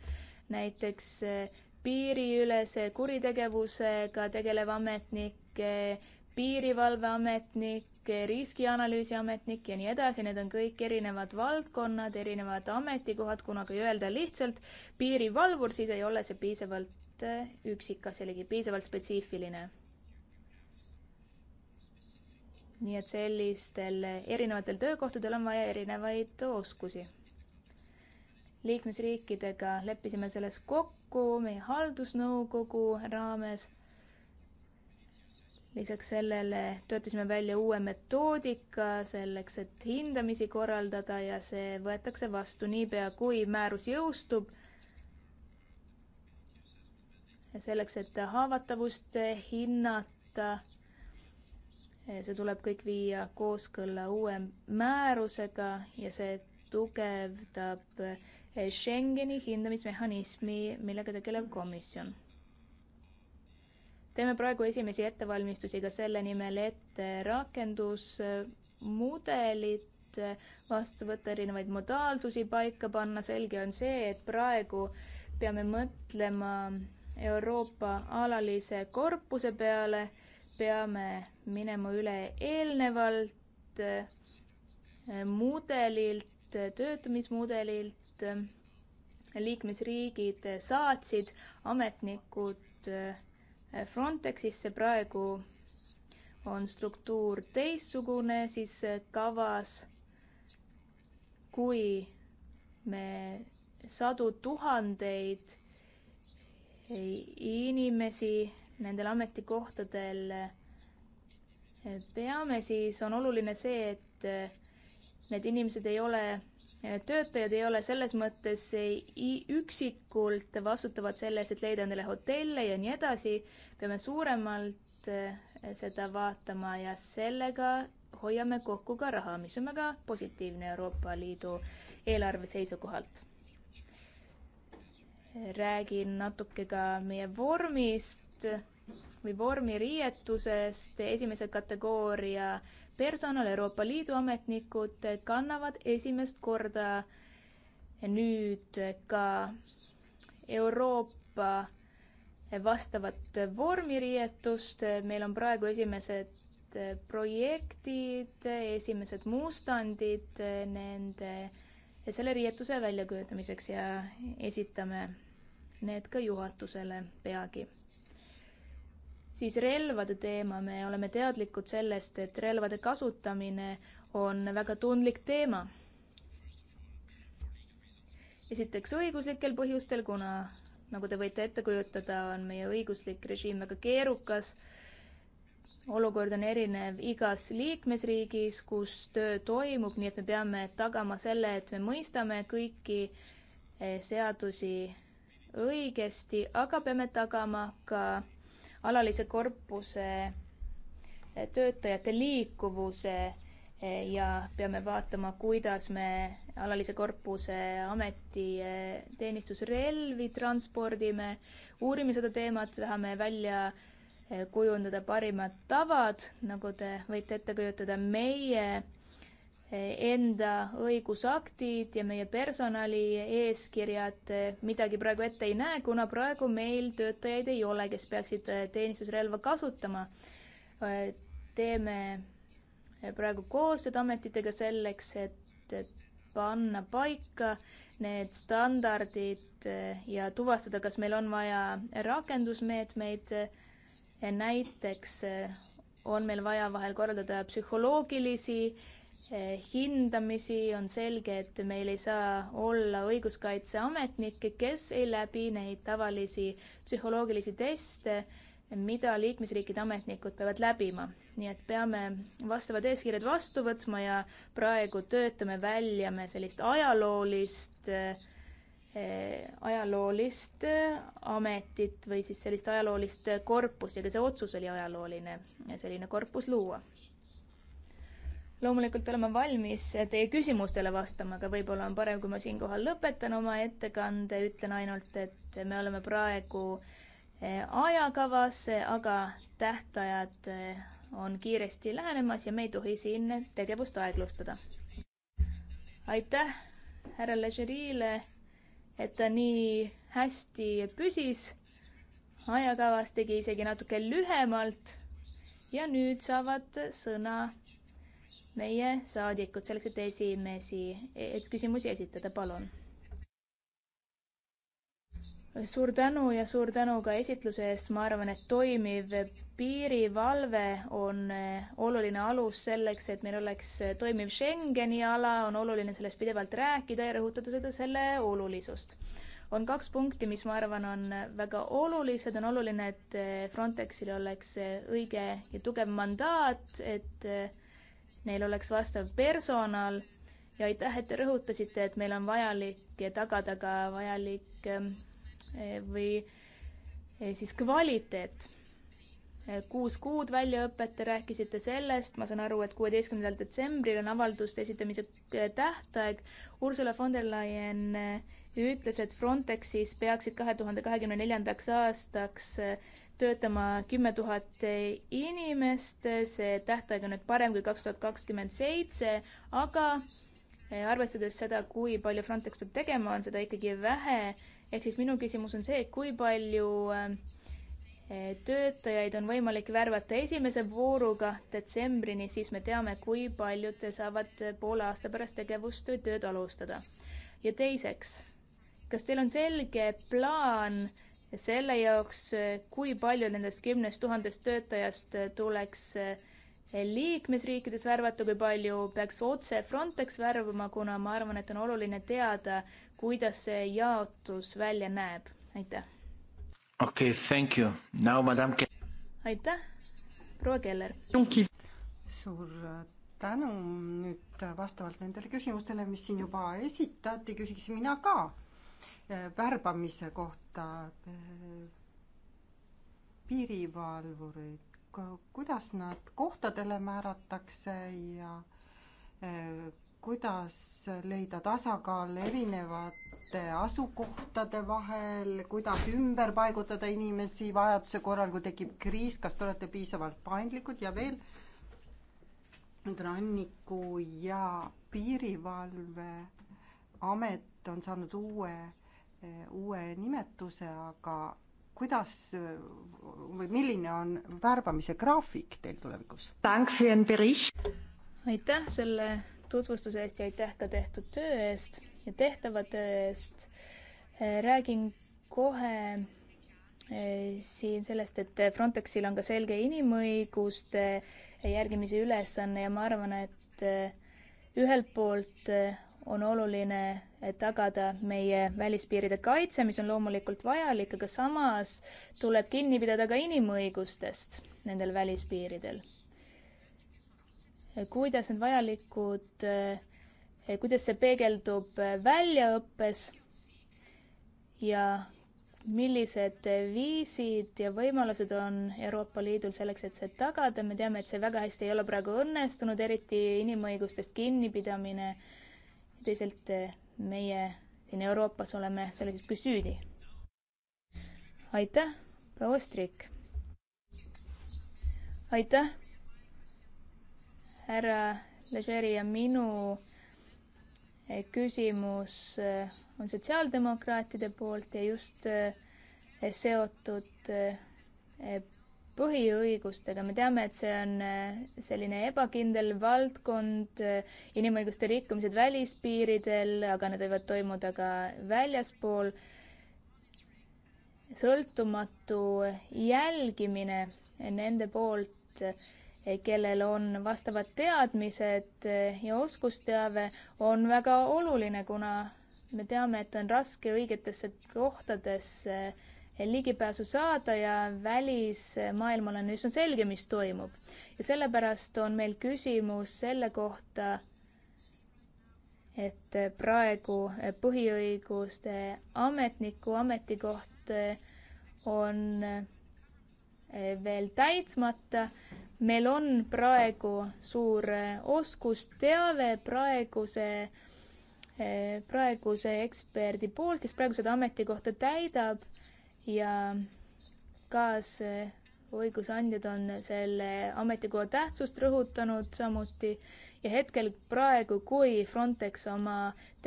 C: näiteks eh, piiriülese kuritegevusega tegelev ametnik, eh, piirivalveametnik, riskianalüüsi ametnik ja nii edasi, need on kõik erinevad valdkonnad, erinevad ametikohad, kuna kui öelda lihtsalt piirivalvur, siis ei ole see piisavalt eh, üksikas, jällegi piisavalt spetsiifiline. nii et sellistel erinevatel töökohtadel on vaja erinevaid oskusi. liikmesriikidega leppisime selles kokku meie haldusnõukogu raames lisaks sellele töötasime välja uue metoodika selleks, et hindamisi korraldada ja see võetakse vastu niipea, kui määrus jõustub. ja selleks, et haavatavust hinnata, see tuleb kõik viia kooskõlla uue määrusega ja see tugevdab Schengeni hindamismehhanismi, millega tegeleb komisjon teeme praegu esimesi ettevalmistusi ka selle nimel, et äh, rakendusmudelit äh, vastu võtta, erinevaid modaalsusi paika panna, selge on see, et praegu peame mõtlema Euroopa alalise korpuse peale, peame minema üle eelnevalt äh, mudelilt, töötamismudelilt, liikmesriigid saatsid ametnikud Frontexisse praegu on struktuur teistsugune, siis kavas, kui me sadu tuhandeid inimesi nendel ametikohtadel peame, siis on oluline see, et need inimesed ei ole töötajad ei ole selles mõttes üksikult vastutavad selles, et leida endale hotelle ja nii edasi. peame suuremalt eh, seda vaatama ja sellega hoiame kokku ka raha, mis on väga positiivne Euroopa Liidu eelarve seisukohalt. räägin natuke ka meie vormist või vormiriietusest, esimese kategooria äh, personal, Euroopa Liidu ametnikud kannavad esimest korda nüüd ka Euroopa vastavat vormiriietust. meil on praegu esimesed projektid, esimesed mustandid nende, selle riietuse väljakujundamiseks ja esitame need ka juhatusele peagi siis relvade teema, me oleme teadlikud sellest, et relvade kasutamine on väga tundlik teema. esiteks õiguslikel põhjustel, kuna nagu te võite ette kujutada, on meie õiguslik režiim väga keerukas. olukord on erinev igas liikmesriigis, kus töö toimub, nii et me peame tagama selle, et me mõistame kõiki eh, seadusi õigesti, aga peame tagama ka alalise korpuse eh, töötajate liikuvuse eh, ja peame vaatama, kuidas me alalise korpuse ametiteenistusrelvi eh, transpordime. uurime seda teemat, tahame välja kujundada parimad tavad, nagu te võite ette kujutada, meie enda õigusaktid ja meie personali eeskirjad midagi praegu ette ei näe, kuna praegu meil töötajaid ei ole, kes peaksid äh, teenistusrelva kasutama. Äh, teeme äh, praegu koostööd ametitega selleks, et panna paika need standardid ja tuvastada, kas meil on vaja rakendusmeetmeid. näiteks on meil vaja vahel korraldada psühholoogilisi hindamisi, on selge, et meil ei saa olla õiguskaitseametnikke, kes ei läbi neid tavalisi psühholoogilisi teste, mida liikmesriikide ametnikud peavad läbima. nii et peame vastavad eeskirjad vastu võtma ja praegu töötame välja me sellist ajaloolist äh, ajaloolist eh, ametit või siis sellist ajaloolist korpust ja ka see otsus oli ajalooline, selline korpus luua loomulikult oleme valmis teie küsimustele vastama, aga võib-olla on parem, kui ma siinkohal lõpetan oma ettekande, ütlen ainult, et me oleme praegu eh, ajakavas, aga tähtajad eh, on kiiresti lähenemas ja me ei tohi siin tegevust aeglustada. aitäh härra Legerile, et ta nii hästi püsis ajakavas, tegi isegi natuke lühemalt. ja nüüd saavad sõna meie saadikud selleks, et esimesi, e-, et küsimusi esitada, palun. suur tänu ja suur tänu ka esitluse eest, ma arvan, et toimiv piirivalve on e, oluline alus selleks, et meil oleks toimiv Schengeni ala, on oluline sellest pidevalt rääkida ja rõhutada seda, selle olulisust. on kaks punkti, mis ma arvan, on väga olulised, on oluline, et e, Frontexil oleks õige ja tugev mandaat, et neil oleks vastav personal ja aitäh, et te rõhutasite, et meil on vajalik tagada ka vajalik ehm, eh, või eh, siis kvaliteet. Eh, kuus kuud väljaõpet, te rääkisite sellest, ma saan aru, et kuueteistkümnendal detsembril on avalduste esitamise tähtaeg. Ursula von der Leyen ja ütles, et Frontexis peaksid kahe tuhande kahekümne neljandaks aastaks äh, töötama kümme tuhat äh, inimest, see tähtaeg on nüüd parem kui kaks tuhat kakskümmend seitse, aga äh, arvestades seda, kui palju Frontex peab tegema, on seda ikkagi vähe. ehk siis minu küsimus on see, kui palju töötajaid on võimalik värvata esimese vooruga detsembrini, siis me teame, kui paljud saavad poole aasta pärast tegevust või tööd alustada. ja teiseks kas teil on selge plaan selle jaoks, kui palju nendest kümnest tuhandest töötajast tuleks eh, liikmesriikides värvata, kui palju peaks otse Frontex värvama, kuna ma arvan, et on oluline teada, kuidas see jaotus välja näeb. aitäh.
A: okei okay,, thank you. Now
D: madam. aitäh, proua Keller. suur tänu. nüüd vastavalt nendele küsimustele, mis siin juba esitati, küsiks mina ka Äh, värbamise kohta, äh, piirivalvurid, kuidas nad kohtadele määratakse ja äh, kuidas leida tasakaal erinevate asukohtade vahel, kuidas ümber paigutada inimesi vajaduse korral, kui tekib kriis, kas te olete piisavalt paindlikud ja veel nüüd ranniku ja piirivalveamet on saanud uue uue nimetuse, aga kuidas või milline on värbamise graafik teil tulevikus?
C: aitäh selle tutvustuse eest ja aitäh ka tehtud töö eest ja tehtava töö eest. Eh, räägin kohe eh, siin sellest, et Frontexil on ka selge inimõiguste järgimise ülesanne ja ma arvan, et eh, ühelt poolt on oluline tagada meie välispiiride kaitse, mis on loomulikult vajalik, aga samas tuleb kinni pidada ka inimõigustest nendel välispiiridel. kuidas need vajalikud, kuidas see peegeldub väljaõppes ja millised viisid ja võimalused on Euroopa Liidul selleks, et see tagada, me teame, et see väga hästi ei ole praegu õnnestunud, eriti inimõigustest kinnipidamine äh, teisalt eh, meie siin Euroopas oleme selles justkui süüdi. aitäh, proua Strik. aitäh, härra Legeri ja minu eh, küsimus eh, on sotsiaaldemokraatide poolt ja just seotud põhiõigustega, me teame, et see on äh, selline ebakindel valdkond, äh, inimõiguste rikkumised välispiiridel, aga need võivad toimuda ka väljaspool. sõltumatu jälgimine nende poolt, äh, kellel on vastavad teadmised ja oskusteave, on väga oluline, kuna me teame, et on raske õigetesse kohtadesse ligipääsu saada ja välismaailmal on üsna selge, mis toimub. ja sellepärast on meil küsimus selle kohta, et praegu põhiõiguste ametniku ametikoht on veel täitmata. meil on praegu suur oskusteave praeguse, praeguse eksperdi poolt, kes praegu seda ametikohta täidab ja kaas õigusandjad on selle ametikoha tähtsust rõhutanud samuti ja hetkel praegu, kui Frontex oma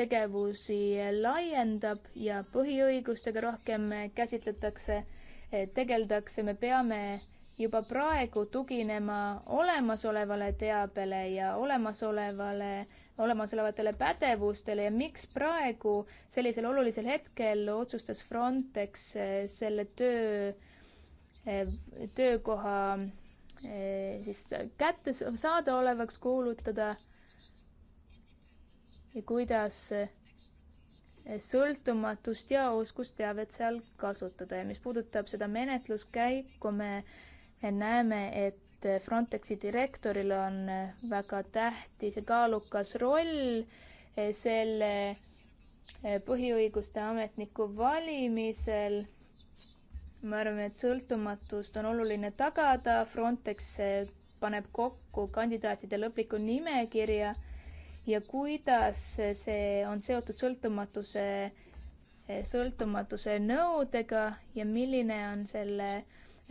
C: tegevusi laiendab ja põhiõigustega rohkem käsitletakse, tegeldakse, me peame juba praegu tuginema olemasolevale teabele ja olemasolevale, olemasolevatele pädevustele ja miks praegu sellisel olulisel hetkel otsustas Frontex eh, selle töö, eh, töökoha eh, siis kätte saadaolevaks kuulutada ja kuidas sõltumatust ja oskusteavet seal kasutada ja mis puudutab seda menetluskäiku, me me näeme, et Frontexi direktoril on väga tähtis ja kaalukas roll eh, selle eh, põhiõiguste ametniku valimisel. me arvame, et sõltumatust on oluline tagada. Frontex eh, paneb kokku kandidaatide lõpliku nimekirja ja kuidas see on seotud sõltumatuse, sõltumatuse nõudega ja milline on selle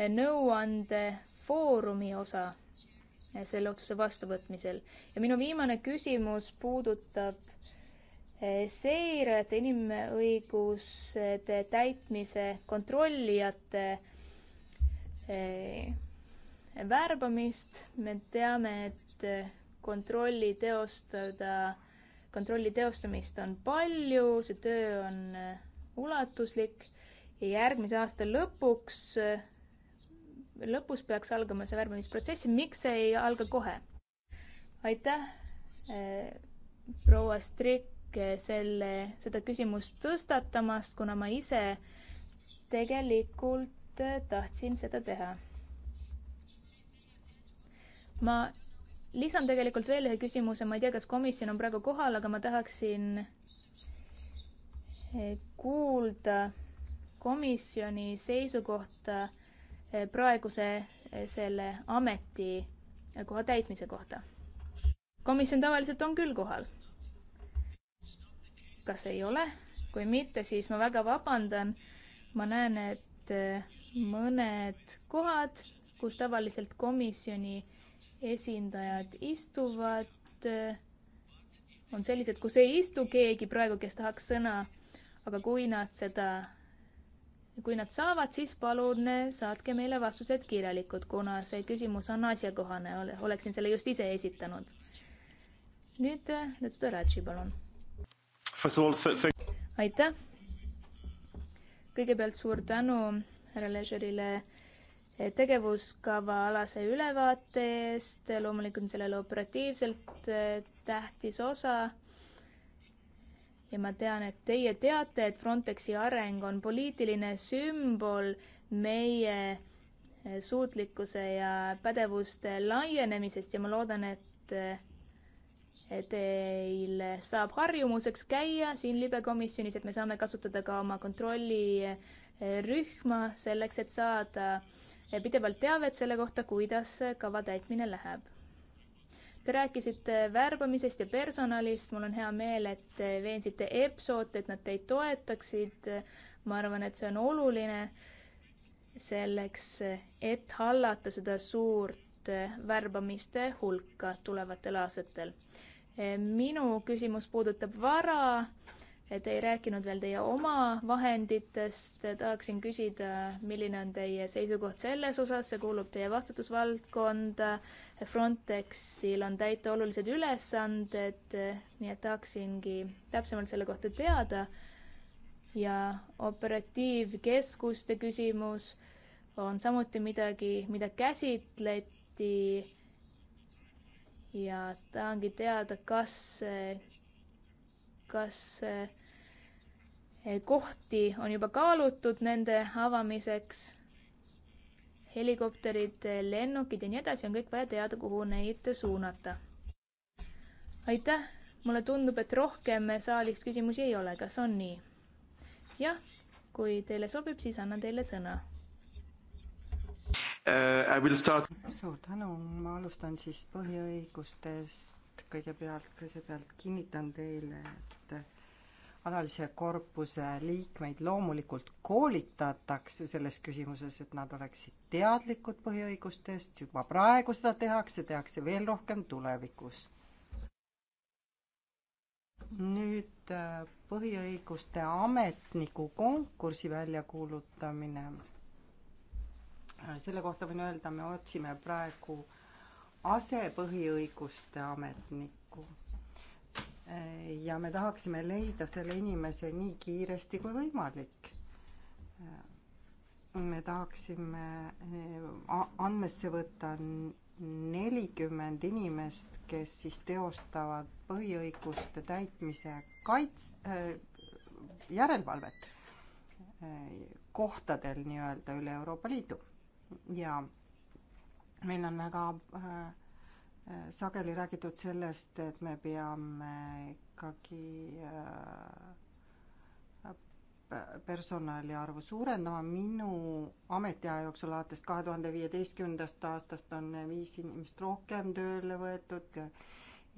C: nõuandefoorumi osa selle otsuse vastuvõtmisel. ja minu viimane küsimus puudutab eh, seiret inimõiguste täitmise kontrollijate eh, värbamist. me teame, et eh, kontrolli teostada, kontrolli teostamist on palju, see töö on ulatuslik ja järgmise aasta lõpuks lõpus peaks algama see värbamisprotsess ja miks see ei alga kohe? aitäh, eh, proua Strik, eh, selle, seda küsimust tõstatamast, kuna ma ise tegelikult eh, tahtsin seda teha. ma lisan tegelikult veel ühe küsimuse, ma ei tea, kas komisjon on praegu kohal, aga ma tahaksin kuulda komisjoni seisukohta praeguse eh, selle ametikoha eh, täitmise kohta. komisjon tavaliselt on küll kohal. kas ei ole? kui mitte, siis ma väga vabandan. ma näen, et eh, mõned kohad, kus tavaliselt komisjoni esindajad istuvad, on sellised, kus ei istu keegi praegu, kes tahaks sõna. aga kui nad seda kui nad saavad, siis palun eh, saatke meile vastused kirjalikud, kuna see küsimus on asjakohane, oleksin selle just ise esitanud. nüüd, nüüd eh, Toratši, palun. aitäh. kõigepealt suur tänu härra Leisurile eh, tegevuskava alase ülevaate eest, loomulikult sellele operatiivselt tähtis osa ja ma tean, et teie teate, et Frontexi areng on poliitiline sümbol meie eh, suutlikkuse ja pädevuste laienemisest ja ma loodan, eh, et teil saab harjumuseks käia siin libekomisjonis, et me saame kasutada ka oma kontrollirühma eh, selleks, et saada pidevalt teavet selle kohta, kuidas kava täitmine läheb Te rääkisite värbamisest ja personalist, mul on hea meel, et veensite EPSO-t, et nad teid toetaksid. ma arvan, et see on oluline selleks, et hallata seda suurt värbamiste hulka tulevatel aastatel. minu küsimus puudutab vara Te ei rääkinud veel teie oma vahenditest, tahaksin küsida, milline on teie seisukoht selles osas, see kuulub teie vastutusvaldkonda. Frontexil on täita olulised ülesanded, nii et tahaksingi täpsemalt selle kohta teada. ja operatiivkeskuste küsimus on samuti midagi, mida käsitleti. ja tahangi teada, kas kas eh, eh, kohti on juba kaalutud nende avamiseks? helikopterid, eh, lennukid ja nii edasi, on kõik vaja teada, kuhu neid suunata. aitäh, mulle tundub, et rohkem saalist küsimusi ei ole, kas on nii? jah, kui teile sobib, siis annan teile sõna
D: uh,. I will start. suur tänu, ma alustan siis põhiõigustest kõigepealt, kõigepealt kinnitan teile, et alalise korpuse liikmeid loomulikult koolitatakse selles küsimuses, et nad oleksid teadlikud põhiõigustest, juba praegu seda tehakse, tehakse veel rohkem tulevikus. nüüd äh, põhiõiguste ametniku konkursi väljakuulutamine. Äh, selle kohta võin öelda, me otsime praegu asepõhiõiguste ametnikku ja me tahaksime leida selle inimese nii kiiresti kui võimalik. me tahaksime andmesse võtta nelikümmend inimest, kes siis teostavad põhiõiguste täitmise kaits- äh,, järelevalvet e, kohtadel nii-öelda üle Euroopa Liidu. ja meil on väga äh, sageli räägitud sellest, et me peame ikkagi äh, personali arvu suurendama, minu ametiaja jooksul alates kahe tuhande viieteistkümnendast aastast on viis inimest rohkem tööle võetud,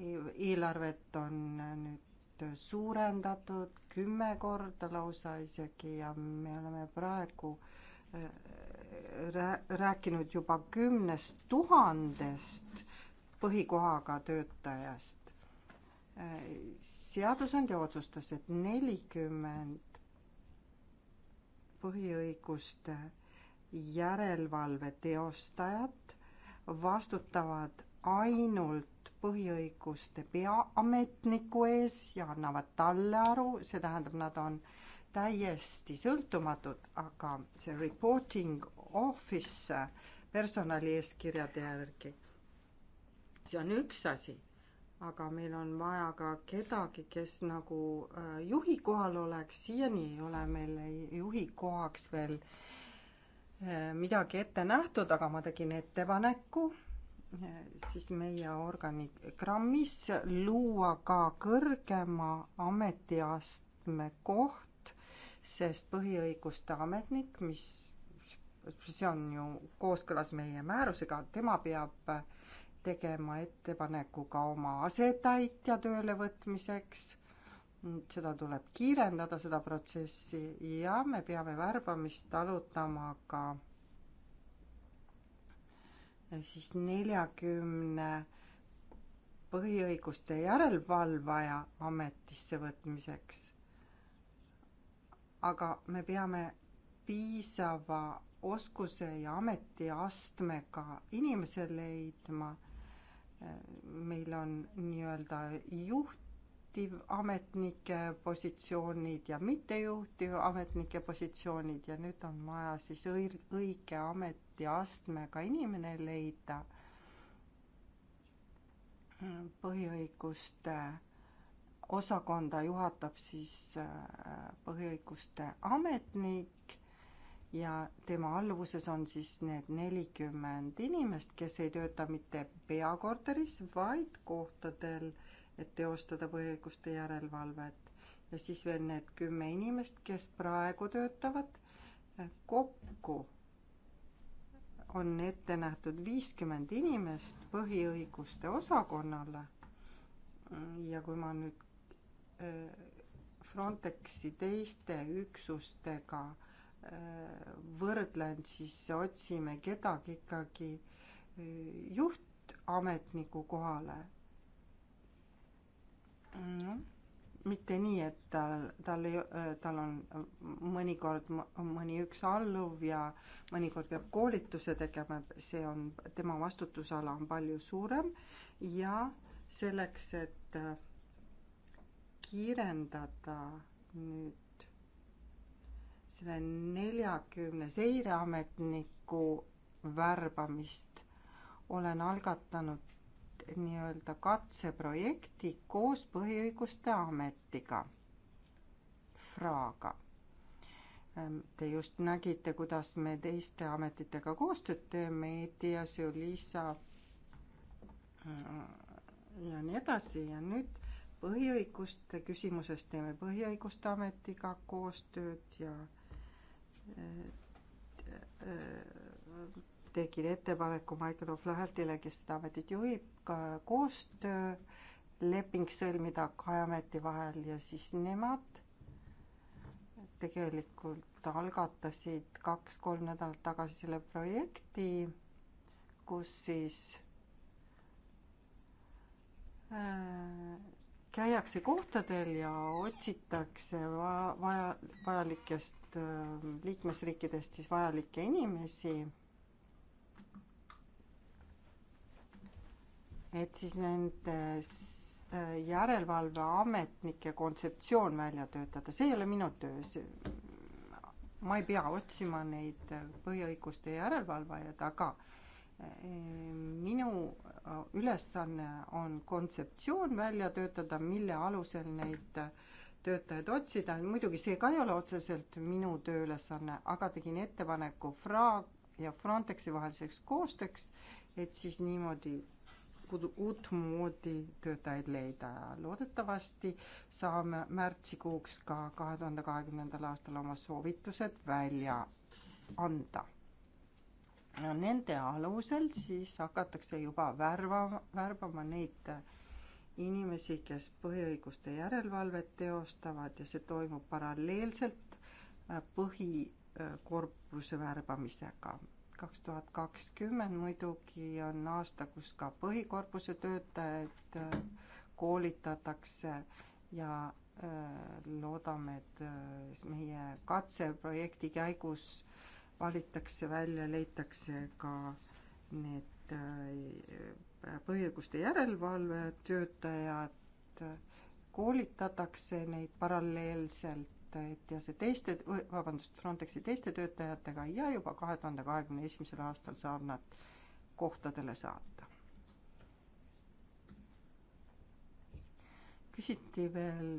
D: eelarvet on nüüd suurendatud kümme korda lausa isegi ja me oleme praegu äh, rääkinud juba kümnest tuhandest põhikohaga töötajast. seadusandja otsustas, et nelikümmend põhiõiguste järelevalve teostajat vastutavad ainult põhiõiguste peaametniku ees ja annavad talle aru, see tähendab, nad on täiesti sõltumatud, aga see reporting office personalieeskirjade järgi see on üks asi, aga meil on vaja ka kedagi, kes nagu äh, juhi kohal oleks, siiani ei ole meil juhi kohaks veel äh, midagi ette nähtud, aga ma tegin ettepaneku äh, siis meie organigrammis luua ka kõrgema ametiastme koht, sest põhiõiguste ametnik, mis, see on ju kooskõlas meie määrusega, tema peab äh, tegema ettepaneku ka oma asetäitja tööle võtmiseks. seda tuleb kiirendada, seda protsessi ja me peame värbamist alutama ka siis neljakümne 40 põhiõiguste järelevalvaja ametisse võtmiseks. aga me peame piisava oskuse ja ametiastmega inimese leidma, meil on nii-öelda juhtivametnike positsioonid ja mittejuhtivametnike positsioonid ja nüüd on vaja siis õil-, õige ametiastmega inimene leida põhiõiguste osakonda juhatab siis äh, põhiõiguste ametnik ja tema alluvuses on siis need nelikümmend inimest, kes ei tööta mitte peakorteris, vaid kohtadel, et teostada põhiõiguste järelevalvet. ja siis veel need kümme inimest, kes praegu töötavad. kokku on ette nähtud viiskümmend inimest põhiõiguste osakonnale. ja kui ma nüüd äh, Frontexi teiste üksustega äh, võrdlen, siis otsime kedagi ikkagi e, juhtametniku kohale no.. mitte nii, et tal, tal ei, e, tal on mõnikord mõni üks alluv ja mõnikord peab koolituse tegema, see on, tema vastutusala on palju suurem ja selleks, et kiirendada nüüd selle neljakümne seireametniku värbamist olen algatanud nii-öelda katseprojekti koos Põhiõiguste Ametiga, FRA-ga. Ähm, te just nägite, kuidas me teiste ametitega koostööd teeme, EDIAS, Eulisa äh, ja nii edasi ja nüüd põhiõiguste küsimuses teeme Põhiõiguste Ametiga koostööd ja tegin ettepaneku Michael O'Flahertile, kes seda ametit juhib, ka koostööleping sõlmida kahe ameti vahel ja siis nemad tegelikult algatasid kaks-kolm nädalat tagasi selle projekti, kus siis äh, käiakse kohtadel ja otsitakse va-, vaja, vajalikest Äh, liikmesriikidest siis vajalikke inimesi, et siis nendes äh, järelevalveametnike kontseptsioon välja töötada, see ei ole minu töö, see, ma ei pea otsima neid äh, põhiõiguste järelevalvajaid, aga minu ülesanne on kontseptsioon välja töötada, mille alusel neid äh, töötajaid otsida, muidugi see ka ei ole otseselt minu tööülesanne, aga tegin ettepaneku FRA ja Frontexi vaheliseks koostööks, et siis niimoodi uut moodi töötajaid leida ja loodetavasti saame märtsikuuks ka kahe tuhande kahekümnendal aastal oma soovitused välja anda. ja nende alusel siis hakatakse juba värvama, värbama neid äh, inimesi, kes põhiõiguste järelevalvet teostavad ja see toimub paralleelselt äh, põhikorpuse värbamisega. kaks tuhat kakskümmend muidugi on aasta, kus ka põhikorpuse töötajaid äh, koolitatakse ja äh, loodame, et meie katseprojekti käigus valitakse välja, leitakse ka need põhiõiguste järelevalve töötajad, koolitatakse neid paralleelselt, et ja see teiste, vabandust, Frontexi teiste töötajatega ja juba kahe tuhande kahekümne esimesel aastal saab nad kohtadele saata. küsiti veel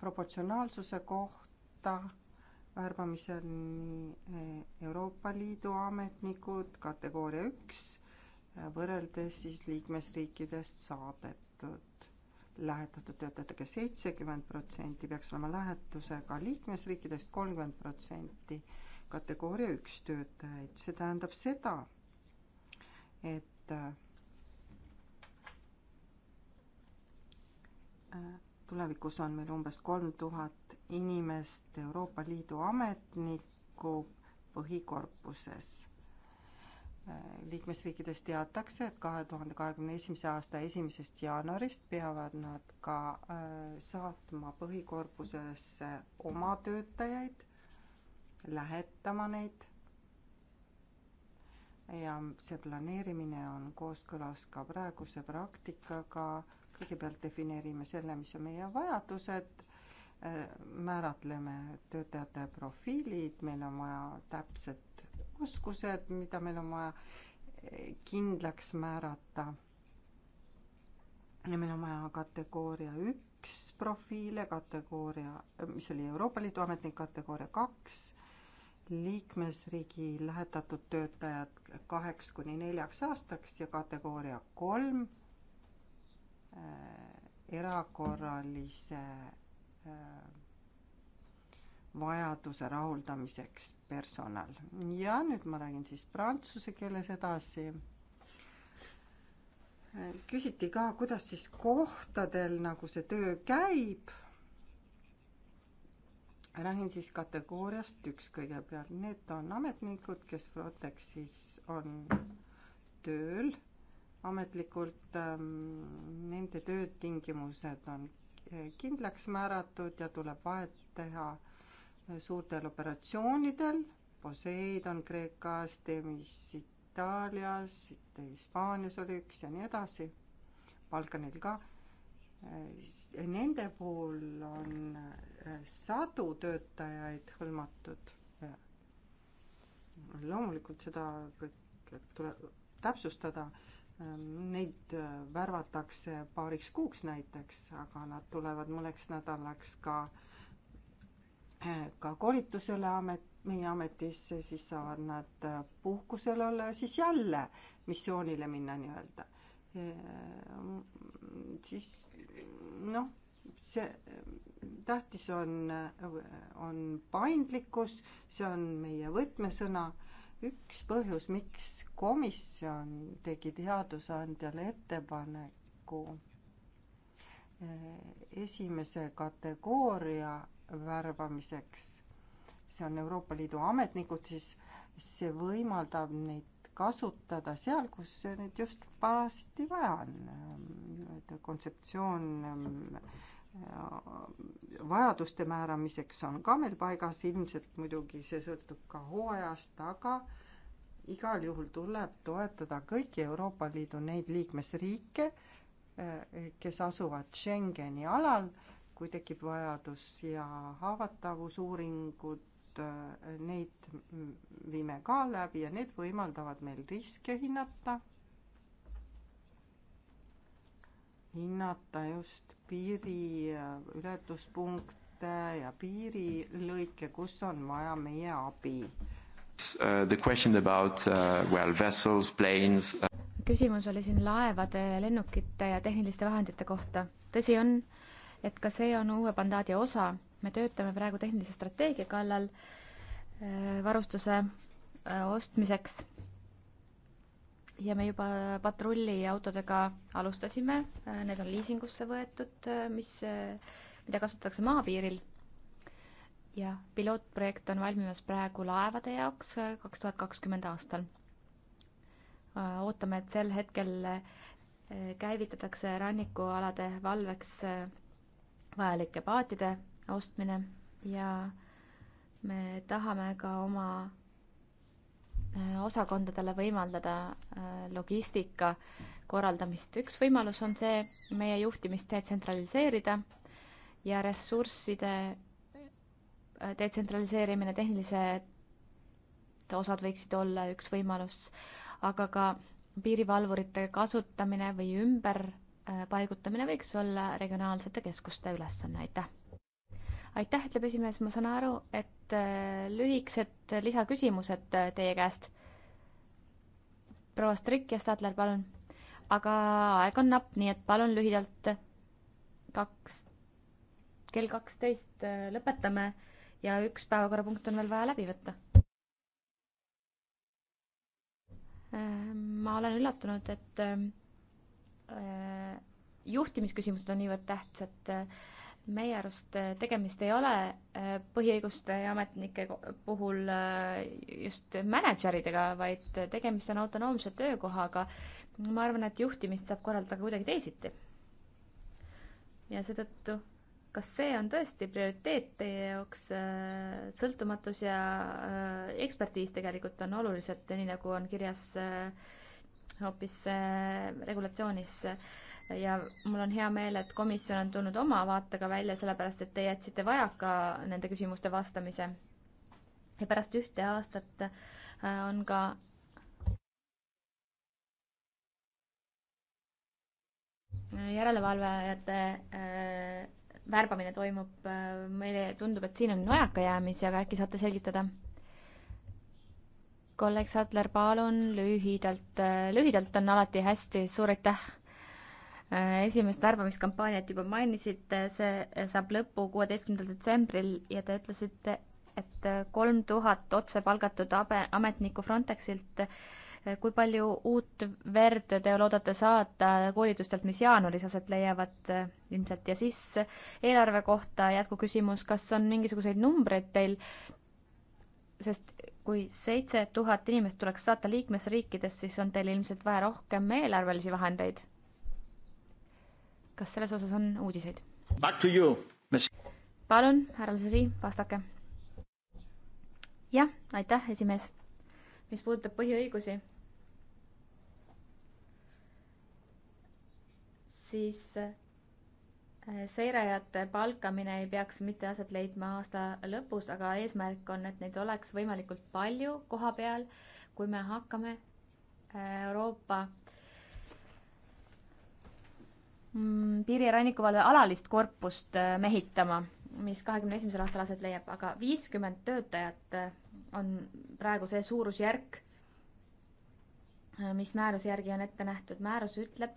D: proportsionaalsuse kohta värbamisel nii eh, Euroopa Liidu ametnikud kategooria üks võrreldes siis liikmesriikidest saadetud lähetatud töötajatega. seitsekümmend protsenti peaks olema lähetusega liikmesriikidest, kolmkümmend protsenti kategooria üks töötajaid. see tähendab seda, et äh, tulevikus on meil umbes kolm tuhat inimest Euroopa Liidu ametnikku põhikorpuses liikmesriikides teatakse, et kahe tuhande kahekümne esimese aasta esimesest jaanuarist peavad nad ka äh, saatma põhikorpusesse oma töötajaid, lähetama neid. ja see planeerimine on kooskõlas ka praeguse praktikaga. kõigepealt defineerime selle, mis on meie vajadused, äh, määratleme töötajate profiilid, meil on vaja täpset oskused, mida meil on vaja eh, kindlaks määrata. ja meil on vaja kategooria üks profiile, kategooria, eh, mis oli Euroopa Liidu ametnik, kategooria kaks, liikmesriigi lähetatud töötajad kaheks kuni neljaks aastaks ja kategooria kolm äh, erakorralise äh, vajaduse rahuldamiseks personal. ja nüüd ma räägin siis prantsuse keeles edasi. küsiti ka, kuidas siis kohtadel nagu see töö käib. räägin siis kategooriast üks kõigepealt, need on ametnikud, kes Frontexis on tööl ametlikult ähm,, nende töötingimused on kindlaks määratud ja tuleb vahet teha suurtel operatsioonidel, Poseidon Kreekas, Temis Itaalias, Hispaanias oli üks ja nii edasi, Balkanil ka. Nende puhul on eh, sadu töötajaid hõlmatud. loomulikult seda kõike tuleb täpsustada neid eh, värvatakse paariks kuuks näiteks, aga nad tulevad mõneks nädalaks ka ka koolitusele amet, meie ametisse, siis saavad nad äh, puhkusel olla ja siis jälle missioonile minna nii-öelda. Äh, siis noh, see tähtis on, äh, on paindlikkus, see on meie võtmesõna. üks põhjus, miks komisjon tegi teadusandjale ettepaneku esimese kategooria värbamiseks. see on Euroopa Liidu ametnikud, siis see võimaldab neid kasutada seal, kus neid just parasiti vaja on. kontseptsioon ähm, vajaduste määramiseks on ka meil paigas, ilmselt muidugi see sõltub ka hooajast, aga igal juhul tuleb toetada kõiki Euroopa Liidu neid liikmesriike, äh, kes asuvad Schengeni alal kui tekib vajadus ja haavatavusuuringud, äh, neid viime ka läbi ja need võimaldavad meil riske hinnata. hinnata just piiriületuspunkte äh, ja piirilõike, kus on vaja meie abi. Uh,
A: the question about uh, well vessels, planes uh....
B: küsimus oli siin laevade, lennukite ja tehniliste vahendite kohta. tõsi on uh,, et ka see on uue mandaadi osa. me töötame praegu tehnilise strateegia kallal äh, varustuse äh, ostmiseks. ja me juba patrulliautodega alustasime, äh, need on liisingusse võetud, mis, mida kasutatakse maapiiril jah, pilootprojekt on valmimas praegu laevade jaoks kaks tuhat kakskümmend aastal. ootame, et sel hetkel käivitatakse rannikualade valveks vajalike paatide ostmine ja me tahame ka oma äh, osakondadele võimaldada äh, logistika korraldamist. üks võimalus on see meie juhtimist detsentraliseerida ja ressursside äh, detsentraliseerimine, tehnilised osad võiksid olla üks võimalus, aga ka piirivalvurite kasutamine või ümber Äh, paigutamine võiks olla regionaalsete keskuste ülesanne, aitäh! aitäh, ütleb esimees, ma saan aru, et äh, lühikesed lisaküsimused äh, teie käest. proua Strik ja Stadler, palun. aga aeg on napp, nii et palun lühidalt kaks, kell kaksteist lõpetame ja üks päevakorrapunkt on veel vaja läbi võtta. ma olen üllatunud, et Äh, juhtimisküsimused on niivõrd tähtsad. Äh, meie arust äh, tegemist ei ole põhiõiguste ametnike puhul just mänedžeridega, vaid tegemist on autonoomse töökohaga. ma arvan, et juhtimist saab korraldada kuidagi teisiti. ja seetõttu, kas see on tõesti prioriteet teie jaoks, sõltumatus ja ekspertiis tegelikult on olulised, nii nagu on kirjas äh, hoopis äh, regulatsioonis ja mul on hea meel, et komisjon on tulnud oma vaatega välja, sellepärast et te jätsite vajaka nende küsimuste vastamise. ja pärast ühte aastat äh, on ka järelevalvajate äh, värbamine toimub, meile tundub, et siin on vajakajäämisi, aga äkki saate selgitada? kolleeg Sattler, palun lühidalt, äh, lühidalt on alati hästi, suur aitäh. Äh, esimest värbamiskampaaniat juba mainisite, see saab lõpu kuueteistkümnendal detsembril ja te ütlesite, et äh, kolm tuhat otse palgatud abe, ametnikku Frontexilt. kui palju uut verd te loodate saada koolitustelt, mis jaanuaris aset leiavad ilmselt ja siis eelarve kohta jätkuküsimus, kas on mingisuguseid numbreid teil sest kui seitse tuhat inimest tuleks saata liikmesriikidest, siis on teil ilmselt vaja rohkem eelarvelisi vahendeid. kas selles osas on uudiseid? palun, härra Žürii, vastake. jah, aitäh, esimees. mis puudutab põhiõigusi, siis seirajate palkamine ei peaks mitte aset leidma aasta lõpus, aga eesmärk on, et neid oleks võimalikult palju koha peal, kui me hakkame äh, Euroopa mm, piiri- ja rannikuvalve alalist korpust äh, mehitama, mis kahekümne esimesel aastal aset leiab, aga viiskümmend töötajat äh, on praegu see suurusjärk, mis määruse järgi on ette nähtud. määrus ütleb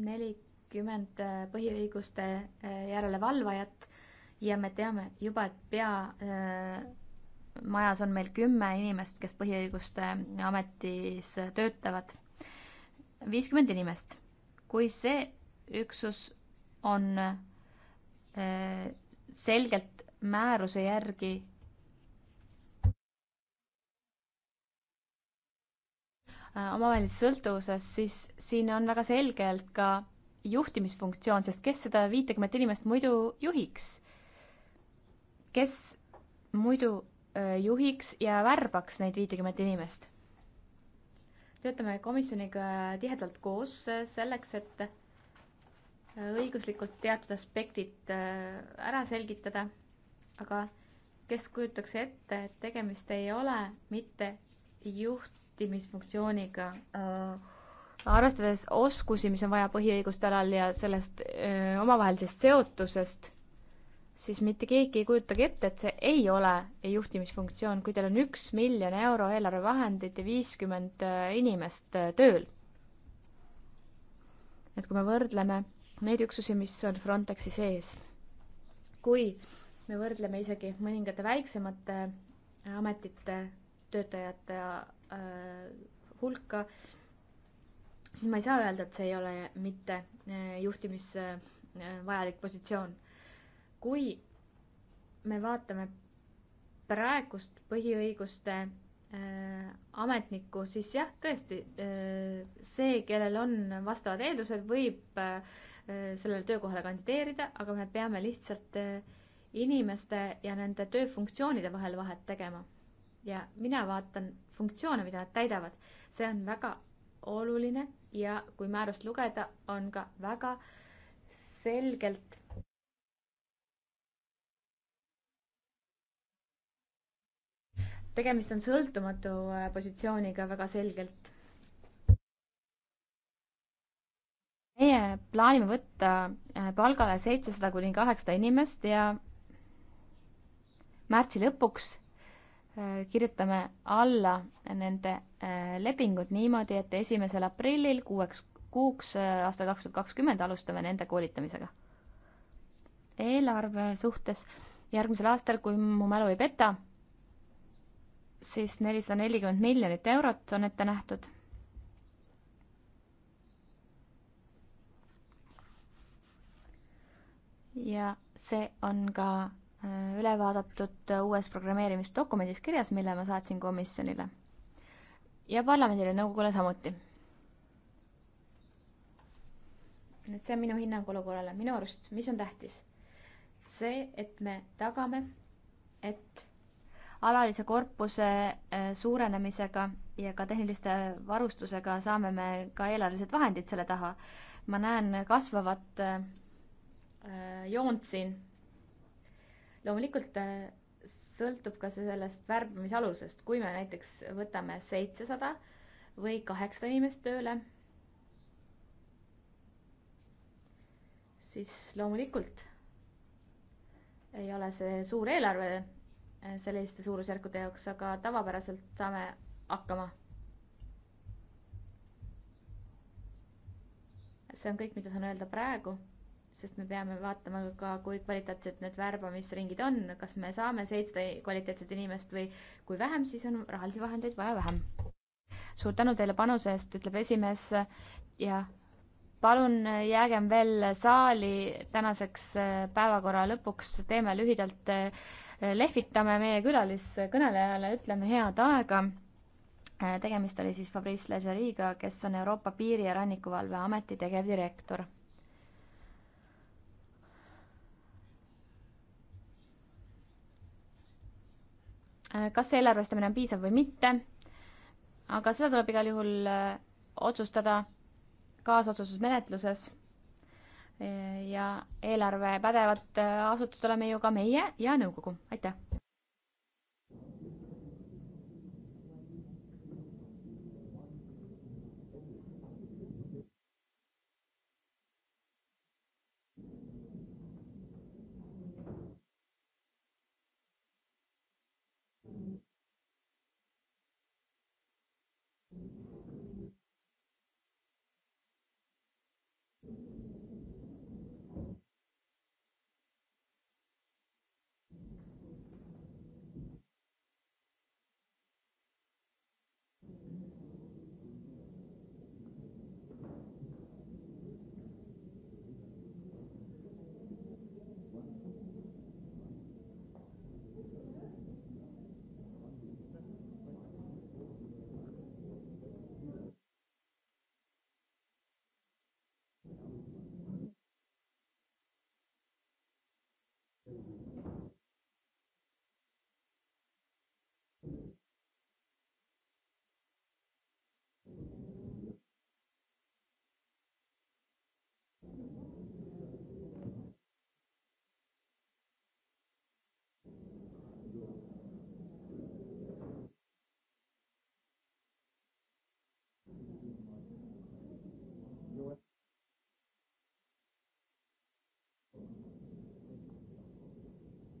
B: neli kakskümmend äh, põhiõiguste äh, järelevalvajat ja me teame juba, et peamajas äh, on meil kümme inimest, kes põhiõiguste ametis töötavad. viiskümmend inimest. kui see üksus on selgelt määruse järgi omavahelises sõltuvuses, siis siin on väga selgelt ka juhtimisfunktsioon, sest kes seda viitekümmet inimest muidu juhiks? kes muidu juhiks ja värbaks neid viitekümmet inimest? töötame komisjoniga tihedalt koos selleks, et õiguslikult teatud aspektid ära selgitada, aga kes kujutaks ette, et tegemist ei ole mitte juhtimisfunktsiooniga äh, arvestades oskusi, mis on vaja põhiõiguste alal ja sellest öö, omavahelisest seotusest, siis mitte keegi ei kujutagi ette, et see ei ole juhtimisfunktsioon, kui teil on üks miljon euro eelarvevahendit ja viiskümmend inimest tööl. et kui me võrdleme neid üksusi, mis on Frontexi sees, kui me võrdleme isegi mõningate väiksemate ametite töötajate hulka äh,, siis ma ei saa öelda, et see ei ole mitte äh, juhtimis äh, vajalik positsioon. kui me vaatame praegust põhiõiguste äh, ametnikku, siis jah, tõesti äh, see, kellel on vastavad eeldused, võib äh, sellele töökohale kandideerida, aga me peame lihtsalt äh, inimeste ja nende tööfunktsioonide vahel vahet tegema. ja mina vaatan funktsioone, mida nad täidavad. see on väga oluline ja kui määrust lugeda, on ka väga selgelt tegemist on sõltumatu äh, positsiooniga väga selgelt. meie plaanime võtta äh, palgale seitsesada kuni kaheksasada inimest ja märtsi lõpuks Äh, kirjutame alla nende äh, lepingud niimoodi, et esimesel aprillil kuueks kuuks äh, aastal kaks tuhat kakskümmend alustame nende koolitamisega. eelarve suhtes järgmisel aastal, kui mu mälu ei peta, siis nelisada nelikümmend miljonit eurot on ette nähtud ja see on ka Äh, üle vaadatud äh, uues programmeerimisdokumendis kirjas, mille ma saatsin komisjonile ja parlamendile, nõukogule samuti. et see on minu hinnang olukorrale, minu arust, mis on tähtis? see, et me tagame, et alalise korpuse äh, suurenemisega ja ka tehniliste varustusega saame me ka eelarvelised vahendid selle taha. ma näen kasvavat joont siin loomulikult äh, sõltub ka see sellest värbamisalusest, kui me näiteks võtame seitsesada või kaheksasada inimest tööle, siis loomulikult ei ole see suur eelarve äh, selliste suurusjärkude jaoks, aga tavapäraselt saame hakkama. see on kõik, mida saan öelda praegu sest me peame vaatama ka, kui kvaliteetsed need värbamisringid on, kas me saame seitsesada kvaliteetset inimest või kui vähem, siis on rahalisi vahendeid vaja vähem. suur tänu teile panuse eest, ütleb esimees ja palun jäägem veel saali tänaseks äh, päevakorra lõpuks, teeme lühidalt, äh, lehvitame meie külaliskõnelejale, ütleme head aega äh, tegemist oli siis Fabrice Legeriga, kes on Euroopa Piiri- ja Rannikuvalve Ameti tegevdirektor Äh, kas see eelarvestamine on piisav või mitte, aga seda tuleb igal juhul äh, otsustada kaasotsustusmenetluses. Äh, ja eelarve pädevad asutused oleme ju ka meie ja nõukogu, aitäh!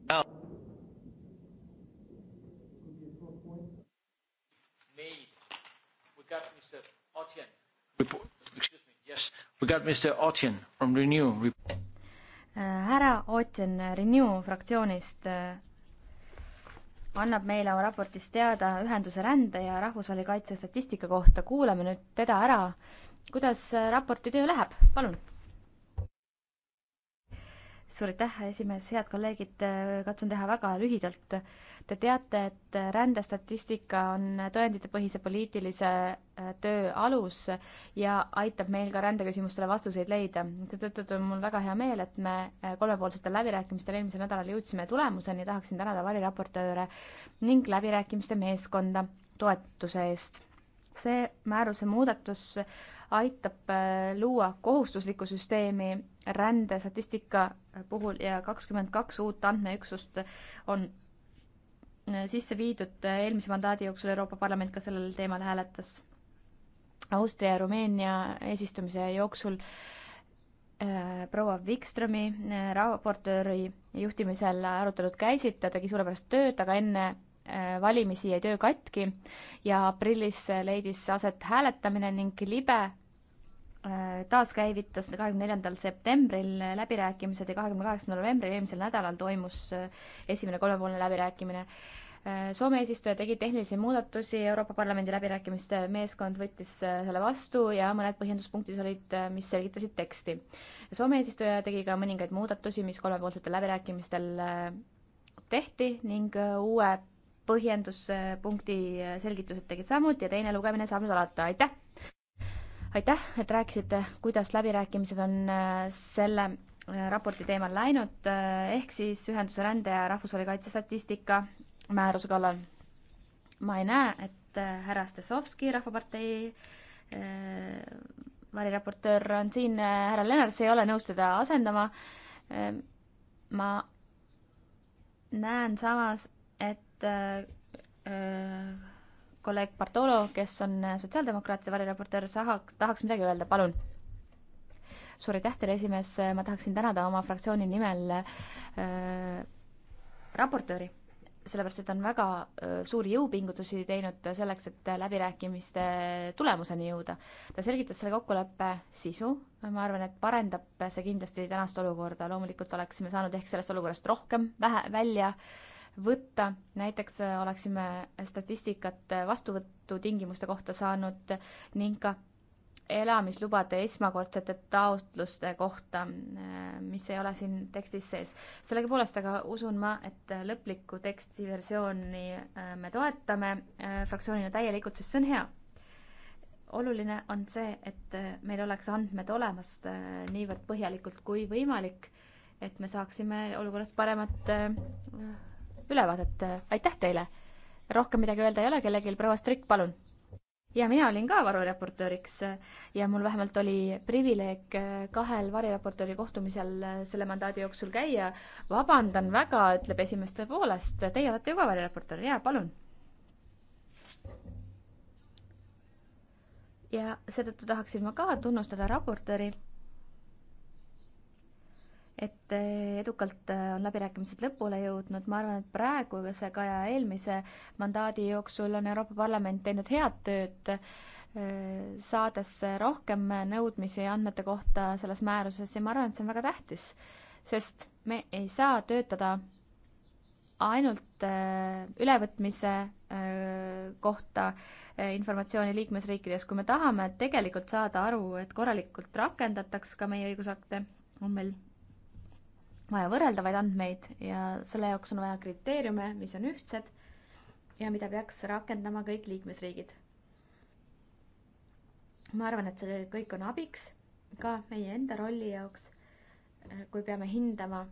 B: Äh, härra Otjen Renew fraktsioonist äh, annab meile oma raportis teada ühenduse rände ja rahvusvahelise kaitse statistika kohta. kuulame nüüd teda ära. kuidas äh, raporti töö läheb, palun? suur aitäh, esimees, head kolleegid, katsun teha väga lühidalt. Te teate, et rändestatistika on tõenditepõhise poliitilise äh, töö alus ja aitab meil ka rändeküsimustele vastuseid leida. seetõttu on mul väga hea meel, et me äh, kolmepoolsetel läbirääkimistel eelmisel nädalal jõudsime tulemuseni ja tahaksin tänada variraportööre ning läbirääkimiste meeskonda toetuse eest. see määruse muudatus aitab äh, luua kohustuslikku süsteemi rändestatistika puhul ja kakskümmend kaks uut andmeüksust on äh, sisse viidud äh, eelmise mandaadi jooksul Euroopa Parlament ka sellel teemal hääletas. Austria ja Rumeenia eesistumise jooksul äh, proua Wikströmi raportööri juhtimisel arutelud käisid, ta tegi suurepärast tööd, aga enne valimisi jäi töö katki ja aprillis leidis aset hääletamine ning libe Äh, taaskäivitas kahekümne neljandal septembril läbirääkimised ja kahekümne kaheksandal novembril eelmisel nädalal toimus äh, esimene kolmepoolne läbirääkimine. Äh, Soome eesistuja tegi tehnilisi muudatusi, Euroopa Parlamendi läbirääkimiste meeskond võttis selle vastu ja mõned põhjenduspunktid olid, mis selgitasid teksti. Soome eesistuja tegi ka mõningaid muudatusi, mis kolmepoolsetel läbirääkimistel tehti ning uue põhjenduspunkti selgitused tegid samuti ja teine lugemine saab nüüd alata, aitäh! aitäh, et rääkisite, kuidas läbirääkimised on äh, selle äh, raporti teemal läinud, äh, ehk siis ühenduse rände ja rahvusvahelise kaitse statistika määruse kallal. ma ei näe, et härra Stasovski Rahvapartei äh, variraportöör on siin, härra Lennarts ei ole nõus teda asendama äh,. ma näen samas, et äh, kolleeg Bartolo, kes on sotsiaaldemokraatide variraportöör, tahaks, tahaks midagi öelda, palun. suur aitäh teile, esimees, ma tahaksin tänada oma fraktsiooni nimel äh, raportööri sellepärast, et ta on väga äh, suuri jõupingutusi teinud selleks, et läbirääkimiste tulemuseni jõuda. ta selgitas selle kokkuleppe sisu, ma arvan, et parendab see kindlasti tänast olukorda, loomulikult oleksime saanud ehk sellest olukorrast rohkem vähe välja äh, võtta, näiteks äh, oleksime statistikat äh, vastuvõtutingimuste kohta saanud ning ka elamislubade esmakordsete taotluste kohta, äh, mis ei ole siin tekstis sees. sellegipoolest aga usun ma, et lõplikku teksti versiooni me toetame fraktsioonina täielikult, sest see on hea. oluline on see, et meil oleks andmed olemas niivõrd põhjalikult kui võimalik, et me saaksime olukorrast paremat ülevaadet, äh, aitäh teile! rohkem midagi öelda ei ole kellelgi, proua Strikk, palun! ja mina olin ka varuraportööriks äh, ja mul vähemalt oli privileeg äh, kahel variraportööri kohtumisel selle mandaadi jooksul käia. vabandan väga, ütleb esimees, tõepoolest, teie olete ju ka variraportöör, jaa, palun. ja seetõttu tahaksin ma ka tunnustada raportööri et eh, edukalt eh, on läbirääkimised lõpule jõudnud, ma arvan, et praegusega ja eelmise mandaadi jooksul on Euroopa Parlament teinud head tööd, eh, saades rohkem nõudmisi andmete kohta selles määruses ja ma arvan, et see on väga tähtis, sest me ei saa töötada ainult ülevõtmise kohta informatsiooni liikmesriikides, kui me tahame tegelikult saada aru, et korralikult rakendataks ka meie õigusakte, on meil vaja võrreldavaid andmeid ja selle jaoks on vaja kriteeriume, mis on ühtsed ja mida peaks rakendama kõik liikmesriigid. ma arvan, et see kõik on abiks ka meie enda rolli jaoks, kui peame hindama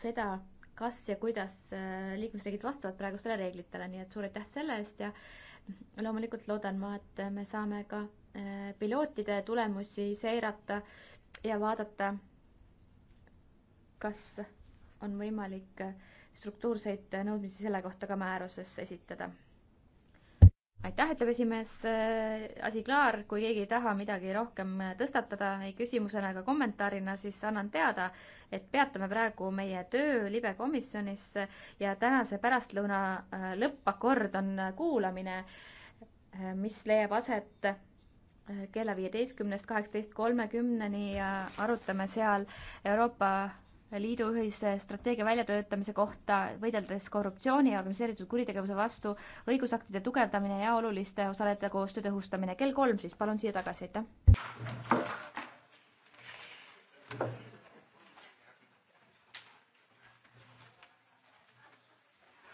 B: seda, kas ja kuidas äh, liikmesriigid vastavad praegustele reeglitele, nii et suur aitäh selle eest ja loomulikult loodan ma, et me saame ka äh, pilootide tulemusi seirata ja vaadata, kas on võimalik struktuurseid nõudmisi selle kohta ka määruses esitada? aitäh, ütleb esimees, asi klaar, kui keegi ei taha midagi rohkem tõstatada ei küsimusena ega kommentaarina, siis annan teada, et peatame praegu meie töö libe komisjonis ja tänase pärastlõuna lõppakord on kuulamine, mis leiab aset kella viieteistkümnest kaheksateist kolmekümneni ja arutame seal Euroopa liidu ühise strateegia väljatöötamise kohta, võideldes korruptsiooni ja organiseeritud kuritegevuse vastu, õigusaktide tugevdamine ja oluliste osalejate koostöö tõhustamine. kell kolm siis palun siia tagasi, aitäh!